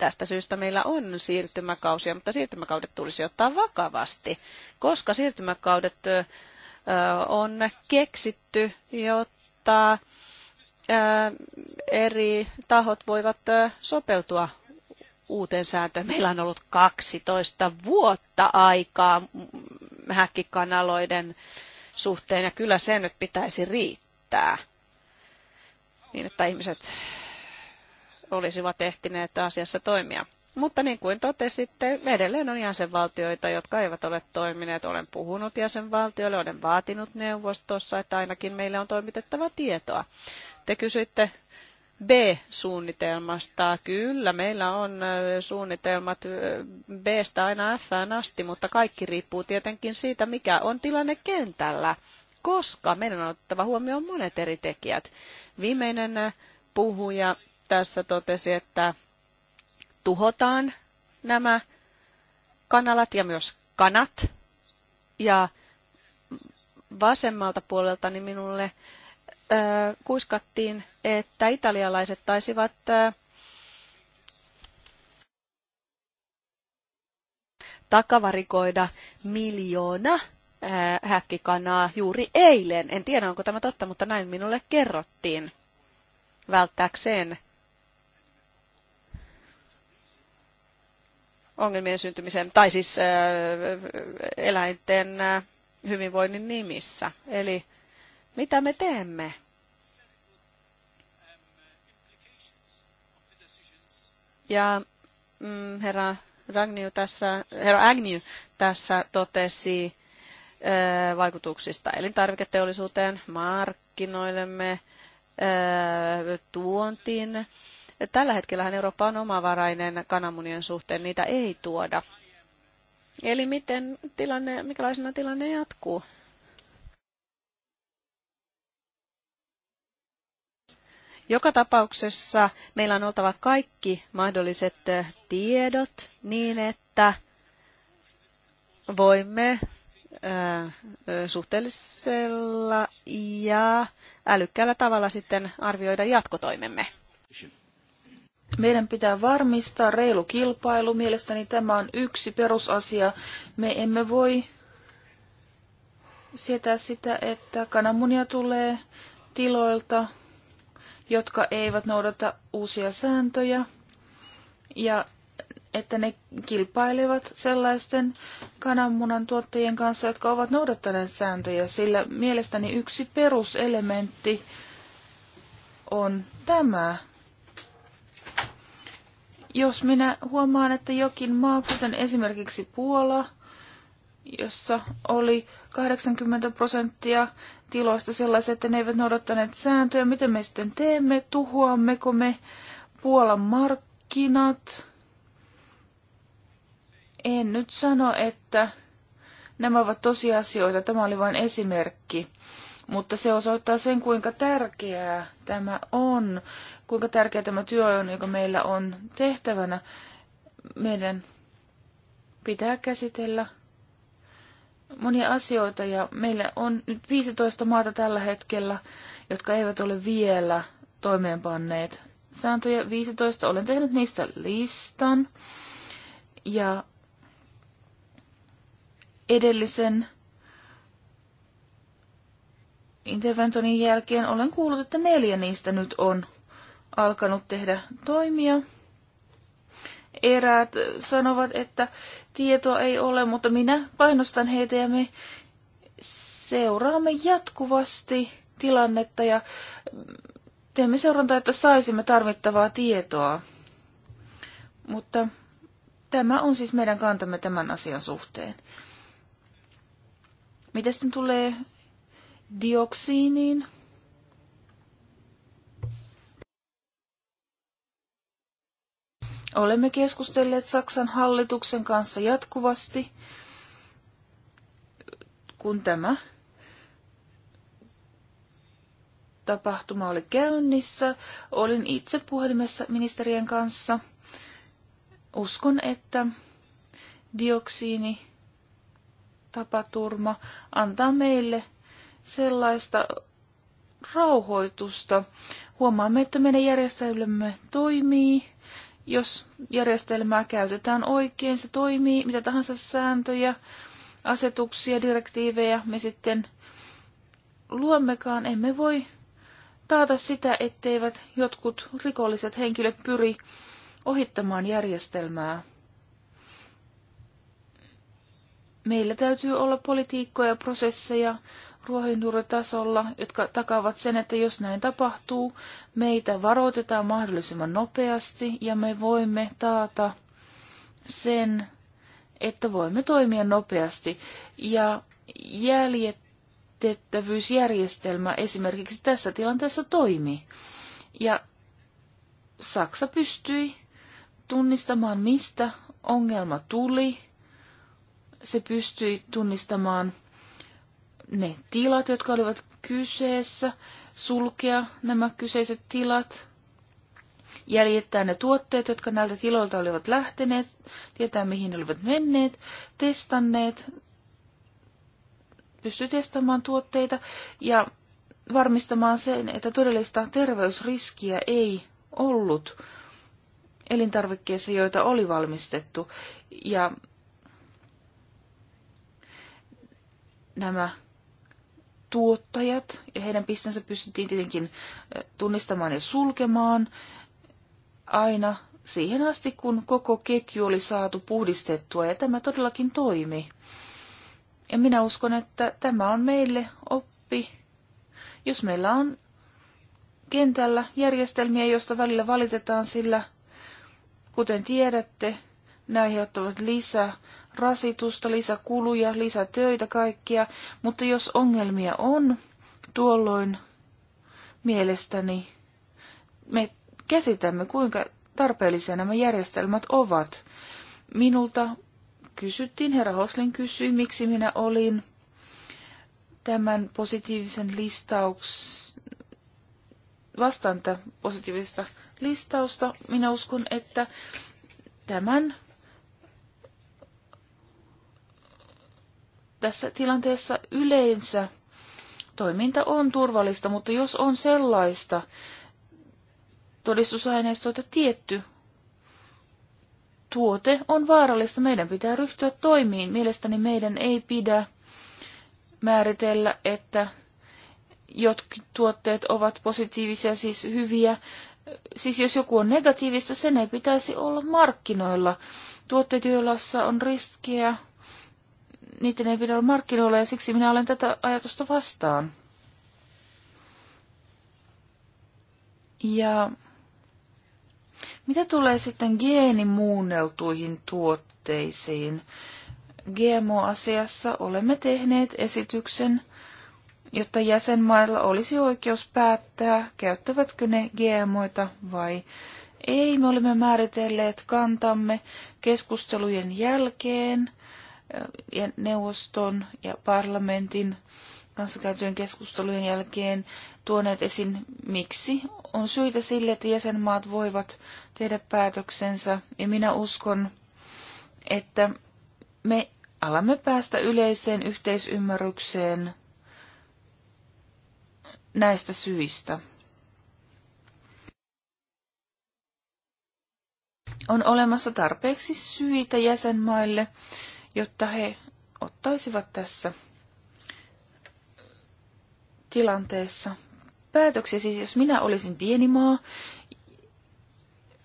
Tästä syystä meillä on siirtymäkausia, mutta siirtymäkaudet tulisi ottaa vakavasti, koska siirtymäkaudet on keksitty, jotta eri tahot voivat sopeutua uuteen sääntöön. Meillä on ollut 12 vuotta aikaa häkkikanaloiden suhteen ja kyllä se nyt pitäisi riittää niin, että ihmiset olisivat ehtineet asiassa toimia. Mutta niin kuin totesitte, edelleen on jäsenvaltioita, jotka eivät ole toimineet. Olen puhunut jäsenvaltioille, olen vaatinut neuvostossa, että ainakin meille on toimitettava tietoa. Te kysyitte B-suunnitelmasta. Kyllä, meillä on suunnitelmat B-stä aina f asti, mutta kaikki riippuu tietenkin siitä, mikä on tilanne kentällä, koska meidän on otettava huomioon monet eri tekijät. Viimeinen puhuja tässä totesi, että tuhotaan nämä kanalat ja myös kanat. Ja vasemmalta puolelta niin minulle ö, kuiskattiin, että italialaiset taisivat ö, takavarikoida miljoona häkkikanaa juuri eilen. En tiedä, onko tämä totta, mutta näin minulle kerrottiin välttääkseen ongelmien syntymisen, tai siis äh, eläinten äh, hyvinvoinnin nimissä. Eli mitä me teemme? Ja mm, herra, Ragnew tässä, herra Agnew tässä totesi ö, äh, vaikutuksista elintarviketeollisuuteen, markkinoillemme, tuontiin Tällä hetkellä Eurooppa on omavarainen kananmunien suhteen, niitä ei tuoda. Eli miten tilanne, mikälaisena tilanne jatkuu? Joka tapauksessa meillä on oltava kaikki mahdolliset tiedot niin, että voimme suhteellisella ja älykkäällä tavalla sitten arvioida jatkotoimemme. Meidän pitää varmistaa reilu kilpailu. Mielestäni tämä on yksi perusasia. Me emme voi sietää sitä, että kananmunia tulee tiloilta, jotka eivät noudata uusia sääntöjä ja että ne kilpailevat sellaisten kananmunan tuottajien kanssa, jotka ovat noudattaneet sääntöjä, sillä mielestäni yksi peruselementti on tämä. Jos minä huomaan, että jokin maa, kuten esimerkiksi Puola, jossa oli 80 prosenttia tiloista sellaisia, että ne eivät noudattaneet sääntöjä, miten me sitten teemme, tuhoammeko me Puolan markkinat. En nyt sano, että nämä ovat tosiasioita, tämä oli vain esimerkki mutta se osoittaa sen, kuinka tärkeää tämä on, kuinka tärkeä tämä työ on, joka meillä on tehtävänä. Meidän pitää käsitellä monia asioita ja meillä on nyt 15 maata tällä hetkellä, jotka eivät ole vielä toimeenpanneet sääntöjä. 15 olen tehnyt niistä listan ja edellisen interventoni jälkeen olen kuullut, että neljä niistä nyt on alkanut tehdä toimia. Eräät sanovat, että tietoa ei ole, mutta minä painostan heitä ja me seuraamme jatkuvasti tilannetta ja teemme seurantaa, että saisimme tarvittavaa tietoa. Mutta tämä on siis meidän kantamme tämän asian suhteen. Mitä sitten tulee dioksiiniin. Olemme keskustelleet Saksan hallituksen kanssa jatkuvasti, kun tämä tapahtuma oli käynnissä. Olin itse puhelimessa ministerien kanssa. Uskon, että dioksiini tapaturma antaa meille sellaista rauhoitusta. Huomaamme, että meidän järjestelmämme toimii. Jos järjestelmää käytetään oikein, se toimii. Mitä tahansa sääntöjä, asetuksia, direktiivejä me sitten luommekaan, emme voi taata sitä, etteivät jotkut rikolliset henkilöt pyri ohittamaan järjestelmää. Meillä täytyy olla politiikkoja, prosesseja, ruohonjuuritasolla, jotka takaavat sen, että jos näin tapahtuu, meitä varoitetaan mahdollisimman nopeasti ja me voimme taata sen, että voimme toimia nopeasti. Ja jäljitettävyysjärjestelmä esimerkiksi tässä tilanteessa toimi. Ja Saksa pystyi tunnistamaan, mistä ongelma tuli. Se pystyi tunnistamaan ne tilat, jotka olivat kyseessä, sulkea nämä kyseiset tilat, jäljittää ne tuotteet, jotka näiltä tiloilta olivat lähteneet, tietää mihin ne olivat menneet, testanneet, pystyy testaamaan tuotteita ja varmistamaan sen, että todellista terveysriskiä ei ollut elintarvikkeissa, joita oli valmistettu. Ja nämä tuottajat, ja heidän pistensä pystyttiin tietenkin tunnistamaan ja sulkemaan aina siihen asti, kun koko ketju oli saatu puhdistettua, ja tämä todellakin toimi. Ja minä uskon, että tämä on meille oppi. Jos meillä on kentällä järjestelmiä, joista välillä valitetaan, sillä kuten tiedätte, ne aiheuttavat lisää rasitusta, lisäkuluja, lisätöitä, kaikkia. Mutta jos ongelmia on, tuolloin mielestäni me käsitämme, kuinka tarpeellisia nämä järjestelmät ovat. Minulta kysyttiin, herra Hoslin kysyi, miksi minä olin tämän positiivisen listauksen vastaan tätä positiivista listausta. Minä uskon, että tämän tässä tilanteessa yleensä toiminta on turvallista, mutta jos on sellaista todistusaineistoa, että tietty tuote on vaarallista, meidän pitää ryhtyä toimiin. Mielestäni meidän ei pidä määritellä, että jotkut tuotteet ovat positiivisia, siis hyviä. Siis jos joku on negatiivista, sen ei pitäisi olla markkinoilla. Tuotteet, joilla on riskejä, niiden ei pidä olla markkinoilla ja siksi minä olen tätä ajatusta vastaan. Ja mitä tulee sitten geenimuunneltuihin tuotteisiin? GMO-asiassa olemme tehneet esityksen, jotta jäsenmailla olisi oikeus päättää, käyttävätkö ne GMOita vai ei. Me olemme määritelleet kantamme keskustelujen jälkeen ja neuvoston ja parlamentin kanssa käytyjen keskustelujen jälkeen tuoneet esiin, miksi on syitä sille, että jäsenmaat voivat tehdä päätöksensä. Ja minä uskon, että me alamme päästä yleiseen yhteisymmärrykseen näistä syistä. On olemassa tarpeeksi syitä jäsenmaille jotta he ottaisivat tässä tilanteessa päätöksiä. Siis jos minä olisin pieni maa,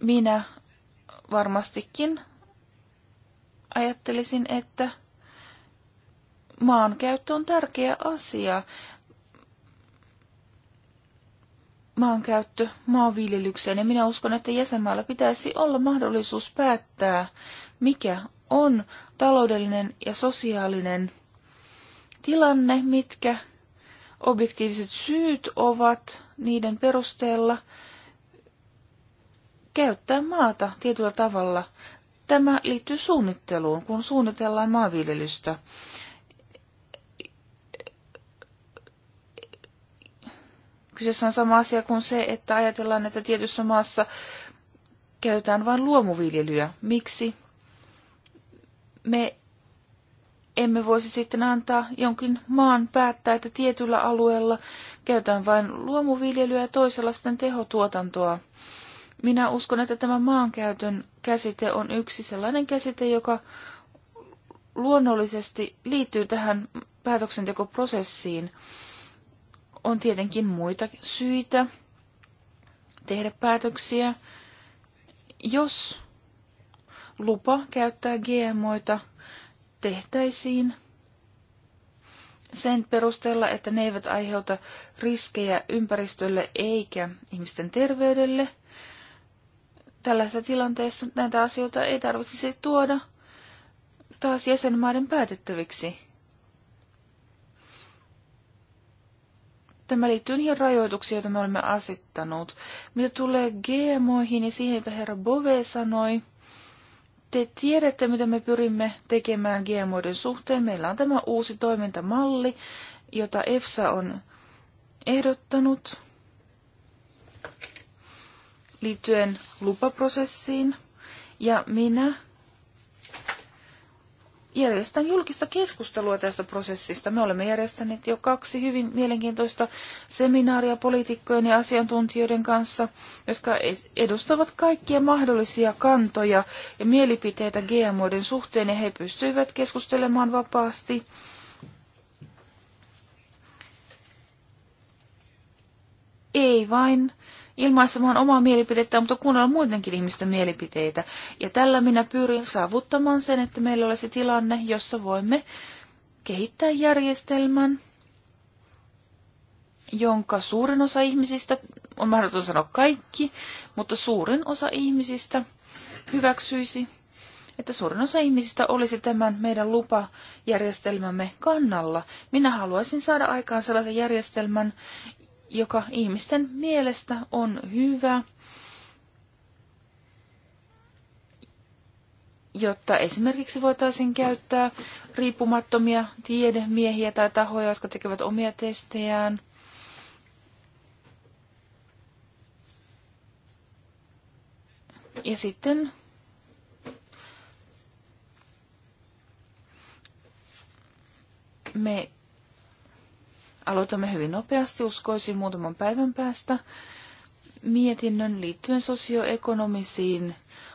minä varmastikin ajattelisin, että maankäyttö on tärkeä asia. Maankäyttö maanviljelykseen ja minä uskon, että jäsenmaalla pitäisi olla mahdollisuus päättää, mikä on taloudellinen ja sosiaalinen tilanne, mitkä objektiiviset syyt ovat niiden perusteella käyttää maata tietyllä tavalla. Tämä liittyy suunnitteluun, kun suunnitellaan maanviljelystä. Kyseessä on sama asia kuin se, että ajatellaan, että tietyssä maassa käytetään vain luomuviljelyä. Miksi? me emme voisi sitten antaa jonkin maan päättää, että tietyllä alueella käytetään vain luomuviljelyä ja toisella sitten tehotuotantoa. Minä uskon, että tämä maankäytön käsite on yksi sellainen käsite, joka luonnollisesti liittyy tähän päätöksentekoprosessiin. On tietenkin muita syitä tehdä päätöksiä. Jos lupa käyttää GMOita tehtäisiin sen perusteella, että ne eivät aiheuta riskejä ympäristölle eikä ihmisten terveydelle. Tällaisessa tilanteessa näitä asioita ei tarvitsisi tuoda taas jäsenmaiden päätettäviksi. Tämä liittyy niihin rajoituksiin, joita me olemme asettanut. Mitä tulee GMOihin ja niin siihen, mitä herra Bove sanoi, te tiedätte, mitä me pyrimme tekemään GMOiden suhteen. Meillä on tämä uusi toimintamalli, jota EFSA on ehdottanut liittyen lupaprosessiin. Ja minä järjestän julkista keskustelua tästä prosessista. Me olemme järjestäneet jo kaksi hyvin mielenkiintoista seminaaria poliitikkojen ja asiantuntijoiden kanssa, jotka edustavat kaikkia mahdollisia kantoja ja mielipiteitä GMOiden suhteen, ja he pystyivät keskustelemaan vapaasti. Ei vain ilmaisemaan omaa mielipidettä, mutta kuunnella muidenkin ihmisten mielipiteitä. Ja tällä minä pyrin saavuttamaan sen, että meillä olisi tilanne, jossa voimme kehittää järjestelmän, jonka suurin osa ihmisistä, on mahdoton sanoa kaikki, mutta suurin osa ihmisistä hyväksyisi, että suurin osa ihmisistä olisi tämän meidän lupajärjestelmämme kannalla. Minä haluaisin saada aikaan sellaisen järjestelmän, joka ihmisten mielestä on hyvä, jotta esimerkiksi voitaisiin käyttää riippumattomia tiedemiehiä tai tahoja, jotka tekevät omia testejään. Ja sitten me aloitamme hyvin nopeasti, uskoisin muutaman päivän päästä, mietinnön liittyen sosioekonomisiin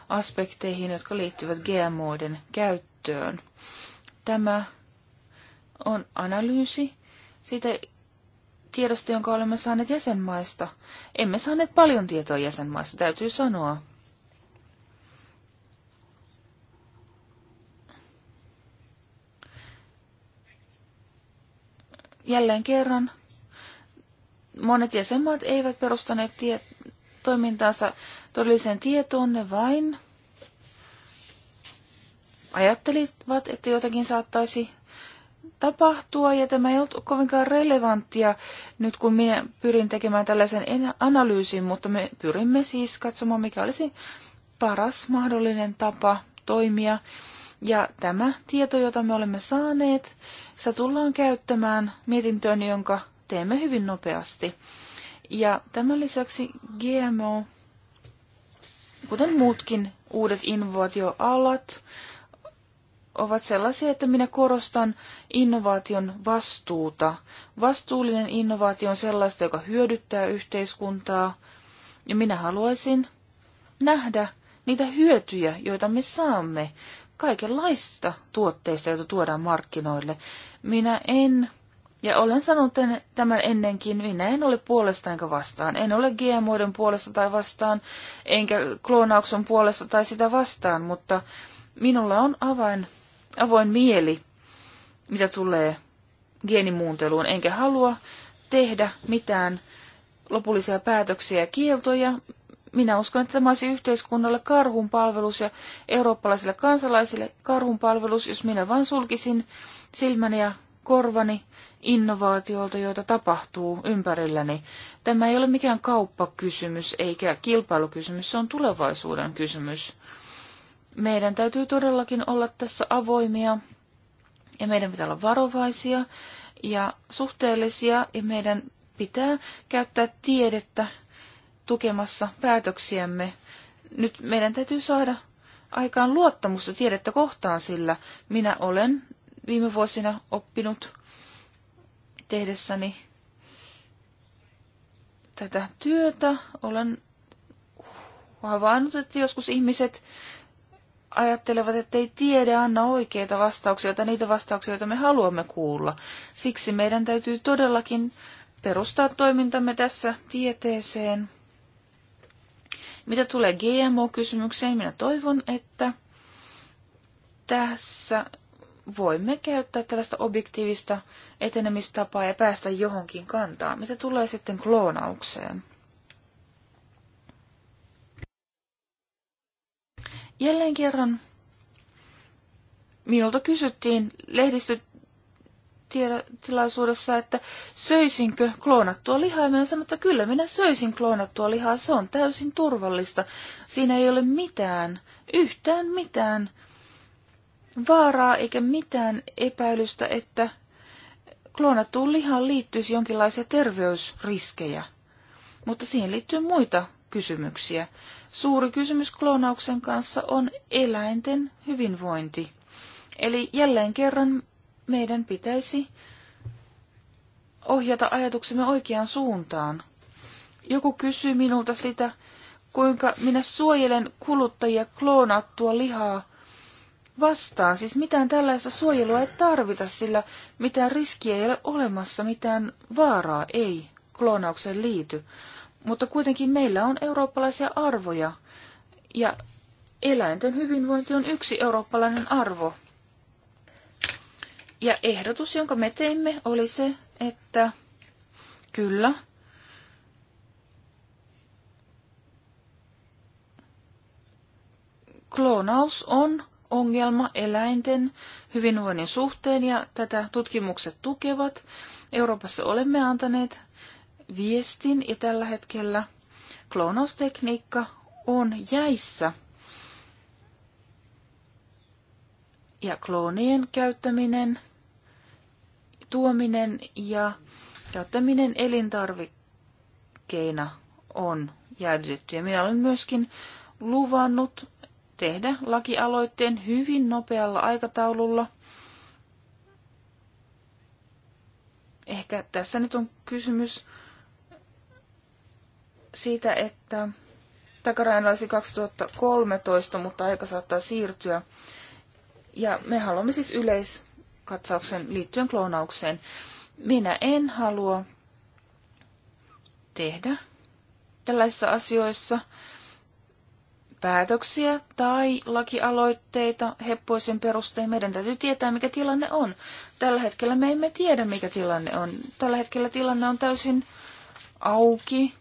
aspekteihin, jotka liittyvät GMOiden käyttöön. Tämä on analyysi Siitä tiedosta, jonka olemme saaneet jäsenmaista. Emme saaneet paljon tietoa jäsenmaista, täytyy sanoa. jälleen kerran monet jäsenmaat eivät perustaneet tie- toimintaansa todelliseen tietoon, ne vain ajattelivat, että jotakin saattaisi tapahtua, ja tämä ei ollut kovinkaan relevanttia nyt, kun minä pyrin tekemään tällaisen analyysin, mutta me pyrimme siis katsomaan, mikä olisi paras mahdollinen tapa toimia. Ja tämä tieto, jota me olemme saaneet, se tullaan käyttämään mietintöön, jonka teemme hyvin nopeasti. Ja tämän lisäksi GMO, kuten muutkin uudet innovaatioalat, ovat sellaisia, että minä korostan innovaation vastuuta. Vastuullinen innovaatio on sellaista, joka hyödyttää yhteiskuntaa, ja minä haluaisin nähdä niitä hyötyjä, joita me saamme kaikenlaista tuotteista, joita tuodaan markkinoille. Minä en, ja olen sanonut tämän ennenkin, minä en ole puolesta enkä vastaan. En ole GMOiden puolesta tai vastaan, enkä kloonauksen puolesta tai sitä vastaan, mutta minulla on avain, avoin mieli, mitä tulee geenimuunteluun, enkä halua tehdä mitään lopullisia päätöksiä ja kieltoja. Minä uskon, että tämä olisi yhteiskunnalle karhun palvelus ja eurooppalaisille kansalaisille karhun palvelus, jos minä vain sulkisin silmäni ja korvani innovaatioilta, joita tapahtuu ympärilläni. Tämä ei ole mikään kauppakysymys eikä kilpailukysymys, se on tulevaisuuden kysymys. Meidän täytyy todellakin olla tässä avoimia ja meidän pitää olla varovaisia ja suhteellisia ja meidän pitää käyttää tiedettä tukemassa päätöksiämme. Nyt meidän täytyy saada aikaan luottamusta tiedettä kohtaan, sillä minä olen viime vuosina oppinut tehdessäni tätä työtä. Olen havainnut, että joskus ihmiset ajattelevat, että ei tiede anna oikeita vastauksia tai niitä vastauksia, joita me haluamme kuulla. Siksi meidän täytyy todellakin perustaa toimintamme tässä tieteeseen. Mitä tulee GMO-kysymykseen, minä toivon, että tässä voimme käyttää tällaista objektiivista etenemistapaa ja päästä johonkin kantaan. Mitä tulee sitten kloonaukseen? Jälleen kerran minulta kysyttiin, lehdistöt tilaisuudessa, että söisinkö kloonattua lihaa. Ja minä sanoin, että kyllä minä söisin kloonattua lihaa, se on täysin turvallista. Siinä ei ole mitään, yhtään mitään vaaraa eikä mitään epäilystä, että kloonattuun lihaan liittyisi jonkinlaisia terveysriskejä. Mutta siihen liittyy muita kysymyksiä. Suuri kysymys kloonauksen kanssa on eläinten hyvinvointi. Eli jälleen kerran meidän pitäisi ohjata ajatuksemme oikeaan suuntaan. Joku kysyy minulta sitä, kuinka minä suojelen kuluttajia kloonattua lihaa vastaan. Siis mitään tällaista suojelua ei tarvita, sillä mitään riskiä ei ole olemassa, mitään vaaraa ei kloonaukseen liity. Mutta kuitenkin meillä on eurooppalaisia arvoja, ja eläinten hyvinvointi on yksi eurooppalainen arvo. Ja ehdotus, jonka me teimme, oli se, että kyllä, kloonaus on ongelma eläinten hyvinvoinnin suhteen ja tätä tutkimukset tukevat. Euroopassa olemme antaneet viestin ja tällä hetkellä kloonaustekniikka on jäissä. Ja kloonien käyttäminen tuominen ja käyttäminen elintarvikkeina on jäädytetty. Ja minä olen myöskin luvannut tehdä lakialoitteen hyvin nopealla aikataululla. Ehkä tässä nyt on kysymys siitä, että takarajan olisi 2013, mutta aika saattaa siirtyä. Ja me haluamme siis yleis katsauksen liittyen kloonaukseen. Minä en halua tehdä tällaisissa asioissa päätöksiä tai lakialoitteita heppoisen perustein. Meidän täytyy tietää, mikä tilanne on. Tällä hetkellä me emme tiedä, mikä tilanne on. Tällä hetkellä tilanne on täysin auki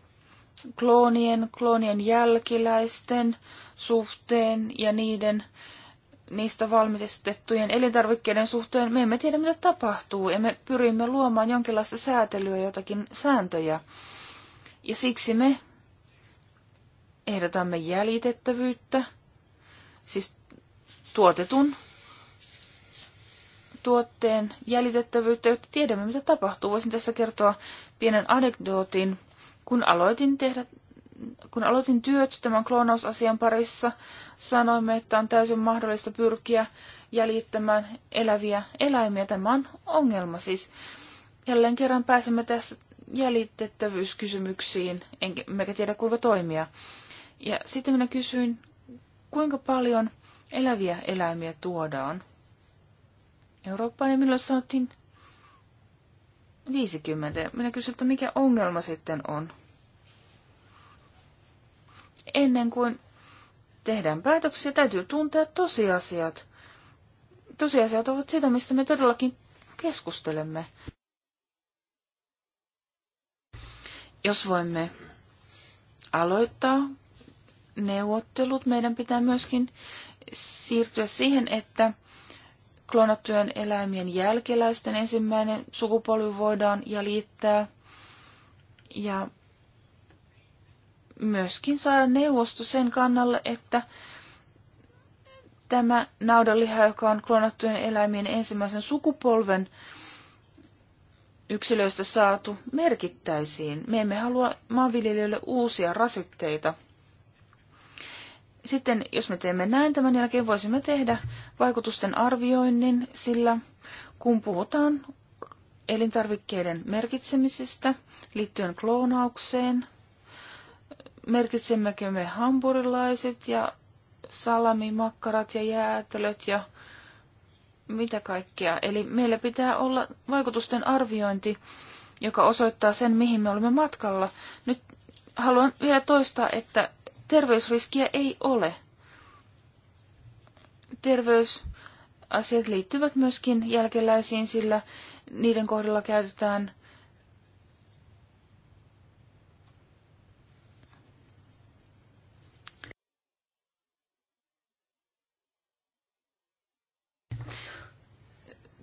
kloonien, kloonien jälkiläisten suhteen ja niiden niistä valmistettujen elintarvikkeiden suhteen me emme tiedä, mitä tapahtuu, ja me pyrimme luomaan jonkinlaista säätelyä, jotakin sääntöjä. Ja siksi me ehdotamme jäljitettävyyttä, siis tuotetun tuotteen jäljitettävyyttä, jotta tiedämme, mitä tapahtuu. Voisin tässä kertoa pienen anekdootin. Kun aloitin tehdä kun aloitin työt tämän kloonausasian parissa, sanoimme, että on täysin mahdollista pyrkiä jäljittämään eläviä eläimiä. Tämä on ongelma siis. Jälleen kerran pääsemme tässä jäljitettävyyskysymyksiin, emmekä tiedä kuinka toimia. Ja sitten minä kysyin, kuinka paljon eläviä eläimiä tuodaan Eurooppaan, ja milloin sanottiin 50. Minä kysyin, että mikä ongelma sitten on ennen kuin tehdään päätöksiä, täytyy tuntea tosiasiat. Tosiasiat ovat sitä, mistä me todellakin keskustelemme. Jos voimme aloittaa neuvottelut, meidän pitää myöskin siirtyä siihen, että kloonattujen eläimien jälkeläisten ensimmäinen sukupolvi voidaan jäljittää. Ja myöskin saada neuvosto sen kannalle, että tämä naudanliha, joka on klonattujen eläimien ensimmäisen sukupolven yksilöistä saatu, merkittäisiin. Me emme halua maanviljelijöille uusia rasitteita. Sitten jos me teemme näin, tämän jälkeen voisimme tehdä vaikutusten arvioinnin, sillä kun puhutaan elintarvikkeiden merkitsemisestä liittyen kloonaukseen – merkitsemmekö me hampurilaiset ja salamimakkarat ja jäätelöt ja mitä kaikkea. Eli meillä pitää olla vaikutusten arviointi, joka osoittaa sen, mihin me olemme matkalla. Nyt haluan vielä toistaa, että terveysriskiä ei ole. Terveysasiat liittyvät myöskin jälkeläisiin, sillä niiden kohdalla käytetään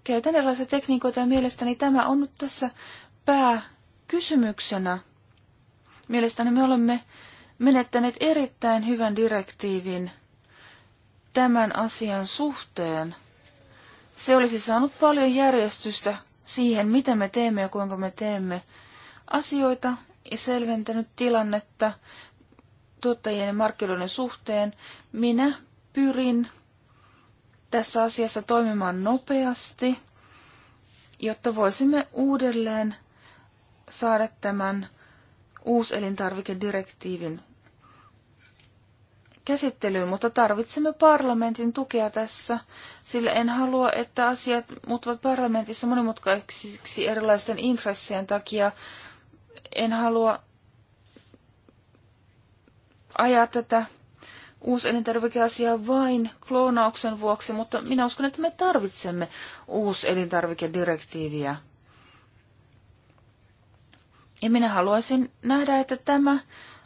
käytän erilaisia tekniikoita ja mielestäni tämä on nyt tässä pääkysymyksenä. Mielestäni me olemme menettäneet erittäin hyvän direktiivin tämän asian suhteen. Se olisi saanut paljon järjestystä siihen, mitä me teemme ja kuinka me teemme asioita ja selventänyt tilannetta tuottajien ja markkinoiden suhteen. Minä pyrin tässä asiassa toimimaan nopeasti, jotta voisimme uudelleen saada tämän uuselintarvikedirektiivin käsittelyyn, mutta tarvitsemme parlamentin tukea tässä, sillä en halua, että asiat muuttuvat parlamentissa monimutkaisiksi erilaisten intressien takia. En halua ajaa tätä uuselintarvikeasiaa vain kloonauksen vuoksi, mutta minä uskon, että me tarvitsemme uuselintarvikedirektiiviä. Ja minä haluaisin nähdä, että tämä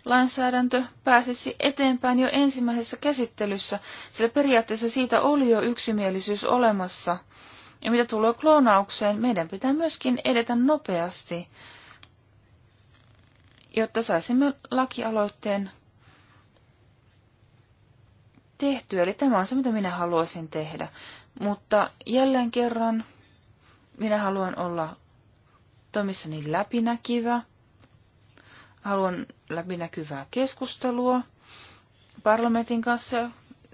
lainsäädäntö pääsisi eteenpäin jo ensimmäisessä käsittelyssä, sillä periaatteessa siitä oli jo yksimielisyys olemassa. Ja mitä tulee kloonaukseen, meidän pitää myöskin edetä nopeasti, jotta saisimme lakialoitteen tehty, Eli tämä on se, mitä minä haluaisin tehdä. Mutta jälleen kerran minä haluan olla toimissani läpinäkyvä. Haluan läpinäkyvää keskustelua parlamentin kanssa,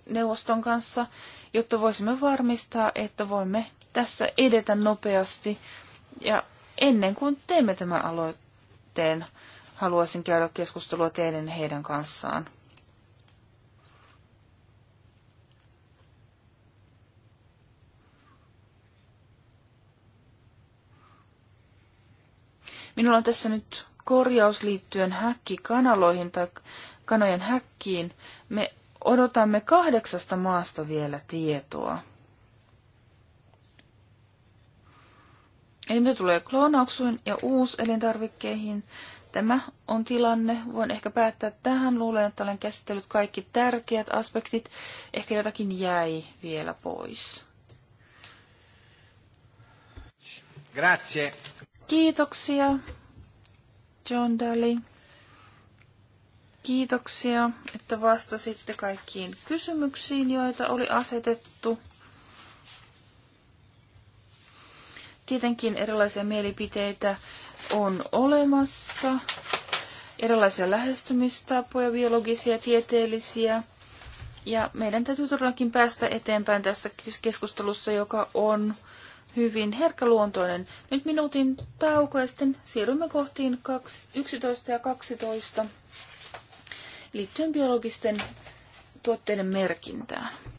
neuvoston kanssa, jotta voisimme varmistaa, että voimme tässä edetä nopeasti. Ja ennen kuin teemme tämän aloitteen, haluaisin käydä keskustelua teidän heidän kanssaan. Minulla on tässä nyt korjaus liittyen häkkikanaloihin tai kanojen häkkiin. Me odotamme kahdeksasta maasta vielä tietoa. Eli mitä tulee kloonauksuun ja uuselintarvikkeihin, tämä on tilanne. Voin ehkä päättää tähän. Luulen, että olen käsitellyt kaikki tärkeät aspektit. Ehkä jotakin jäi vielä pois. Grazie. Kiitoksia, John Daly. Kiitoksia, että vastasitte kaikkiin kysymyksiin, joita oli asetettu. Tietenkin erilaisia mielipiteitä on olemassa, erilaisia lähestymistapoja, biologisia, tieteellisiä. Ja meidän täytyy todellakin päästä eteenpäin tässä keskustelussa, joka on hyvin herkkäluontoinen. Nyt minuutin tauko ja sitten siirrymme kohtiin 11 ja 12 liittyen biologisten tuotteiden merkintään.